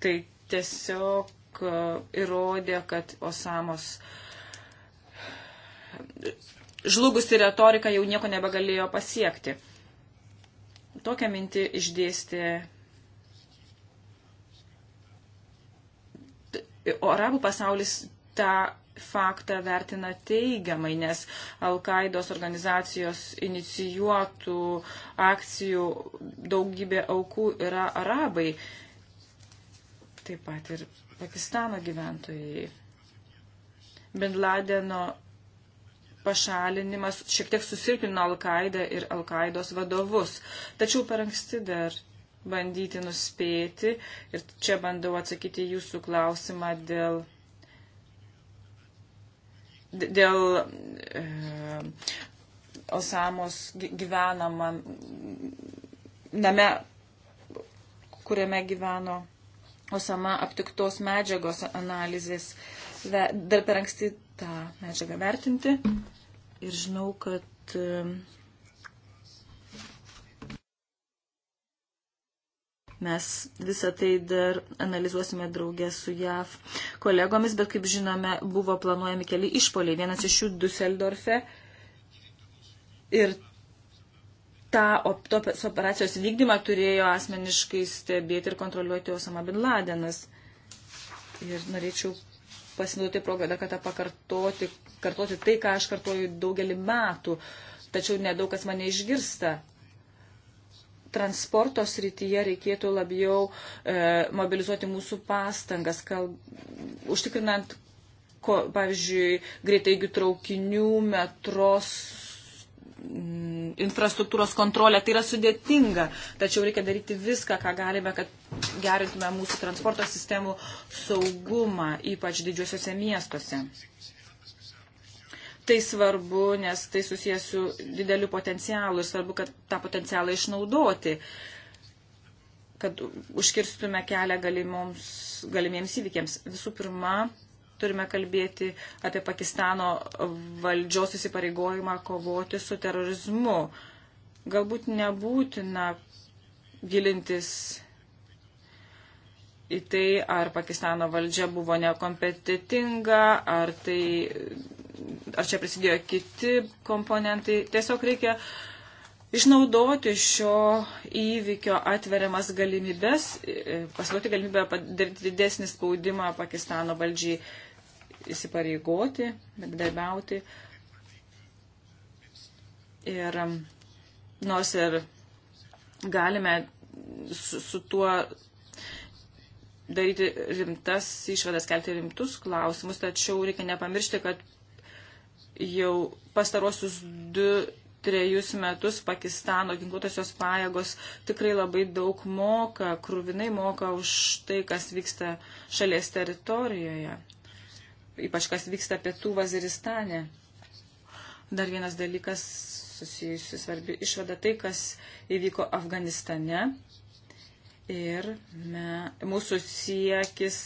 Tai tiesiog E, įrodė, kad Osamos žlugusi retorika jau nieko nebegalėjo pasiekti. Tokią mintį išdėstė O arabų pasaulis tą faktą vertina teigiamai, nes Al-Qaidos organizacijos inicijuotų akcijų daugybė aukų yra arabai. Taip pat ir Pakistano gyventojai. Bin Ladeno pašalinimas šiek tiek susirpino Al-Qaidą ir Al-Qaidos vadovus. Tačiau per anksti dar bandyti nuspėti ir čia bandau atsakyti jūsų klausimą dėl. Dėl e, Osamos gyvenamą name, kuriame gyveno Osama aptiktos medžiagos analizės. Dar per anksti tą medžiagą vertinti. Ir žinau, kad e, mes visą tai dar analizuosime draugę su JAV kolegomis, bet kaip žinome, buvo planuojami keli išpoliai. Vienas iš jų Düsseldorfe. Ir tą op, to, operacijos vykdymą turėjo asmeniškai stebėti ir kontroliuoti Osama Bin Ladenas. Ir norėčiau pasinaudoti progą dar kartą pakartoti kartoti tai, ką aš kartuoju daugelį metų, tačiau nedaug kas mane išgirsta. Transporto srityje reikėtų labiau e, mobilizuoti mūsų pastangas, kal, užtikrinant, ko, pavyzdžiui, greitaigių traukinių, metros Mm, infrastruktūros kontrolę. Tai yra sudėtinga, tačiau reikia daryti viską, ką galime, kad gerintume mūsų transporto sistemų saugumą, ypač didžiuosiuose miestuose. Tai svarbu, nes tai susijęs su dideliu potencialu ir svarbu, kad tą potencialą išnaudoti, kad užkirstume kelią galimoms, galimiems įvykiams. Visų pirma, turime kalbėti apie Pakistano valdžios įsipareigojimą kovoti su terorizmu. Galbūt nebūtina gilintis į tai, ar Pakistano valdžia buvo nekompetitinga, ar, tai, ar čia prisidėjo kiti komponentai. Tiesiog reikia išnaudoti šio įvykio atveriamas galimybės, e, pasiduoti galimybę padaryti didesnį spaudimą Pakistano valdžiai įsipareigoti, bendarbiauti. Ir um, nors ir galime su, su tuo daryti rimtas išvadas, kelti rimtus klausimus, tačiau reikia nepamiršti, kad jau pastarosius du trejus metus Pakistano ginkluotosios pajėgos tikrai labai daug moka, krūvinai moka už tai, kas vyksta šalies teritorijoje ypač kas vyksta pietų Vaziristane. Dar vienas dalykas susijusi svarbi išvada tai, kas įvyko Afganistane. Ir me, mūsų siekis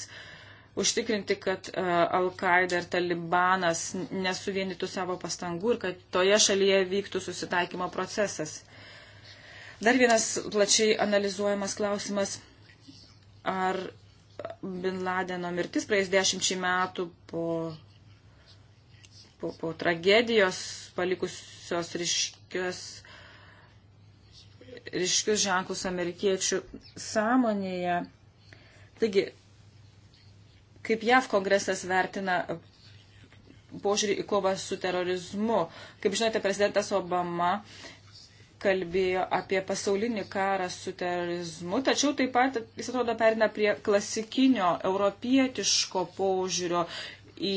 užtikrinti, kad uh, e, Al-Qaeda ir Talibanas nesuvienytų savo pastangų ir kad toje šalyje vyktų susitaikymo procesas. Dar vienas plačiai analizuojamas klausimas, ar Bin Ladeno mirtis praeis dešimčiai metų po, po, po tragedijos palikusios ryškius, ryškius ženklus amerikiečių sąmonėje. Taigi, kaip JAV kongresas vertina požiūrį į kovą su terorizmu. Kaip žinote, prezidentas Obama kalbėjo apie pasaulinį karą su terorizmu, tačiau taip pat jis atrodo perina prie klasikinio europietiško požiūrio į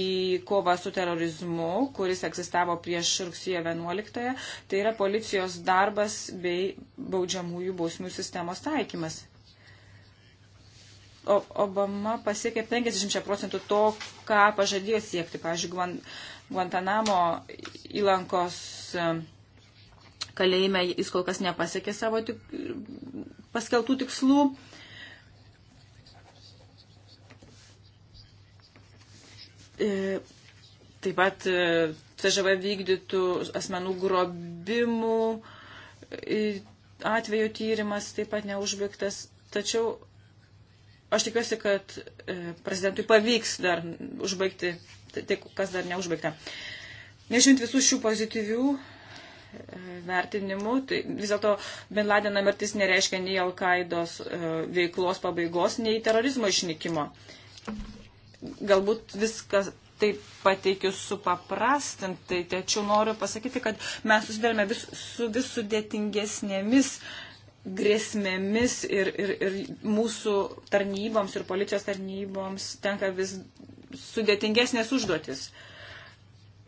kovą su terorizmu, kuris egzistavo prieš rugsėjo 11-ąją, tai yra policijos darbas bei baudžiamųjų bausmių sistemos taikymas. O Obama pasiekė 50 procentų to, ką pažadėjo siekti. Pavyzdžiui, Guantanamo įlankos kalėjime jis kol kas nepasiekė savo tik, paskeltų tikslų. E, taip pat e, CŽV vykdytų asmenų grobimų e, atveju tyrimas taip pat neužbaigtas. Tačiau aš tikiuosi, kad prezidentui pavyks dar užbaigti tai, tai, kas dar neužbaigta. Nežinant visų šių pozityvių vertinimu, tai vis dėlto Bin Ladeno mirtis nereiškia nei Al-Qaidos e, veiklos pabaigos, nei terorizmo išnykimo. Galbūt viskas taip pateikiu supaprastintai, tačiau noriu pasakyti, kad mes susidarėme vis, su vis sudėtingesnėmis grėsmėmis ir, ir, ir mūsų tarnyboms ir policijos tarnyboms tenka vis sudėtingesnės užduotis. Uh,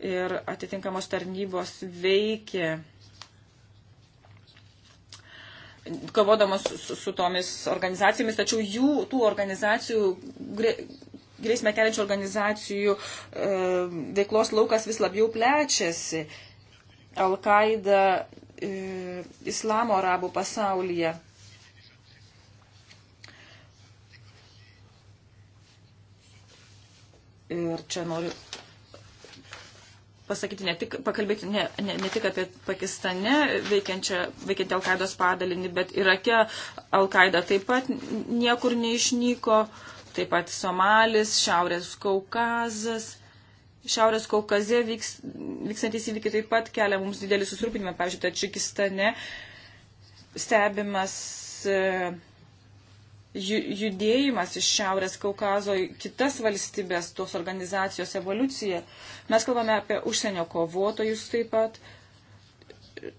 ir atitinkamos tarnybos veikė kovodamos su, su tomis organizacijomis, tačiau jų, tų organizacijų, grė, grėsmę keliančių organizacijų e, veiklos laukas vis labiau plečiasi. Al-Qaida e, islamo arabų pasaulyje. Ir čia noriu pasakyti ne tik, pakalbėti ne, ne, ne tik apie Pakistane veikiantį Al-Qaidos padalinį, bet Irake Al-Qaida taip pat niekur neišnyko, taip pat Somalis, Šiaurės Kaukazas. Šiaurės Kaukaze vyks, vykstantis įvykiai taip pat kelia mums didelį susirūpinimą. Pavyzdžiui, Tadžikistane stebimas. E, judėjimas iš Šiaurės Kaukazo į kitas valstybės, tos organizacijos evoliucija. Mes kalbame apie užsienio kovotojus taip pat,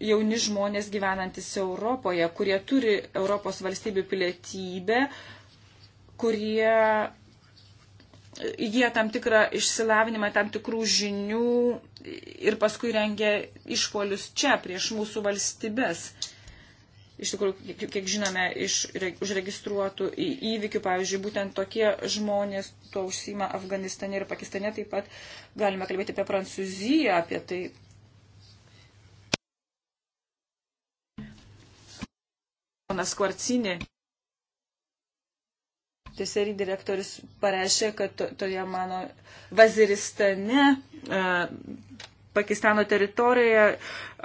jauni žmonės gyvenantis Europoje, kurie turi Europos valstybių pilietybę, kurie įgyja tam tikrą išsilavinimą, tam tikrų žinių ir paskui rengia išpolius čia prieš mūsų valstybės iš tikrųjų, kiek, kiek žinome, iš re, užregistruotų įvykių, pavyzdžiui, būtent tokie žmonės tuo užsima Afganistane ir Pakistane, taip pat galime kalbėti apie Prancūziją, apie tai. Ponas Kvarcinė. Tiesiog direktorius pareiškė, kad to, toje mano Vaziristane uh, Pakistano teritorijoje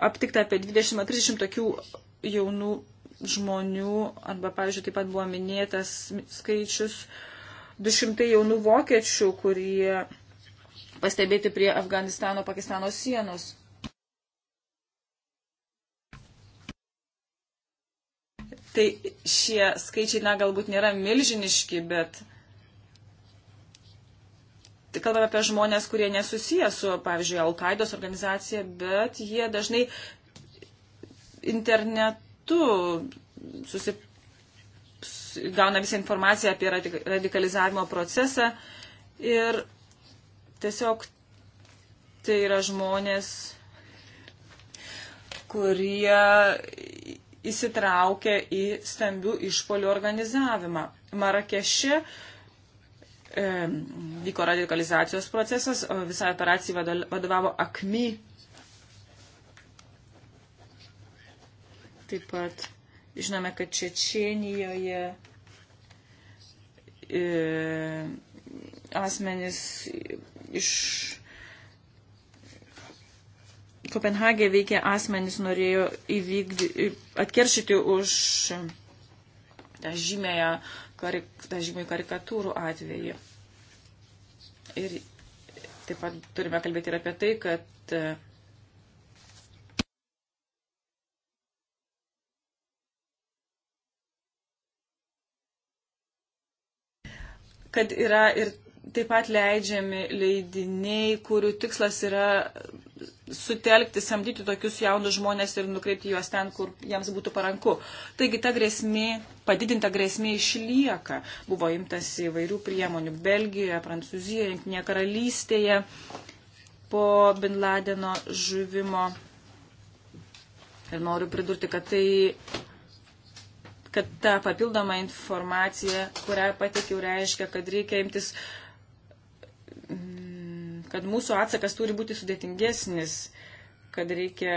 aptikta apie 20-30 tokių jaunų žmonių, arba, pavyzdžiui, taip pat buvo minėtas skaičius 200 jaunų vokiečių, kurie pastebėti prie Afganistano, Pakistano sienos. Tai šie skaičiai, na, galbūt nėra milžiniški, bet tai kalbame apie žmonės, kurie nesusiję su, pavyzdžiui, Al-Qaidos organizacija, bet jie dažnai internetu susi... gauna visą informaciją apie radikalizavimo procesą ir tiesiog tai yra žmonės, kurie įsitraukia į stambių išpolių organizavimą. Marakeše e, vyko radikalizacijos procesas, o visą operaciją vadovavo AKMI Taip pat žinome, kad Čečienijoje e, asmenys iš Kopenhagė veikia asmenys norėjo įvykdy, atkeršyti už tą žymėją, karik, tą žymėją karikatūrų atvejį. Ir taip pat turime kalbėti ir apie tai, kad e, kad yra ir taip pat leidžiami leidiniai, kurių tikslas yra sutelkti, samdyti tokius jaunus žmonės ir nukreipti juos ten, kur jiems būtų paranku. Taigi ta grėsmė, padidinta grėsmė išlieka. Buvo imtas įvairių priemonių Belgijoje, Prancūzijoje, Junktinėje karalystėje po Bin Ladeno žuvimo. Ir noriu pridurti, kad tai kad ta papildoma informacija, kurią patikiau, reiškia, kad reikia imtis, mm, kad mūsų atsakas turi būti sudėtingesnis, kad reikia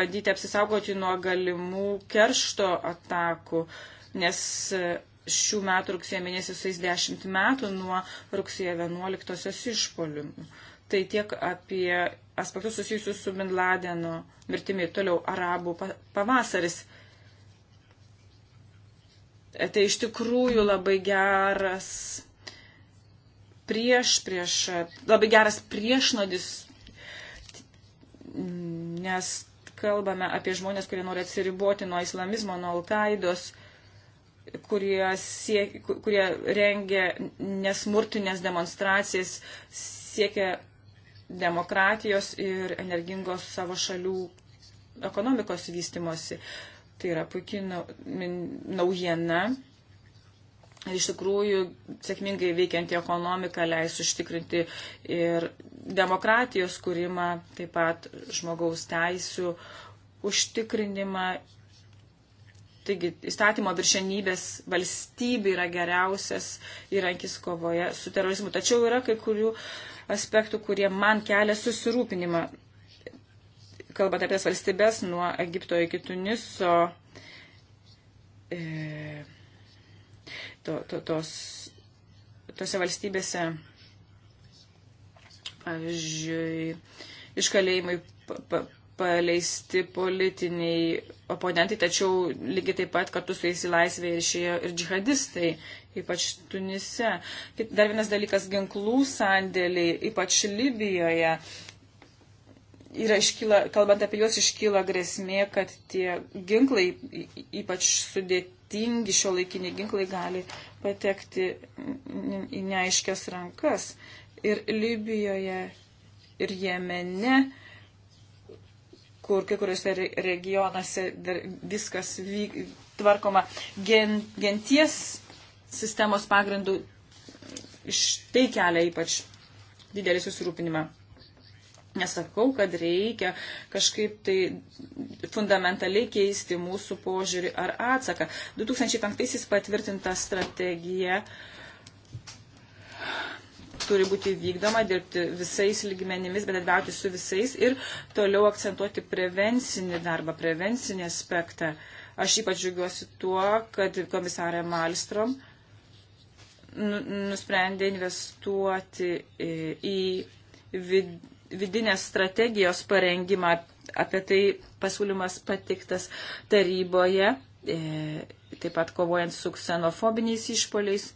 bandyti apsisaugoti nuo galimų keršto atakų, nes šių metų rugsėjo mėnesį suės 10 metų nuo rugsėjo 11-osios išpolių. Tai tiek apie aspektus susijusius su Bin Ladeno mirtimi. Toliau arabų pavasaris. Tai iš tikrųjų labai geras prieš, prieš, labai geras priešnodis, nes kalbame apie žmonės, kurie nori atsiriboti nuo islamizmo, nuo Al-Qaidos, kurie, siek, kurie rengia nesmurtinės demonstracijas, siekia demokratijos ir energingos savo šalių ekonomikos vystimosi. Tai yra puikiai naujiena. Ir iš tikrųjų sėkmingai veikianti ekonomika leis užtikrinti ir demokratijos kūrimą, taip pat žmogaus teisų užtikrinimą. Taigi įstatymo viršenybės valstybė yra geriausias įrankis kovoje su terorizmu. Tačiau yra kai kurių aspektų, kurie man kelia susirūpinimą kalbant apie valstybės nuo Egipto iki Tuniso, e, to, to, tos, tose valstybėse, pavyzdžiui, iš kalėjimai paleisti politiniai oponentai, tačiau lygiai taip pat kartu su jais į laisvę ir išėjo ir džihadistai, ypač Tunise. Dar vienas dalykas - ginklų sandėliai, ypač Libijoje. E, yra iškyla, kalbant apie juos, iškyla grėsmė, kad tie ginklai, ypač sudėtingi šio laikiniai ginklai, gali patekti į neaiškias rankas. Ir Libijoje, ir Jemene, kur kai kuriuose regionuose viskas vyk, tvarkoma gen, genties sistemos pagrindų, iš tai kelia ypač didelį susirūpinimą. Nesakau, kad reikia kažkaip tai fundamentaliai keisti mūsų požiūrį ar atsaką. 2005-aisiais patvirtinta strategija turi būti vykdoma, dirbti visais lygmenimis, bet atbauti su visais ir toliau akcentuoti prevencinį darbą, prevencinį aspektą. Aš ypač džiugiuosi tuo, kad komisarė Malstrom nu, nusprendė investuoti į vid, vidinės strategijos parengimą. Apie tai pasiūlymas patiktas taryboje, e, taip pat kovojant su ksenofobiniais išpoliais.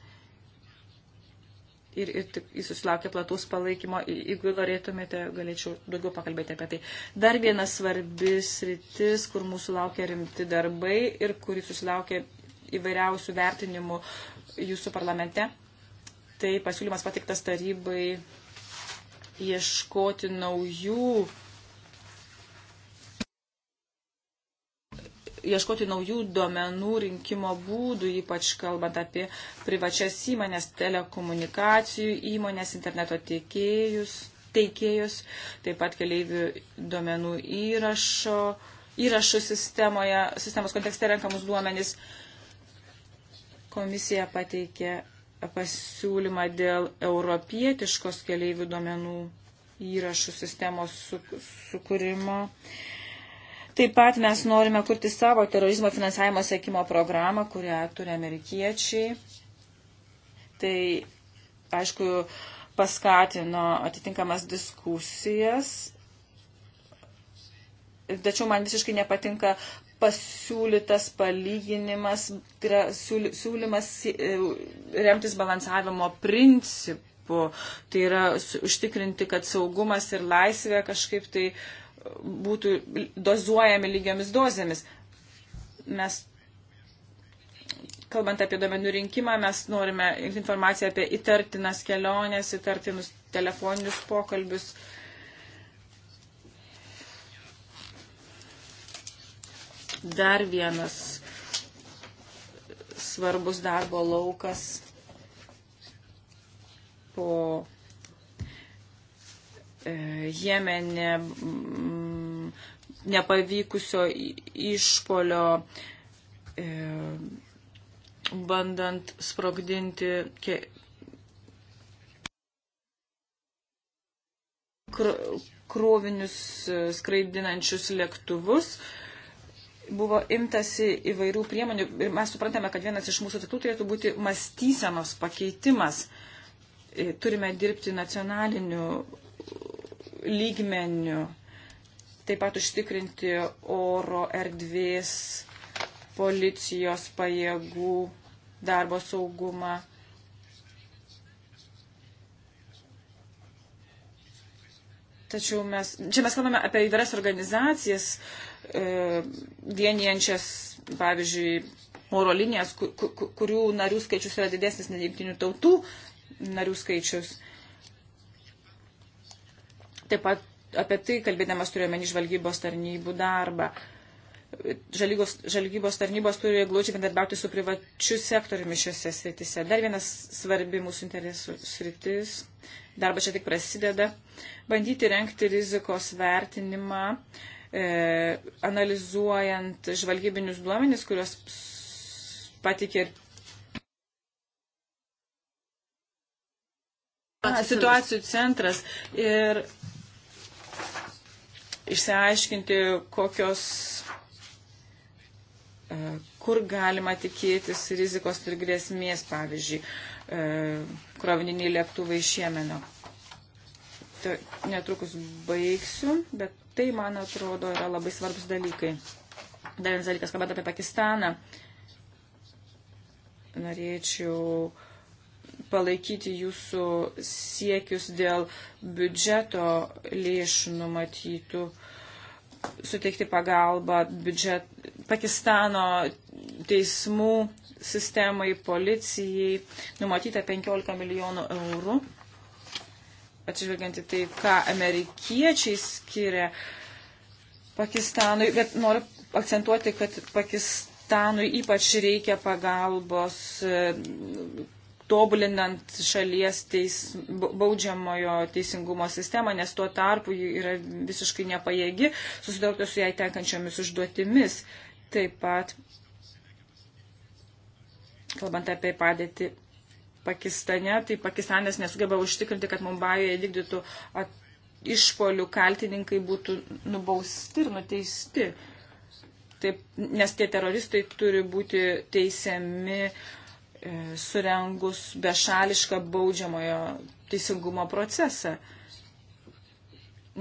Ir, ir tik, jis susilaukė plataus palaikymo. Jeigu norėtumėte, galėčiau daugiau pakalbėti apie tai. Dar vienas svarbis rytis, kur mūsų laukia rimti darbai ir kuri susilaukė įvairiausių vertinimų jūsų parlamente. Tai pasiūlymas patiktas tarybai ieškoti naujų ieškoti naujų duomenų rinkimo būdų, ypač kalbant apie privačias įmonės, telekomunikacijų įmonės, interneto tiekėjus, teikėjus, taip pat keliaivių duomenų įrašo, įrašų sistemoje, sistemos kontekste renkamus duomenys. Komisija pateikė pasiūlymą dėl europietiškos keleivių duomenų įrašų sistemos sukūrimo. Taip pat mes norime kurti savo terorizmo finansavimo sėkimo programą, kurią turi amerikiečiai. Tai, aišku, paskatino atitinkamas diskusijas. Tačiau man visiškai nepatinka pasiūlytas palyginimas, yra siūlymas e, remtis balansavimo principu. Tai yra užtikrinti, kad saugumas ir laisvė kažkaip tai būtų dozuojami lygiomis dozėmis. Mes, kalbant apie duomenų rinkimą, mes norime informaciją apie įtartinas keliones, įtartinus telefoninius pokalbius. Uh, dar vienas svarbus darbo laukas po e, Jemene nepavykusio išpolio e, bandant sprogdinti krovinius e, skraidinančius lėktuvus. E, buvo imtasi įvairių priemonių ir mes suprantame, kad vienas iš mūsų tikslų turėtų būti mąstysenos pakeitimas. E, turime dirbti nacionaliniu lygmeniu, taip pat užtikrinti oro erdvės, policijos pajėgų, darbo saugumą. Tačiau mes, čia mes kalbame apie įvairias organizacijas, uh, E, vienijančias, pavyzdžiui, oro linijas, kurių narių skaičius yra didesnis nei jungtinių tautų narių skaičius. Taip pat apie tai kalbėdamas turiuomenį žvalgybos tarnybų darbą. Žalygos, žalgybos tarnybos turi glaučiai bendarbiauti su privačiu sektoriumi šiuose sritise. Dar vienas svarbi mūsų interesų sritis, darbas čia tik prasideda, bandyti renkti rizikos vertinimą, uh, e, analizuojant žvalgybinius duomenis, kuriuos patikė ir situacijų centras ir išsiaiškinti, kokios, e, kur galima tikėtis rizikos ir grėsmės, pavyzdžiui, e, krovininiai lėktuvai iš Jemeno. Netrukus baigsiu, bet Tai, man atrodo, yra labai svarbus dalykai. Dar vienas dalykas, kalbant apie Pakistaną. Norėčiau palaikyti jūsų siekius dėl biudžeto lėšų numatytų, suteikti pagalbą biudžet, Pakistano teismų sistemai, policijai, numatyta 15 milijonų eurų atsižvelgiant į tai, ką amerikiečiai skiria Pakistanui, bet noriu akcentuoti, kad Pakistanui ypač reikia pagalbos e, tobulinant šalies teis, baudžiamojo teisingumo sistemą, nes tuo tarpu ji yra visiškai nepajėgi susidoroti su jai tenkančiomis užduotimis. Taip pat, kalbant apie padėtį Pakistane, tai Pakistanas nesugeba užtikrinti, kad Mumbajoje vykdytų išpolių kaltininkai būtų nubausti ir nuteisti. Taip, nes tie teroristai turi būti teisiami e, surengus bešališką baudžiamojo teisingumo procesą.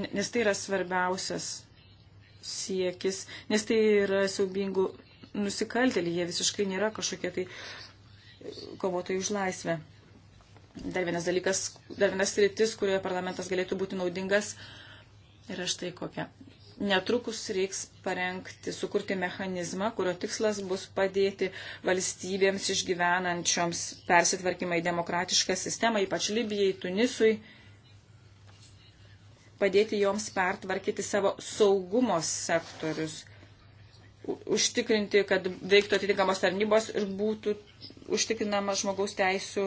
Nes tai yra svarbiausias siekis, nes tai yra siaubingų nusikaltėliai, jie visiškai nėra kažkokie tai kovotojų už laisvę. Dar vienas dalykas, dar vienas rytis, kurioje parlamentas galėtų būti naudingas, yra štai kokia. Netrukus reiks parengti, sukurti mechanizmą, kurio tikslas bus padėti valstybėms išgyvenančioms persitvarkymą į demokratišką sistemą, ypač Libijai, Tunisui, padėti joms pertvarkyti savo saugumo sektorius užtikrinti, kad veiktų atitinkamos tarnybos ir būtų užtikrinama žmogaus teisų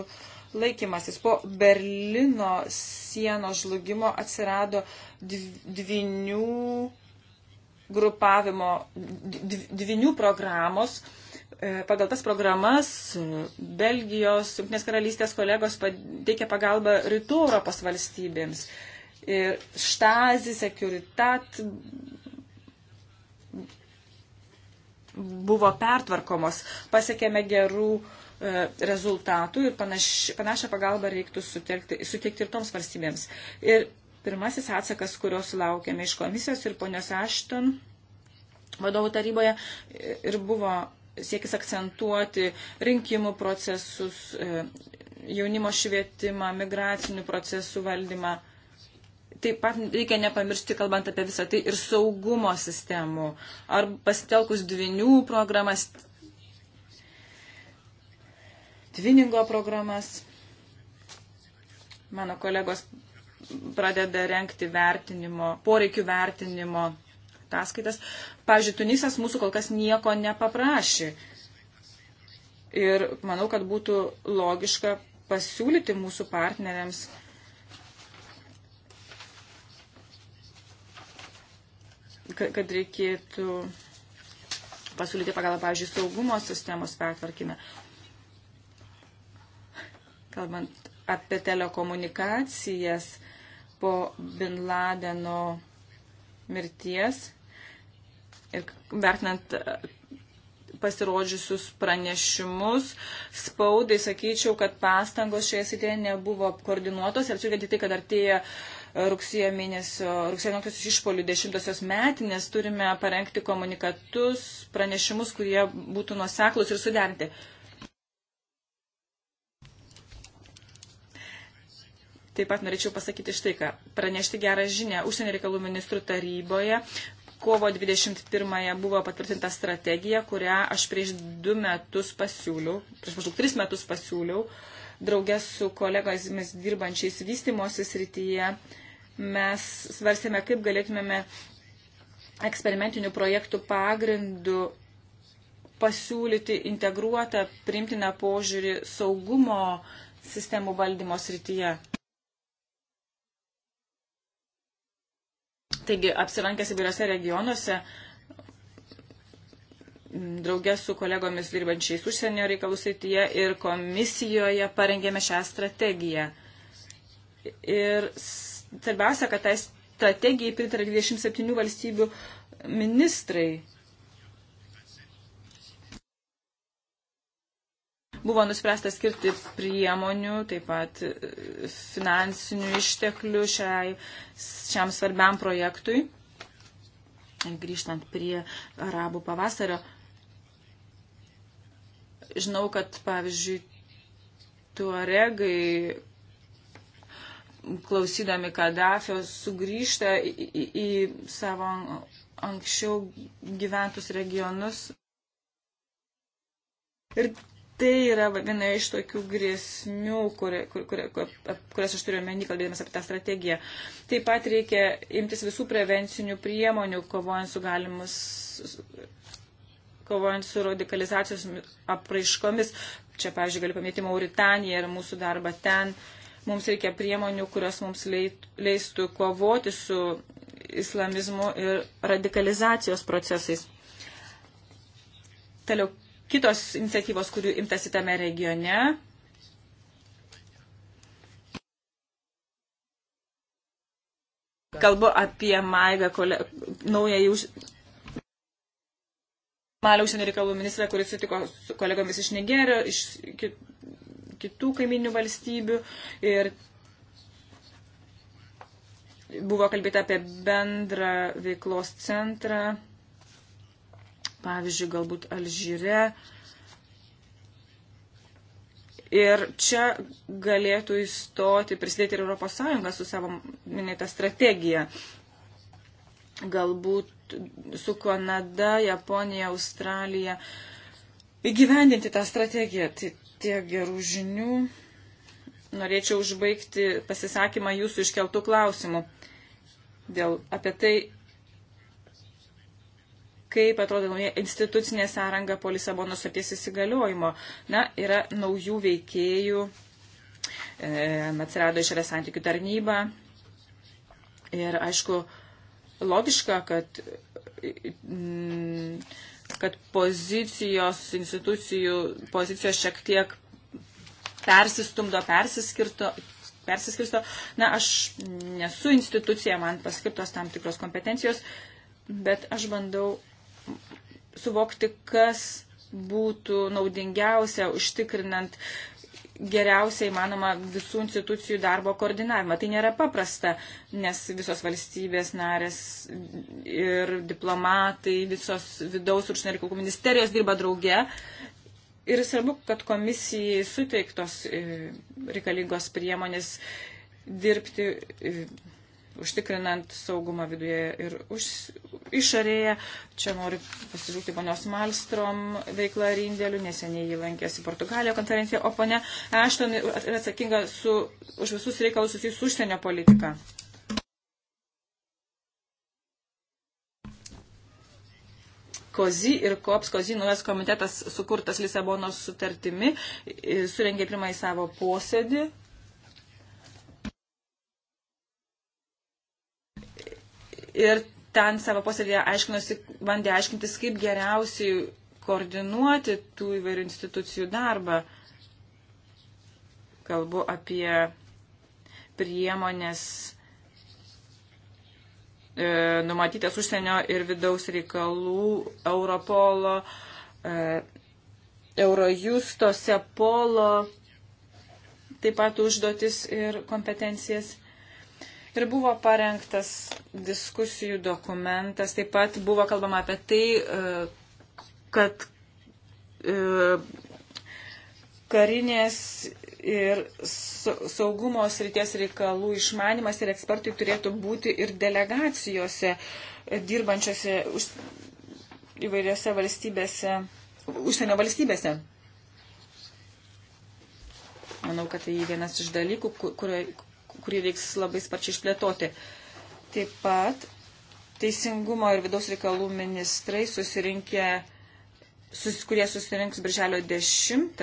laikymasis. Po Berlyno sienos žlugimo atsirado dvinių grupavimo, dvinių programos. E, pagal tas programas e, Belgijos, Junktinės karalystės kolegos teikia pagalbą rytų Europos valstybėms. Ir e, Štazi, Securitat buvo pertvarkomos, pasiekėme gerų e, rezultatų ir panaš, panašią pagalbą reiktų sutelkti, suteikti ir toms valstybėms. Ir pirmasis atsakas, kurio sulaukėme iš komisijos ir ponios Ašton vadovų taryboje e, ir buvo siekis akcentuoti rinkimų procesus, e, jaunimo švietimą, migracinių procesų valdymą Taip pat reikia nepamiršti, kalbant apie visą tai, ir saugumo sistemų. Ar pasitelkus dvinių programas, dviningo programas, mano kolegos pradeda renkti vertinimo, poreikių vertinimo ataskaitas. Pavyzdžiui, Tunisas mūsų kol kas nieko nepaprašė. Ir manau, kad būtų logiška pasiūlyti mūsų partneriams kad reikėtų pasiūlyti pagalbą, pavyzdžiui, saugumo sistemos pertvarkime. Kalbant apie telekomunikacijas po Bin Ladeno mirties ir vertinant e, pasirodžiusius pranešimus spaudai, sakyčiau, kad pastangos šioje srityje nebuvo koordinuotos ir atsižvelgiant į tai, kad artėja uh, rugsėjo mėnesio, rugsėjo 11 išpolių dešimtosios metinės turime parengti komunikatus, pranešimus, kurie būtų nuoseklus ir suderinti. Taip pat norėčiau pasakyti štai ką. Pranešti gerą žinę užsienio reikalų ministrų taryboje. Kovo 21-ąją buvo patvirtinta strategija, kurią aš prieš du metus pasiūliau, prieš maždaug tris metus pasiūliau, draugės su kolegomis dirbančiais vystimosi srityje. Uh, mes svarstėme, kaip galėtumėme eksperimentinių projektų pagrindų pasiūlyti integruotą, primtiną požiūrį saugumo sistemų valdymo srityje. Taigi, apsilankęs įvairiose regionuose, draugė su kolegomis dirbančiais užsienio reikalų srityje ir komisijoje parengėme šią strategiją. Ir svarbiausia, kad tai strategijai pritarė 27 valstybių ministrai. Buvo nuspręsta skirti priemonių, taip pat e, finansinių išteklių šiai, šiam svarbiam projektui. Grįžtant prie arabų pavasario, žinau, kad pavyzdžiui, tuaregai klausydami Kadafio, sugrįžta į, į, į savo anksčiau gyventus regionus. Ir tai yra viena iš tokių grėsmių, kuria, kuria, kuria, kurias aš turiu menį, kalbėdamas apie tą strategiją. Taip pat reikia imtis visų prevencinių priemonių, kovojant su galimus kovojant su radikalizacijos apraiškomis. Čia, pavyzdžiui, galiu paminėti Mauritaniją ir mūsų darbą ten. Uh, Mums reikia priemonių, kurios mums leistų kovoti su islamizmu ir radikalizacijos procesais. Toliau kitos iniciatyvos, kurių imtasi tame regione. Kalbu apie Maigą, kole... naująjį už... Malio užsienio reikalų ministrą, kuris sutiko su kolegomis iš Nigerio, iš kitų kaiminių valstybių ir buvo kalbėta apie bendrą veiklos centrą, pavyzdžiui, galbūt Alžyre. Ir čia galėtų įstoti, prisidėti ir ES su savo minėta strategija. Galbūt su Kanada, Japonija, Australija įgyvendinti tą strategiją. Tai Tiek gerų žinių. Norėčiau užbaigti pasisakymą jūsų iškeltų klausimų. Dėl apie tai, kaip atrodo nauja institucinė sąranga po Lisabonos sutarties įsigaliojimo. Na, yra naujų veikėjų, e, atsirado išorės santykių tarnyba. Ir aišku, logiška, kad. Mm, e, kad pozicijos institucijų pozicijos šiek tiek persistumdo, persiskirto. Persiskirsto. Na, aš nesu institucija, man paskirtos tam tikros kompetencijos, bet aš bandau suvokti, kas būtų naudingiausia užtikrinant uh, geriausiai manoma visų institucijų darbo koordinavimą. Tai nėra paprasta, nes visos valstybės narės ir diplomatai, visos vidaus užsienio reikalų ministerijos dirba drauge. Ir svarbu, kad komisijai suteiktos e, reikalingos priemonės dirbti, e, užtikrinant saugumą viduje ir už, išorėje. Čia noriu pasidžiaugti ponios Malstrom veiklą ir indėlių, neseniai jį lankėsi Portugalijo konferencijoje, o ponia Ashton yra atsakinga su, už visus reikalus susijusius užsienio politiką. Kozy ir Kops Kozy naujas komitetas sukurtas Lisabonos sutartimi surengė pirmąjį savo posėdį. Ir ten savo posėdėje aiškinosi, bandė aiškintis, kaip geriausiai koordinuoti tų įvairių institucijų darbą. Kalbu apie priemonės e, numatytas užsienio ir vidaus reikalų Europolo, e, Eurojusto, Sepolo, taip pat užduotis ir kompetencijas. Ir buvo parengtas diskusijų dokumentas, taip pat buvo kalbama apie tai, e, kad e, karinės ir saugumo srities reikalų išmanimas ir ekspertai turėtų būti ir delegacijose dirbančiose už, įvairiose valstybėse, užsienio valstybėse. Manau, kad tai vienas iš dalykų, kurio, kurį reiks labai sparčiai išplėtoti. Taip pat Teisingumo ir vidaus reikalų ministrai susirinkę, sus, kurie susirinks birželio 10,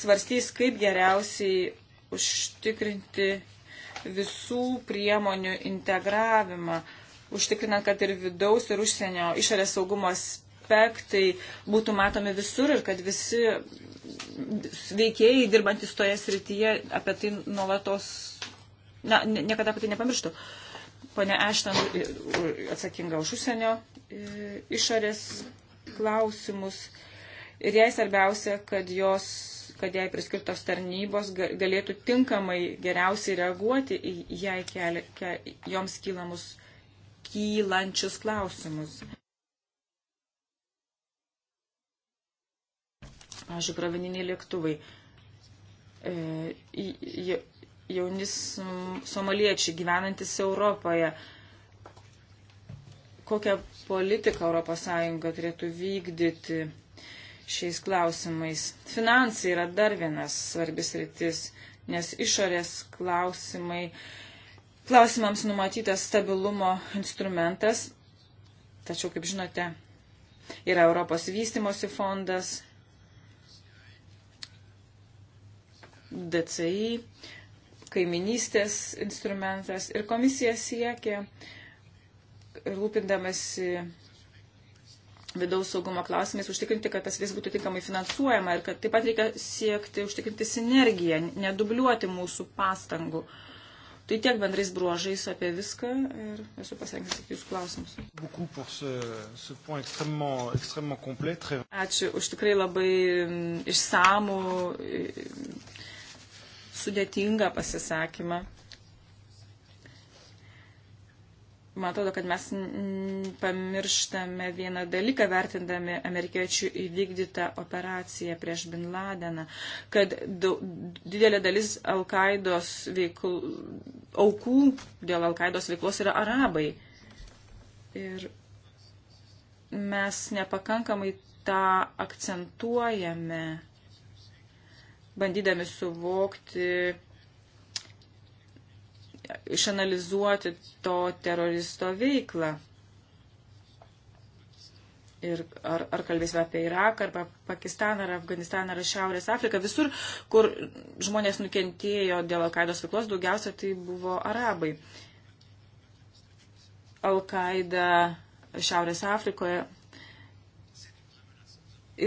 svarstys, kaip geriausiai užtikrinti visų priemonių integravimą, užtikrinant, kad ir vidaus ir užsienio išorės saugumos aspektai būtų matomi visur ir kad visi veikėjai dirbantis toje srityje apie tai nuolatos, na, niekada apie tai nepamirštų. Pone Ešton e, atsakinga už užsienio e, išorės klausimus ir jai svarbiausia, kad jos kad jai priskirtos tarnybos galėtų tinkamai geriausiai reaguoti į jai keli, ke, joms kylamus, kylančius klausimus. pavyzdžiui, krovininiai lėktuvai. E, jaunis somaliečiai gyvenantis Europoje. Kokią politiką ES turėtų vykdyti šiais klausimais? Finansai yra dar vienas svarbis rytis, nes išorės klausimai, klausimams numatytas stabilumo instrumentas, tačiau, kaip žinote, yra Europos vystimosi fondas, DCI, kaiminystės instrumentas ir komisija siekia, rūpindamasi vidaus saugumo klausimais, užtikrinti, kad tas vis būtų tinkamai finansuojama ir kad taip pat reikia siekti užtikrinti sinergiją, nedubliuoti mūsų pastangų. Tai tiek bendrais bruožais apie viską ir esu pasirinkęs jūsų klausimus. Ačiū už tikrai labai mm, išsamų sudėtingą pasisakymą. Man atrodo, kad mes pamirštame vieną dalyką, vertindami amerikiečių įvykdytą operaciją prieš Bin Ladeną, kad didelė dalis Al-Qaidos veikl... aukų dėl Al-Qaidos veiklos yra arabai. Ir mes nepakankamai tą akcentuojame bandydami suvokti, išanalizuoti to teroristo veiklą. Ir ar, ar kalbėsime apie Iraką, ar Pakistaną, ar Afganistaną, ar Šiaurės Afriką, visur, kur žmonės nukentėjo dėl Alkaidos veiklos, daugiausia tai buvo arabai. Alkaida Šiaurės Afrikoje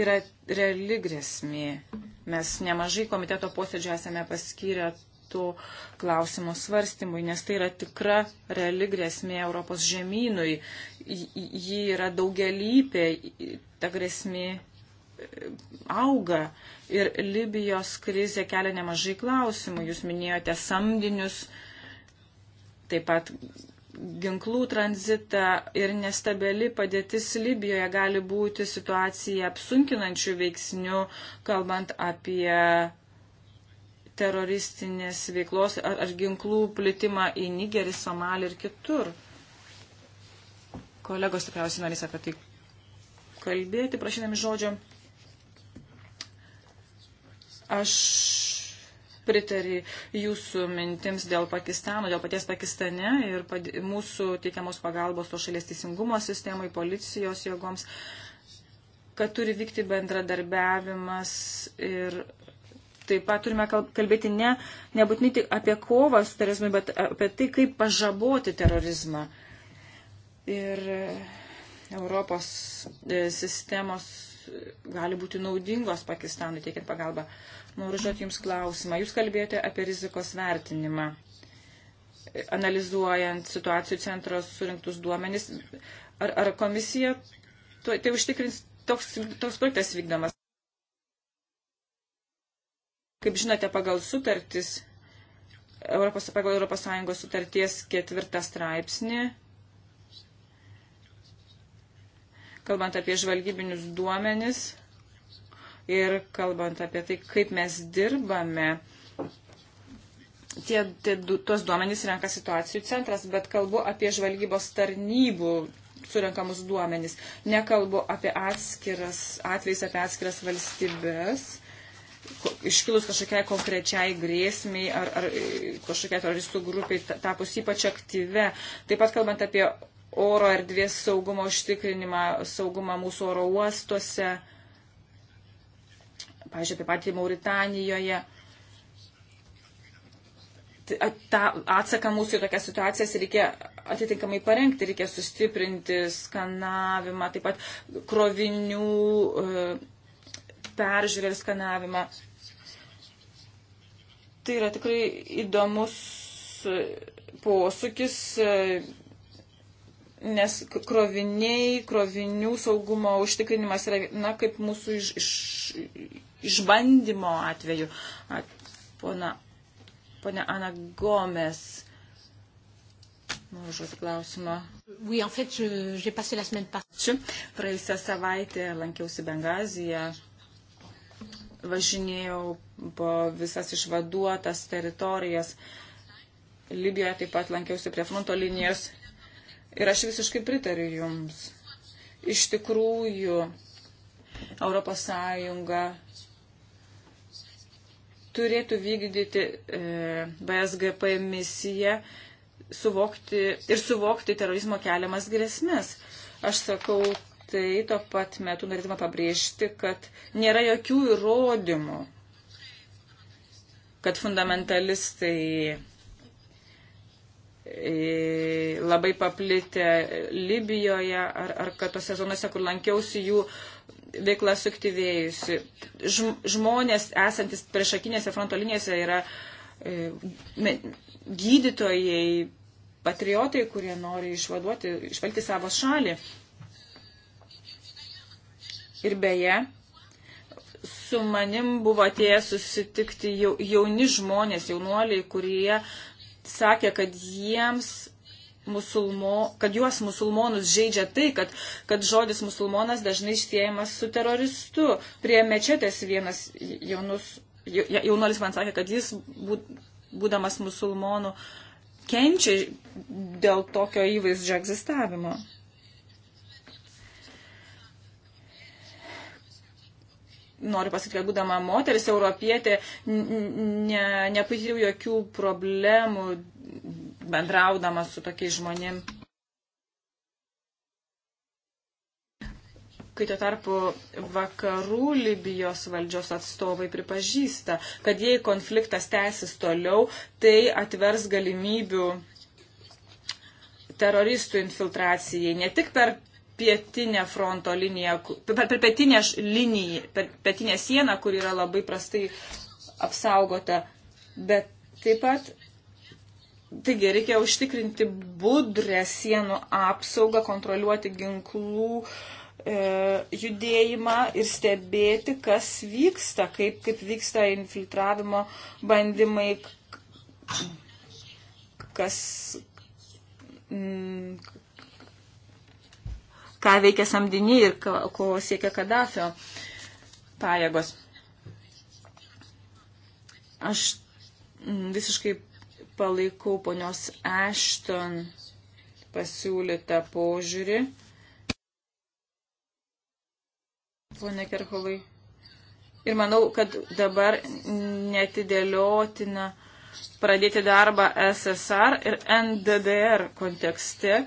yra reali grėsmė. Mes nemažai komiteto posėdžio esame paskyrę tų klausimų svarstymui, nes tai yra tikra reali grėsmė Europos žemynui. Ji yra daugelypė, ta grėsmė e, auga ir Libijos krizė kelia nemažai klausimų. Jūs minėjote samdinius, taip pat ginklų tranzitą ir nestabili padėtis Libijoje gali būti situacija apsunkinančių veiksnių, kalbant apie teroristinės veiklos ar, ar ginklų plitimą į Nigerį, Somalį ir kitur. Kolegos tikriausiai norės apie tai kalbėti, prašydami žodžio. Aš pritarė jūsų mintims dėl Pakistano, dėl paties Pakistane ir pad... mūsų teikiamos pagalbos to šalies teisingumo sistemai, policijos jėgoms, kad turi vykti bendradarbiavimas ir taip pat turime kalbėti ne, nebūtinai tik apie kovą su terorizmu, bet apie tai, kaip pažaboti terorizmą. Ir e, Europos e, sistemos e, gali būti naudingos Pakistanui teikiant pagalbą noriu žodžiu Jums klausimą. Jūs kalbėjote apie rizikos vertinimą. Analizuojant situacijų centros surinktus duomenys, ar, ar komisija to, tai užtikrins toks, toks projektas vykdomas? Kaip žinote, pagal sutartis, Europos, pagal ES sutarties ketvirtą straipsnį, kalbant apie žvalgybinius duomenis, ir kalbant apie tai, kaip mes dirbame, tie, tie du, tuos duomenys renka situacijų centras, bet kalbu apie žvalgybos tarnybų surinkamus duomenys. Nekalbu apie atskiras atvejs, apie atskiras valstybės, iškilus kažkokiai konkrečiai grėsmiai ar, ar kažkokiai teroristų grupiai tapus ypač aktyve. Taip pat kalbant apie oro erdvės saugumo užtikrinimą, saugumą mūsų oro uostuose. Uh, pažiūrėjau, apie patį Mauritanijoje. Ta atsaka mūsų į tokias situacijas reikia atitinkamai parengti, reikia sustiprinti skanavimą, taip pat krovinių e, peržiūrę ir skanavimą. Tai yra tikrai įdomus e, posūkis, e, nes kroviniai, krovinių saugumo užtikrinimas yra, na, kaip mūsų iš, iš, išbandymo atveju. At, pona, pone Ana Gomes. Užuot klausimą. Oui, en fait, j'ai passé la semaine passée. Praėjusią savaitę lankiausi Bengaziją, važinėjau po visas išvaduotas teritorijas. Libijoje taip pat lankiausi prie fronto linijos. Ir aš visiškai pritariu Jums. Iš tikrųjų, Europos Sąjunga turėtų vykdyti e, BSGP misiją suvokti, ir suvokti terorizmo keliamas grėsmės. Aš sakau, tai tuo pat metu norėtume pabrėžti, kad nėra jokių įrodymų, kad fundamentalistai e, labai paplitę Libijoje ar, ar kad tose zonose, kur lankiausi, jų veikla suaktyvėjusi. Žmonės esantis priešakinėse fronto linijose yra e, gydytojai, patriotai, kurie nori išvaduoti, išvalgti savo šalį. Ir beje, su manim buvo atėję susitikti jauni žmonės, jaunuoliai, kurie sakė, kad jiems musulmo, kad juos musulmonus žaidžia tai, kad, kad žodis musulmonas dažnai siejamas su teroristu. Prie mečetės vienas jaunus, jaunolis man sakė, kad jis, būdamas musulmonų, kenčia dėl tokio įvaizdžio egzistavimo. Noriu pasakyti, kad būdama moteris, europietė, nepatyriau jokių problemų bendraudamas su tokiais žmonėm. Kai tuo tarpu vakarų Libijos valdžios atstovai pripažįsta, kad jei konfliktas tęsis toliau, tai atvers galimybių teroristų infiltracijai ne tik per pietinę fronto liniją, per, per pietinę liniją, per pietinę sieną, kur yra labai prastai apsaugota, bet taip pat Taigi reikia užtikrinti budrę sienų apsaugą, kontroliuoti ginklų e, judėjimą ir stebėti, kas vyksta, kaip, kaip vyksta infiltravimo bandymai, kas, m, mm, ką veikia samdiniai ir ko siekia Kadafio pajėgos. Aš mm, visiškai Palaikau ponios Ashton pasiūlytą požiūrį. Pone Kerholai. Ir manau, kad dabar netidėliotina pradėti darbą SSR ir NDDR kontekste.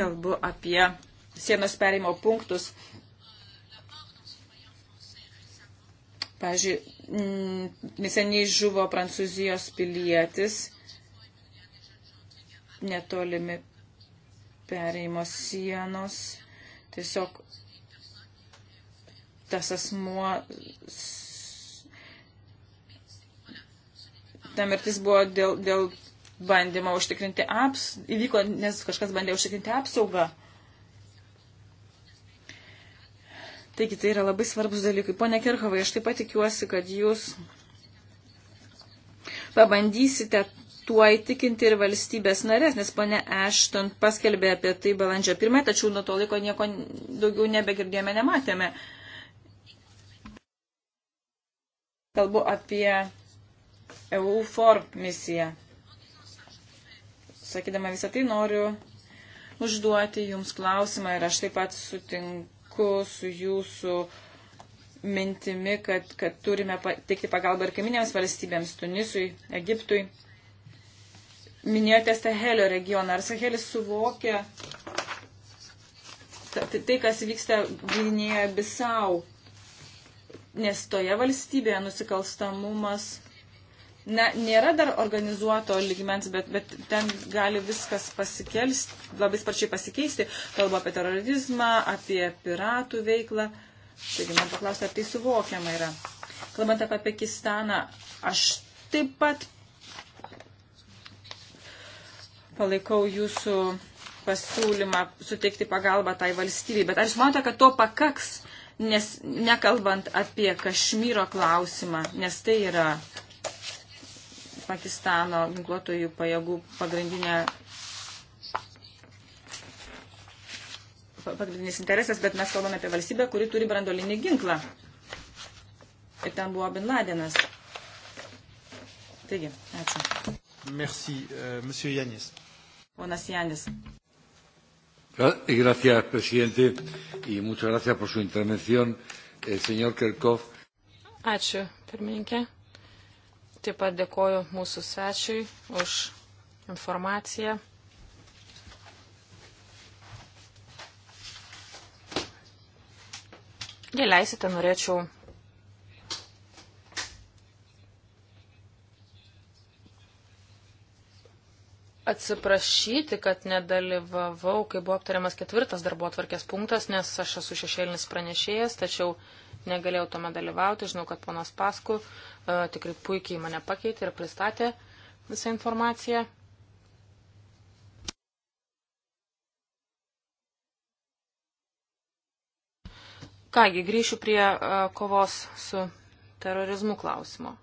Kalbu apie sienos perimo punktus Pavyzdžiui, mm, neseniai žuvo prancūzijos pilietis netolimi perėjimo sienos. Tiesiog tas asmuo ta mirtis buvo dėl, dėl bandymo užtikrinti aps, įvyko, nes kažkas bandė užtikrinti apsaugą. Taigi tai yra labai svarbus dalykai. Pone Kirchovai, aš taip pat tikiuosi, kad jūs pabandysite tuo įtikinti ir valstybės narės, nes ponė Ashton paskelbė apie tai balandžio pirmą, tačiau nuo to laiko nieko daugiau nebegirdėjome, nematėme. Kalbu apie EUFOR misiją. Sakydama visą tai, noriu užduoti Jums klausimą ir aš taip pat sutinku sutinku su jūsų mintimi, kad, kad turime teikti pagalbą ir kaiminėms valstybėms, Tunisui, Egiptui. Minėjote Sahelio regioną. Ar Sahelis suvokia tai, tai, kas vyksta Gvinėje Bisau? Nes toje valstybėje nusikalstamumas ne, nėra dar organizuoto ligmens, bet, bet ten gali viskas pasikelsti, labai sparčiai pasikeisti. Kalba apie terorizmą, apie piratų veiklą. Taigi man paklausti, ar tai suvokiama yra. Kalbant apie Pakistaną, aš taip pat palaikau jūsų pasiūlymą suteikti pagalbą tai valstybei. Bet ar jūs manote, kad to pakaks, nes nekalbant apie Kašmyro klausimą, nes tai yra Pakistano ginkluotojų pajėgų pagrindinė pagrindinis interesas, bet mes kalbame apie valstybę, kuri turi brandolinį ginklą. Ir ten buvo Bin Ladenas. Taigi, ačiū. Merci, uh, monsieur Janis. Ponas Janis. Ah, gracias, presidente, y muchas gracias por su intervención, el señor Kerkov. Ačiū, pirmininkė. Taip pat dėkoju mūsų svečiui už informaciją. Jei leisite, norėčiau atsiprašyti, kad nedalyvavau, kai buvo aptariamas ketvirtas darbo atvarkės punktas, nes aš esu šešėlinis pranešėjas, tačiau negalėjau tome dalyvauti. Žinau, kad ponas Pasku e, tikrai puikiai mane pakeitė ir pristatė visą informaciją. Kągi, grįšiu prie e, kovos su terorizmu klausimo.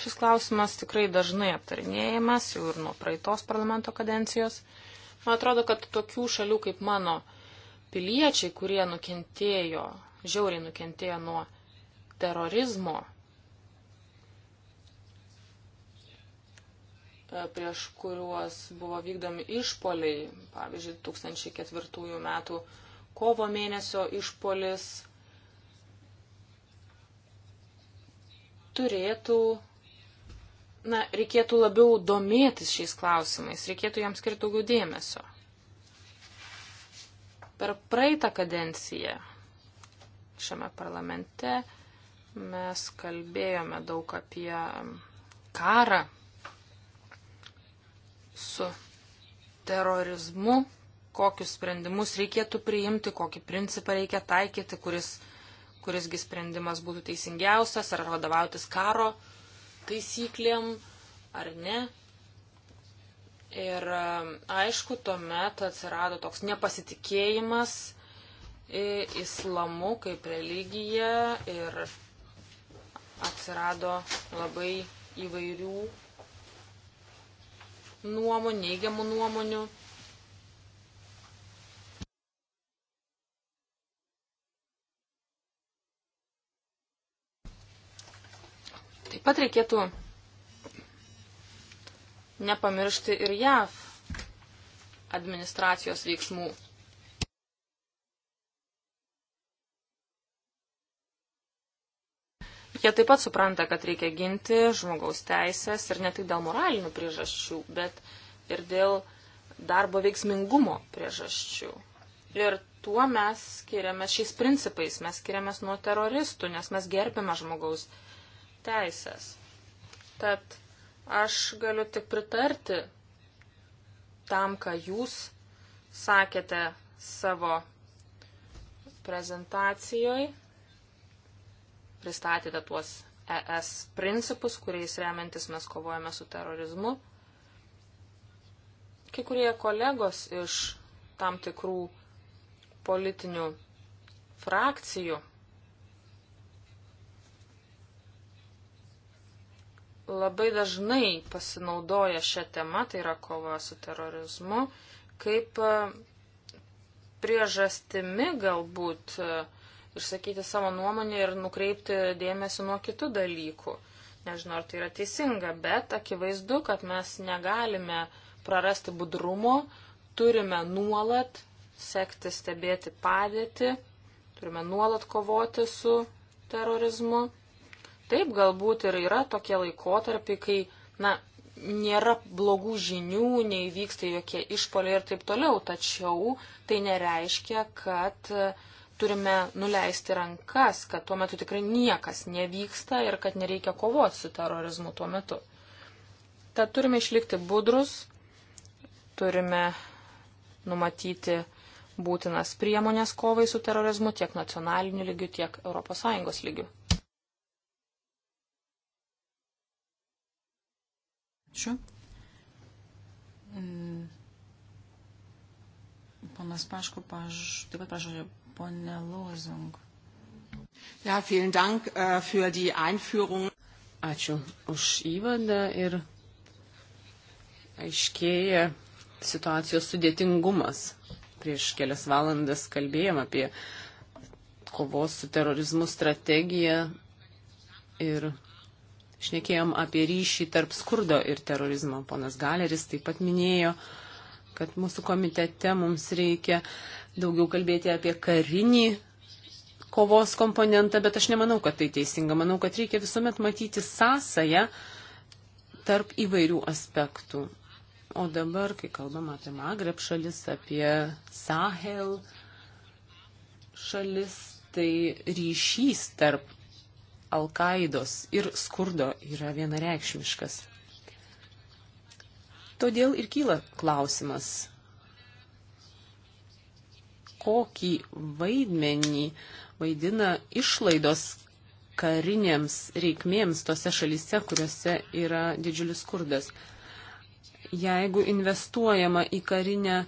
Šis klausimas tikrai dažnai aptarinėjimas, jau ir nuo praeitos parlamento kadencijos. Man atrodo, kad tokių šalių kaip mano piliečiai, kurie nukentėjo, žiauriai nukentėjo nuo terorizmo, e, prieš kuriuos buvo vykdomi išpoliai, pavyzdžiui, 2004 metų kovo mėnesio išpolis turėtų na, reikėtų labiau domėtis šiais klausimais, reikėtų jam skirti daugiau dėmesio. Per praeitą kadenciją šiame parlamente mes kalbėjome daug apie karą su terorizmu, kokius sprendimus reikėtų priimti, kokį principą reikia taikyti, kuris, kurisgi sprendimas būtų teisingiausias, ar vadovautis karo taisyklėm ar ne. Ir um, aišku, tuomet atsirado toks nepasitikėjimas islamu kaip religija ir atsirado labai įvairių nuomonių, neigiamų nuomonių. Taip pat reikėtų nepamiršti ir JAV administracijos veiksmų. Jie taip pat supranta, kad reikia ginti žmogaus teisės ir ne tik dėl moralinių priežasčių, bet ir dėl darbo veiksmingumo priežasčių. Ir tuo mes skiriamės, šiais principais mes skiriamės nuo teroristų, nes mes gerbime žmogaus teisės teisės. Tad aš galiu tik pritarti tam, ką jūs sakėte savo prezentacijoje, pristatėte tuos ES principus, kuriais remiantis mes kovojame su terorizmu. Kai kurie kolegos iš tam tikrų politinių frakcijų labai dažnai pasinaudoja šią temą, tai yra kova su terorizmu, kaip e, priežastimi galbūt e, išsakyti savo nuomonę ir nukreipti dėmesį nuo kitų dalykų. Nežinau, ar tai yra teisinga, bet akivaizdu, kad mes negalime prarasti budrumo, turime nuolat sekti, stebėti padėtį, turime nuolat kovoti su terorizmu Taip, galbūt ir yra tokie laikotarpiai, kai, na, nėra blogų žinių, neįvyksta jokie išpoliai ir taip toliau, tačiau tai nereiškia, kad e, turime nuleisti rankas, kad tuo metu tikrai niekas nevyksta ir kad nereikia kovoti su terorizmu tuo metu. Tad turime išlikti budrus, turime numatyti būtinas priemonės kovai su terorizmu tiek nacionaliniu lygiu, tiek ES lygiu. Ačiū. E, ponas Paško, paž... taip pat prašau, ponė Lozung. Ja, vielen Dank uh, für die Einführung. Ačiū už įvadą ir aiškėja situacijos sudėtingumas. Prieš kelias valandas kalbėjom apie kovos su terorizmu strategiją ir šnekėjom apie ryšį tarp skurdo ir terorizmo. Ponas Galeris taip pat minėjo, kad mūsų komitete mums reikia daugiau kalbėti apie karinį kovos komponentą, bet aš nemanau, kad tai teisinga. Manau, kad reikia visuomet matyti sąsają tarp įvairių aspektų. O dabar, kai kalbam apie Magreb šalis, apie Sahel šalis, tai ryšys tarp Al-Qaidos ir skurdo yra vienareikšmiškas. Todėl ir kyla klausimas, kokį vaidmenį vaidina išlaidos karinėms reikmėms tose šalyse, kuriuose yra didžiulis skurdas. Jeigu investuojama į karinę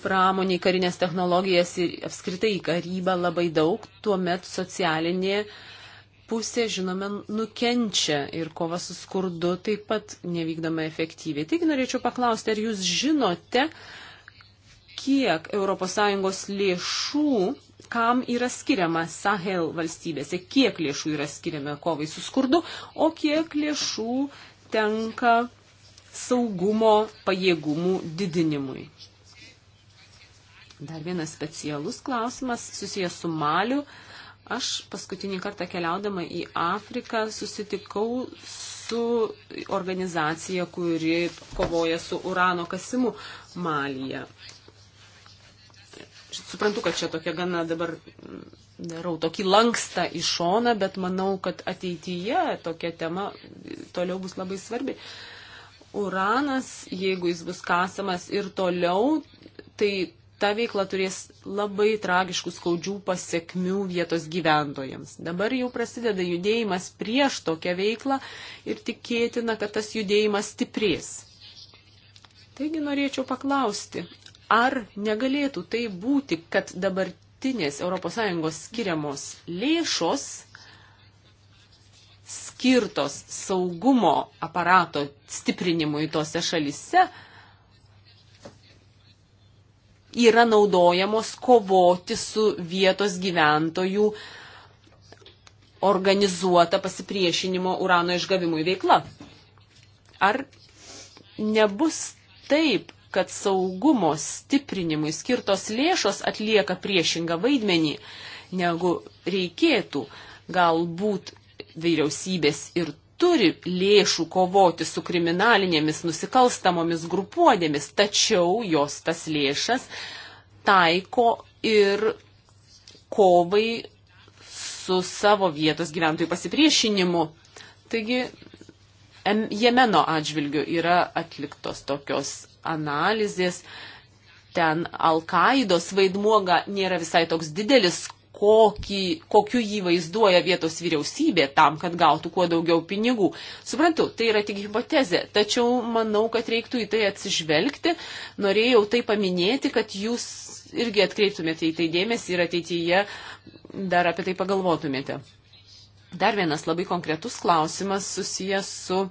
pramonį, į karinės technologijas ir apskritai į karybą labai daug, tuomet socialinė uh, pusė, žinome, nukenčia ir kova su skurdu taip pat nevykdoma efektyviai. Taigi norėčiau paklausti, ar jūs žinote, kiek ES lėšų, kam yra skiriama Sahel valstybėse, kiek lėšų yra skiriama kovai su skurdu, o kiek lėšų tenka saugumo pajėgumų didinimui. Dar vienas specialus klausimas susijęs su Maliu. Uh, Aš paskutinį kartą keliaudama į Afriką susitikau su organizacija, kuri kovoja su urano kasimu Malyje. Suprantu, kad čia tokia gana dabar mm, darau tokį lankstą į šoną, bet manau, kad ateityje tokia tema toliau bus labai svarbi. Uranas, jeigu jis bus kasamas ir toliau, tai ta veikla turės labai tragiškų skaudžių pasiekmių vietos gyventojams. Dabar jau prasideda judėjimas prieš tokią veiklą ir tikėtina, kad tas judėjimas stiprės. Taigi norėčiau paklausti, ar negalėtų tai būti, kad dabartinės ES skiriamos lėšos skirtos saugumo aparato stiprinimui tose šalise, yra naudojamos kovoti su vietos gyventojų organizuota pasipriešinimo urano išgavimui veikla. Ar nebus taip, kad saugumo stiprinimui skirtos lėšos atlieka priešingą vaidmenį, negu reikėtų galbūt vyriausybės ir turi lėšų kovoti su kriminalinėmis nusikalstamomis grupuodėmis, tačiau jos tas lėšas taiko ir kovai su savo vietos gyventojų pasipriešinimu. Taigi Jemeno atžvilgiu yra atliktos tokios analizės. Ten Al-Qaidos vaidmuoga nėra visai toks didelis, kokį, kokiu jį vaizduoja vietos vyriausybė tam, kad gautų kuo daugiau pinigų. Suprantu, tai yra tik hipotezė, tačiau manau, kad reiktų į tai atsižvelgti. Norėjau tai paminėti, kad jūs irgi atkreiptumėte į tai dėmesį ir ateityje dar apie tai pagalvotumėte. Dar vienas labai konkretus klausimas susijęs su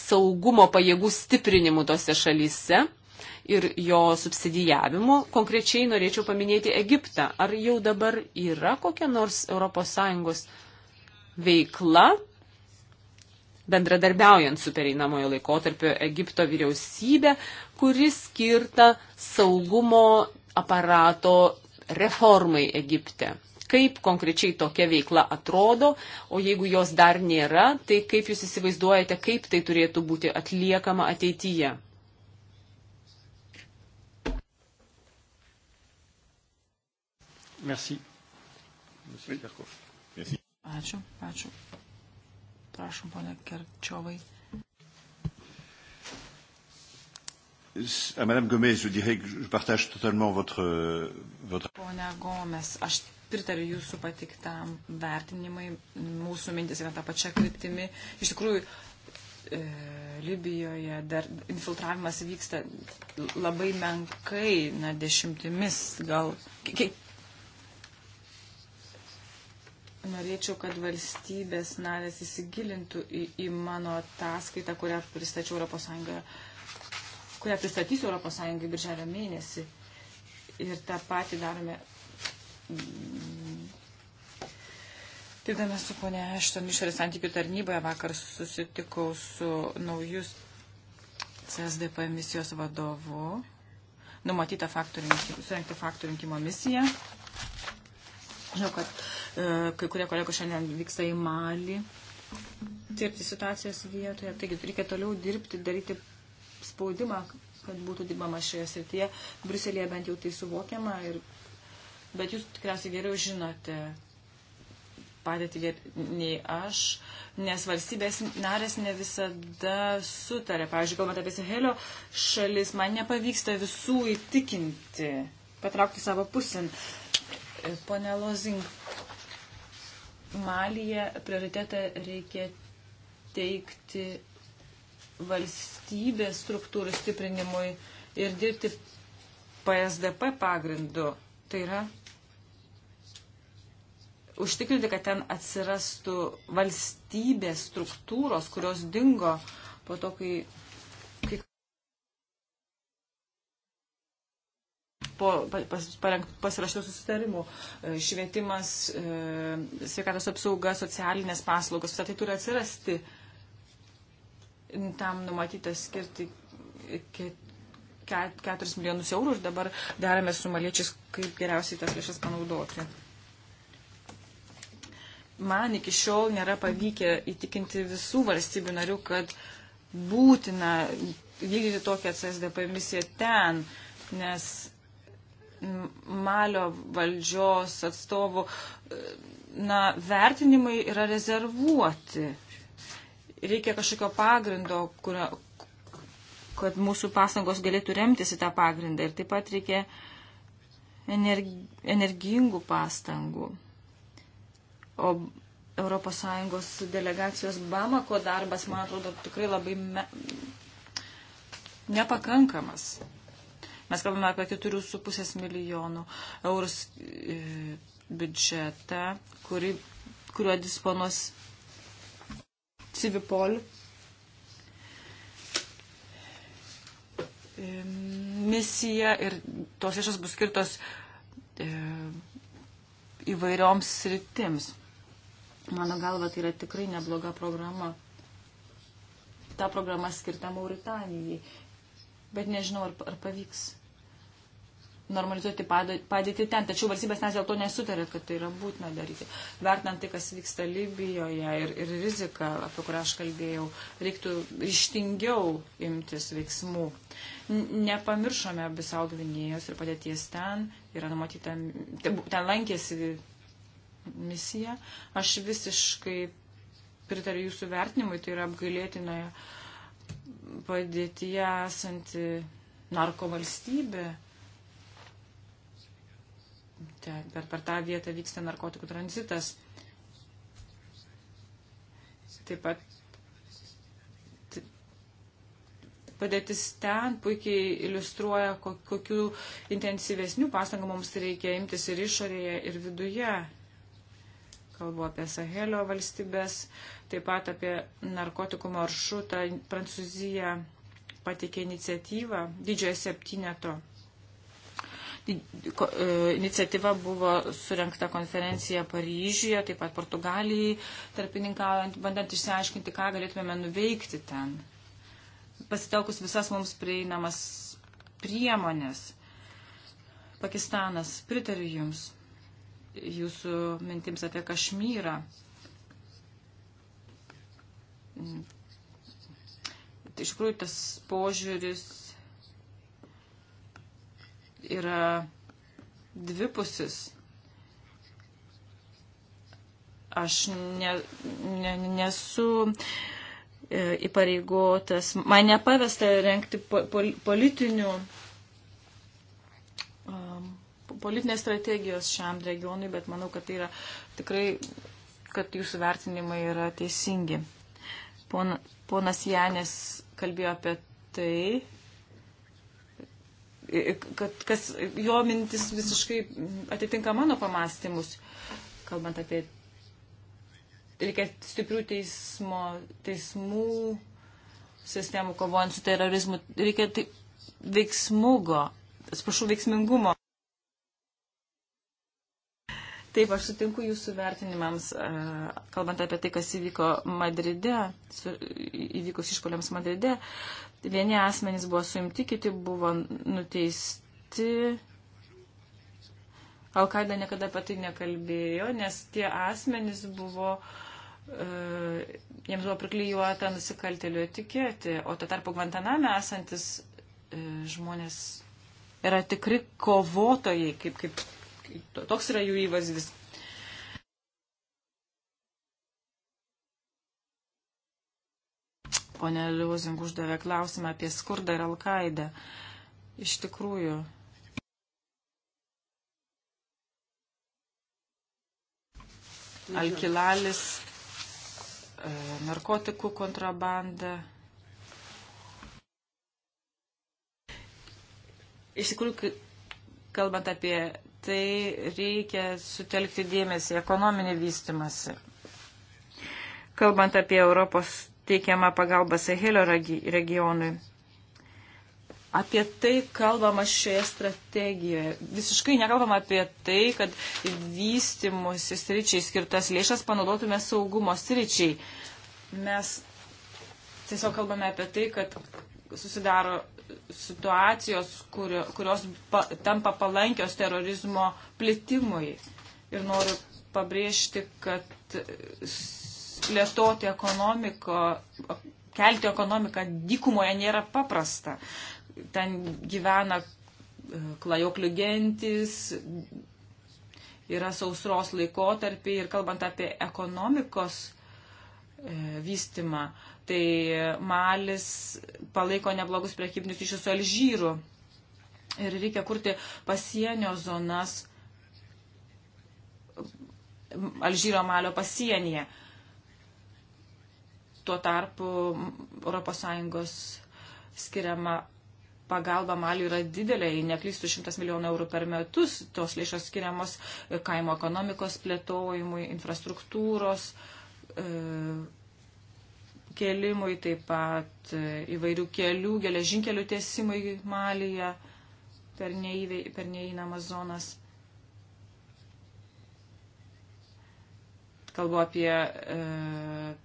saugumo pajėgų stiprinimu tose šalyse ir jo subsidijavimo. Konkrečiai norėčiau paminėti Egiptą. Ar jau dabar yra kokia nors ES veikla, bendradarbiaujant su pereinamojo laikotarpio Egipto vyriausybė, kuris skirta saugumo aparato reformai Egipte? kaip konkrečiai tokia veikla atrodo, o jeigu jos dar nėra, tai kaip jūs įsivaizduojate, kaip tai turėtų būti atliekama ateityje. Merci. Monsieur Kerkov. Merci. Ačiū, ačiū. Prašom, ponia Kerčiovai. À Madame Gomez, je dirais que je partage totalement votre... votre... Ponia Gomez, aš pritariu jūsų patiktam vertinimai, mūsų mintis yra ta pačia kryptimi. Iš tikrųjų, e, Libijoje dar infiltravimas vyksta labai menkai, na, dešimtimis, gal, kiek, Norėčiau, kad valstybės narės įsigilintų į, į mano ataskaitą, kurią pristačiau Europos Sąjungoje, kurią pristatysiu Europos Sąjungai birželio mėnesį. Ir tą patį darome. Taip, mm, mes su ponia Ešton išorės santykių tarnyboje vakar susitikau su naujus CSDP misijos vadovu. Numatyta faktų rinkimo, surinkti faktų rinkimo misiją. Žinau, kad e, kai kurie kolegos šiandien vyksta į Malį tirti situacijos vietoje. Taigi reikia toliau dirbti, daryti spaudimą, kad būtų dirbama šioje srityje. Bruselėje bent jau tai suvokiama. Ir, bet jūs tikriausiai geriau žinote padėti nei aš, nes valstybės narės ne visada sutarė. Pavyzdžiui, kalbant apie Sahelio šalis, man nepavyksta visų įtikinti, patraukti savo pusin Pone Lozing, Malyje prioritetą reikia teikti valstybės struktūrų stiprinimui ir dirbti PSDP pagrindu. Tai yra užtikrinti, kad ten atsirastų valstybės struktūros, kurios dingo po to, kai po pas, pasirašytų susitarimų. E, švietimas, e, sveikatos apsauga, socialinės paslaugos, visą tai turi atsirasti. Tam numatyta skirti 4 milijonus eurų ir dabar darome su maliečiais, kaip geriausiai tas lėšas panaudoti man iki šiol nėra pavykę įtikinti visų valstybių narių, kad būtina vykdyti tokią CSDP misiją ten, nes Malio valdžios atstovų na, vertinimai yra rezervuoti. Reikia kažkokio pagrindo, kurio, kad mūsų pastangos galėtų remtis į tą pagrindą. Ir taip pat reikia energingų pastangų. O ES delegacijos Bamako darbas, man atrodo, tikrai labai me... nepakankamas. Mes kalbame apie 4,5 milijonų eurų e, biudžetą, kuri, kuriuo disponuos Civipol. E, misija ir tos lėšos bus skirtos e, įvairioms sritims. Mano galva, tai yra tikrai nebloga programa. Ta programa skirta Mauritanijai bet nežinau, ar, ar pavyks normalizuoti padėtį ten. Tačiau valstybės mes dėl to nesutarėt, kad tai yra būtina daryti. Vertinant tai, kas vyksta Libijoje ir, ir riziką, apie kurią aš kalbėjau, reiktų ryštingiau imtis veiksmų. Nepamiršome Bisau Gvinėjos ir padėties ten. Yra numatyta, ten lankėsi misija. Aš visiškai pritariu jūsų vertinimui, tai yra apgailėtinoje. Uh, padėtyje esanti narko valstybė. Per, per tą vietą vyksta narkotikų tranzitas. Taip pat padėtis ten puikiai iliustruoja, kokiu intensyvesnių pastangų mums reikia imtis ir išorėje, ir viduje kalbu apie Sahelio valstybės, taip pat apie narkotikų maršrutą. Prancūzija pateikė iniciatyvą didžiojo septyneto. E, iniciatyva buvo surinkta konferencija Paryžiuje, taip pat Portugalijai, tarpininkaujant, bandant išsiaiškinti, ką galėtume nuveikti ten. Pasitelkus visas mums prieinamas priemonės. Pakistanas, pritariu Jums jūsų mintims apie Kašmyrą. Tai iš tikrųjų tas požiūris yra dvipusis. Aš ne, ne, nesu e, įpareigotas, man nepavesta renkti po, po, politinių politinės strategijos šiam regionui, bet manau, kad tai yra tikrai, kad jūsų vertinimai yra teisingi. Pon, ponas Janės kalbėjo apie tai, kad kas, jo mintis visiškai atitinka mano pamastymus, kalbant apie reikia stiprių teismo, teismų sistemų kovojant su terorizmu, reikia tai veiksmugo, atsiprašau, veiksmingumo. Taip, aš sutinku jūsų vertinimams, e, kalbant apie tai, kas įvyko Madride, įvykus išpoliams Madride. Vieni asmenys buvo suimti, kiti buvo nuteisti. Alkaida niekada apie tai nekalbėjo, nes tie asmenys buvo uh, jiems buvo priklyjuota nusikaltėlių etiketė, o to tarpu Guantaname esantis e, žmonės yra tikri kovotojai, kaip, kaip toks yra jų įvaizdis. Pone Liuzing uždavė klausimą apie skurdą ir Alkaidą. Iš tikrųjų. Alkilalis, e, narkotikų kontrabanda. Iš tikrųjų, kalbant apie tai reikia sutelkti dėmesį ekonominį vystimąsi. Kalbant apie Europos teikiamą pagalbą Sahelio regionui. Apie tai kalbama šioje strategijoje. Visiškai nekalbama apie tai, kad vystimusi sričiai skirtas lėšas panaudotume saugumo sričiai. Mes tiesiog kalbame apie tai, kad susidaro situacijos, kurio, kurios pa, tampa palankios terorizmo plitimui. Ir noriu pabrėžti, kad plėtoti ekonomiko, kelti ekonomiką dykumoje nėra paprasta. Ten gyvena e, klajoklių gentis, yra sausros laikotarpiai ir kalbant apie ekonomikos e, vystimą, Tai Malis palaiko neblogus prekybinius ryšius su Alžyru. Ir reikia kurti pasienio zonas Alžyro Malio pasienyje. Tuo tarpu ES skiriama pagalba Maliui yra didelė, jei neklystų 100 milijonų eurų per metus, tos lėšos skiriamos kaimo ekonomikos plėtojimui, infrastruktūros, e, kelimui, taip pat e, įvairių kelių, geležinkelių tiesimui Malyje per, neįvei, per neįnamas zonas. Kalbu apie e,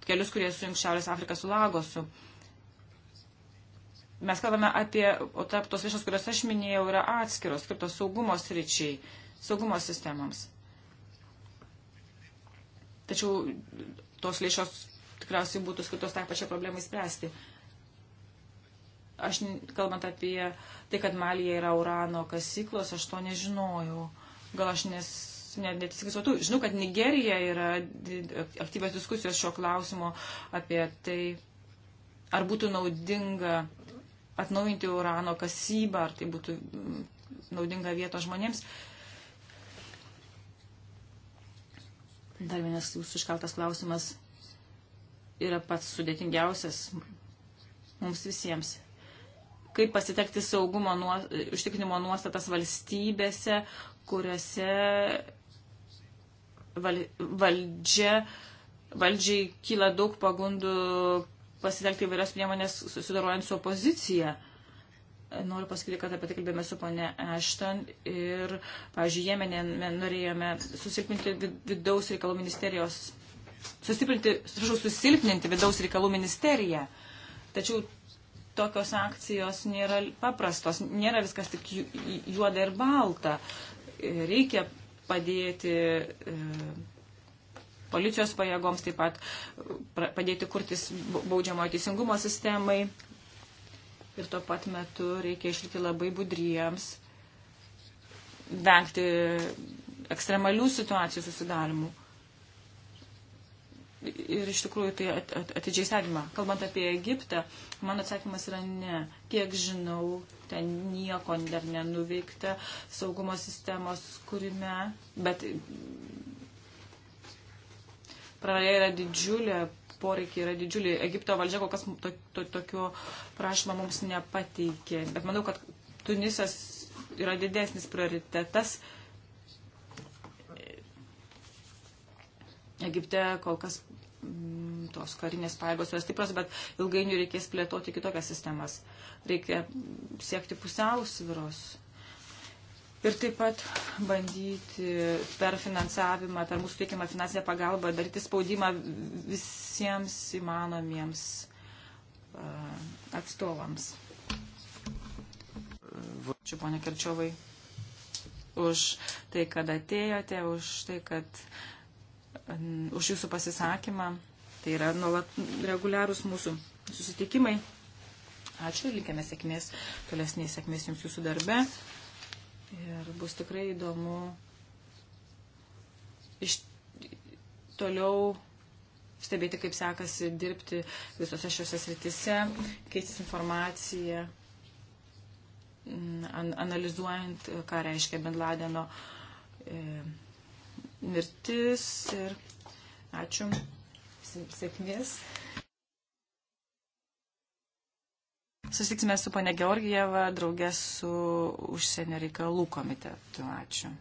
kelius, kurie sujungs Šiaurės Afriką su Lagosu. Mes kalbame apie, o tarp tos viešos, kurias aš minėjau, yra atskiros, skirtos saugumo sričiai, saugumo sistemams. Tačiau tos lėšos tikriausiai būtų skirtos tą tai pačią problemą įspręsti. Aš, kalbant apie tai, kad Malija yra urano kasyklos, aš to nežinojau. Gal aš nes, net netisikisuotų. Žinau, kad Nigerija yra aktyvios diskusijos šio klausimo apie tai, ar būtų naudinga atnaujinti urano kasybą, ar tai būtų mm, naudinga vietos žmonėms. Dar vienas jūsų iškeltas klausimas yra pats sudėtingiausias mums visiems. Kaip pasitekti saugumo nuo, užtikrinimo nuostatas valstybėse, kuriuose val, valdžia, valdžiai kyla daug pagundų pasitelkti įvairias priemonės susidorojant su opozicija. Noriu pasakyti, kad apie tai kalbėjome su ponė Ashton ir, pavyzdžiui, Jemenė norėjome susilpinti vidaus reikalų ministerijos sustiprinti, susiprašau, susilpninti vidaus reikalų ministeriją. Tačiau tokios akcijos nėra paprastos, nėra viskas tik juoda ir balta. Reikia padėti e, policijos pajėgoms, taip pat padėti kurtis baudžiamojo teisingumo sistemai. Ir tuo pat metu reikia išlikti labai budriems, vengti ekstremalių situacijų susidarimų ir iš tikrųjų tai at, at, atidžiai stebima. Kalbant apie Egiptą, mano atsakymas yra ne. Kiek žinau, ten nieko dar nenuveikta saugumo sistemos kūrime, bet praraja yra didžiulė, poreikiai yra didžiuliai. Egipto valdžia kol kas to, to, tokio prašymo mums nepateikė, bet manau, kad Tunisas yra didesnis prioritetas. Egipte kol kas Mm, tos karinės pajėgos yra stipras, bet ilgainiui reikės plėtoti kitokias sistemas. Reikia siekti pusiausvyros. Ir taip pat bandyti per finansavimą, per mūsų teikiamą finansinę pagalbą daryti spaudimą visiems įmanomiems atstovams. Ačiū, ponė Kerčiovai, už tai, kad atėjote, už tai, kad uh, už jūsų pasisakymą. Tai yra nuolat reguliarūs mūsų susitikimai. Ačiū ir linkime sėkmės, tolesnės sėkmės jums jūsų darbe. Ir bus tikrai įdomu iš toliau stebėti, kaip sekasi dirbti visose šiuose sritise, keistis informaciją, analizuojant, ką reiškia Bin Ladeno. E, mirtis ir ačiū sėkmės. Susitiksime su pane Georgieva draugė su užsienio reikalų komitetu. Ačiū.